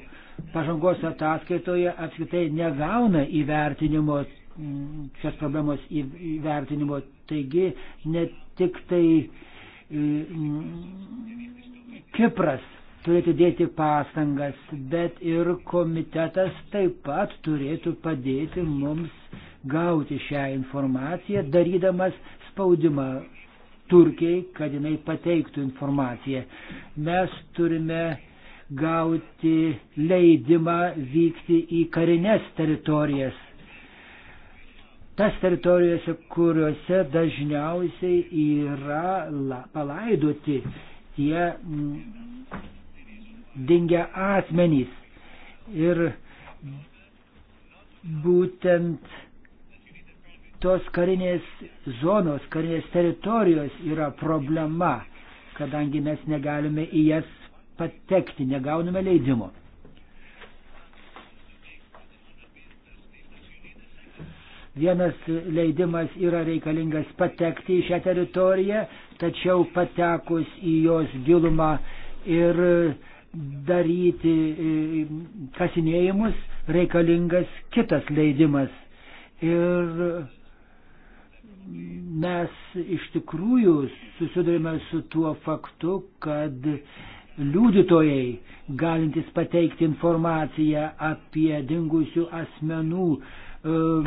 [SPEAKER 5] pažangos ataskaitoje apskritai negauna įvertinimo, mm, šios problemos įvertinimo. Taigi ne tik tai mm, Kipras turėtų dėti pastangas, bet ir komitetas taip pat turėtų padėti mums gauti šią informaciją, darydamas spaudimą Turkijai, kad jinai pateiktų informaciją. Mes turime gauti leidimą vykti į karinės teritorijas. Tas teritorijose, kuriuose dažniausiai yra la, palaidoti tie mm, dingia asmenys. Ir būtent tos karinės zonos, karinės teritorijos yra problema, kadangi mes negalime į jas patekti, negauname leidimo. Vienas leidimas yra reikalingas patekti į šią teritoriją, tačiau patekus į jos gilumą ir uh, daryti e, kasinėjimus reikalingas kitas leidimas. Ir mes iš tikrųjų susidurime su tuo faktu, kad liudytojai galintys pateikti informaciją apie dingusių asmenų e,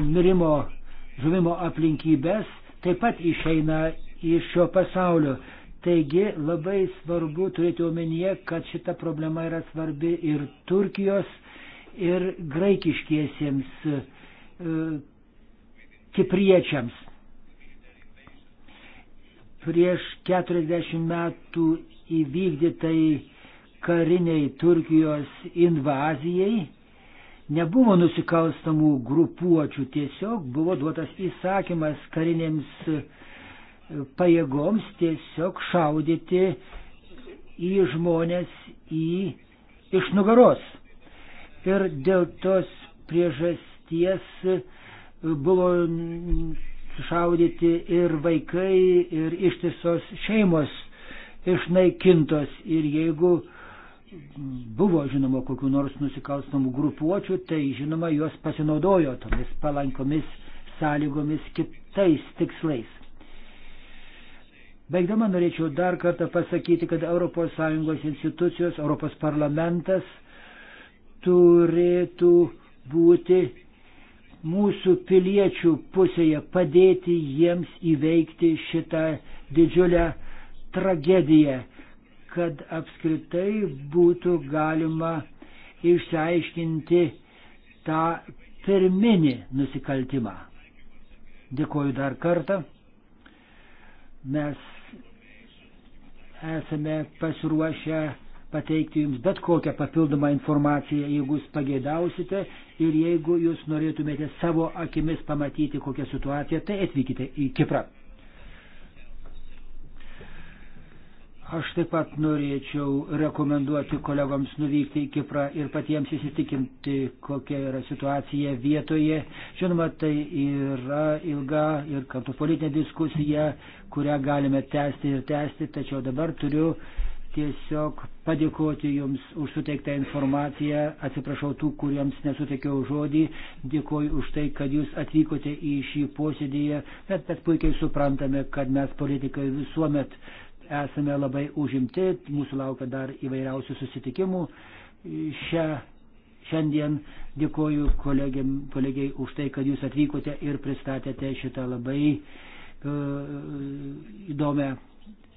[SPEAKER 5] mirimo žuvimo aplinkybės taip pat išeina iš šio pasaulio. Taigi labai svarbu turėti omenyje, kad šita problema yra svarbi ir Turkijos, ir graikiškiesiems e, kipriečiams. Prieš 40 metų įvykdytai kariniai Turkijos invazijai nebuvo nusikalstamų grupuočių, tiesiog buvo duotas įsakymas karinėms pajėgoms tiesiog šaudyti į žmonės į, iš nugaros. Ir dėl tos priežasties buvo sušaudyti ir vaikai, ir ištisos šeimos išnaikintos. Ir jeigu buvo, žinoma, kokiu nors nusikalstamų grupuočių, tai, žinoma, jos pasinaudojo tomis palankomis sąlygomis kitais tikslais. Baigdama norėčiau dar kartą pasakyti, kad ES institucijos, ES parlamentas turėtų būti mūsų piliečių pusėje, padėti jiems įveikti šitą didžiulę tragediją, kad apskritai būtų galima išsiaiškinti tą pirminį nusikaltimą. Dėkuoju dar kartą. Mes esame pasiruošę pateikti jums bet kokią papildomą informaciją, jeigu jūs pageidausite ir jeigu jūs norėtumėte savo akimis pamatyti kokią situaciją, tai atvykite į Kiprą. Aš taip pat norėčiau rekomenduoti kolegams nuvykti į Kiprą ir patiems įsitikinti, kokia yra situacija vietoje. Žinoma, tai yra ilga ir kartu politinė diskusija, kurią galime tęsti ir tęsti, tačiau dabar turiu tiesiog padėkoti Jums už suteiktą informaciją, atsiprašau tų, kuriems nesuteikiau žodį, dėkoju už tai, kad Jūs atvykote į šį posėdį, bet mes puikiai suprantame, kad mes politikai visuomet esame labai užimti, mūsų laukia dar įvairiausių susitikimų. Šią, šiandien dėkoju kolegiam, kolegiai už tai, kad jūs atvykote ir pristatėte šitą labai uh, įdomią,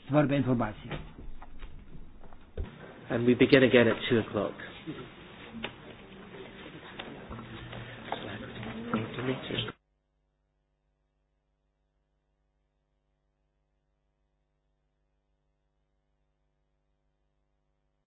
[SPEAKER 5] svarbią informaciją.
[SPEAKER 1] And we begin again at 2 o'clock.
[SPEAKER 2] Thank you.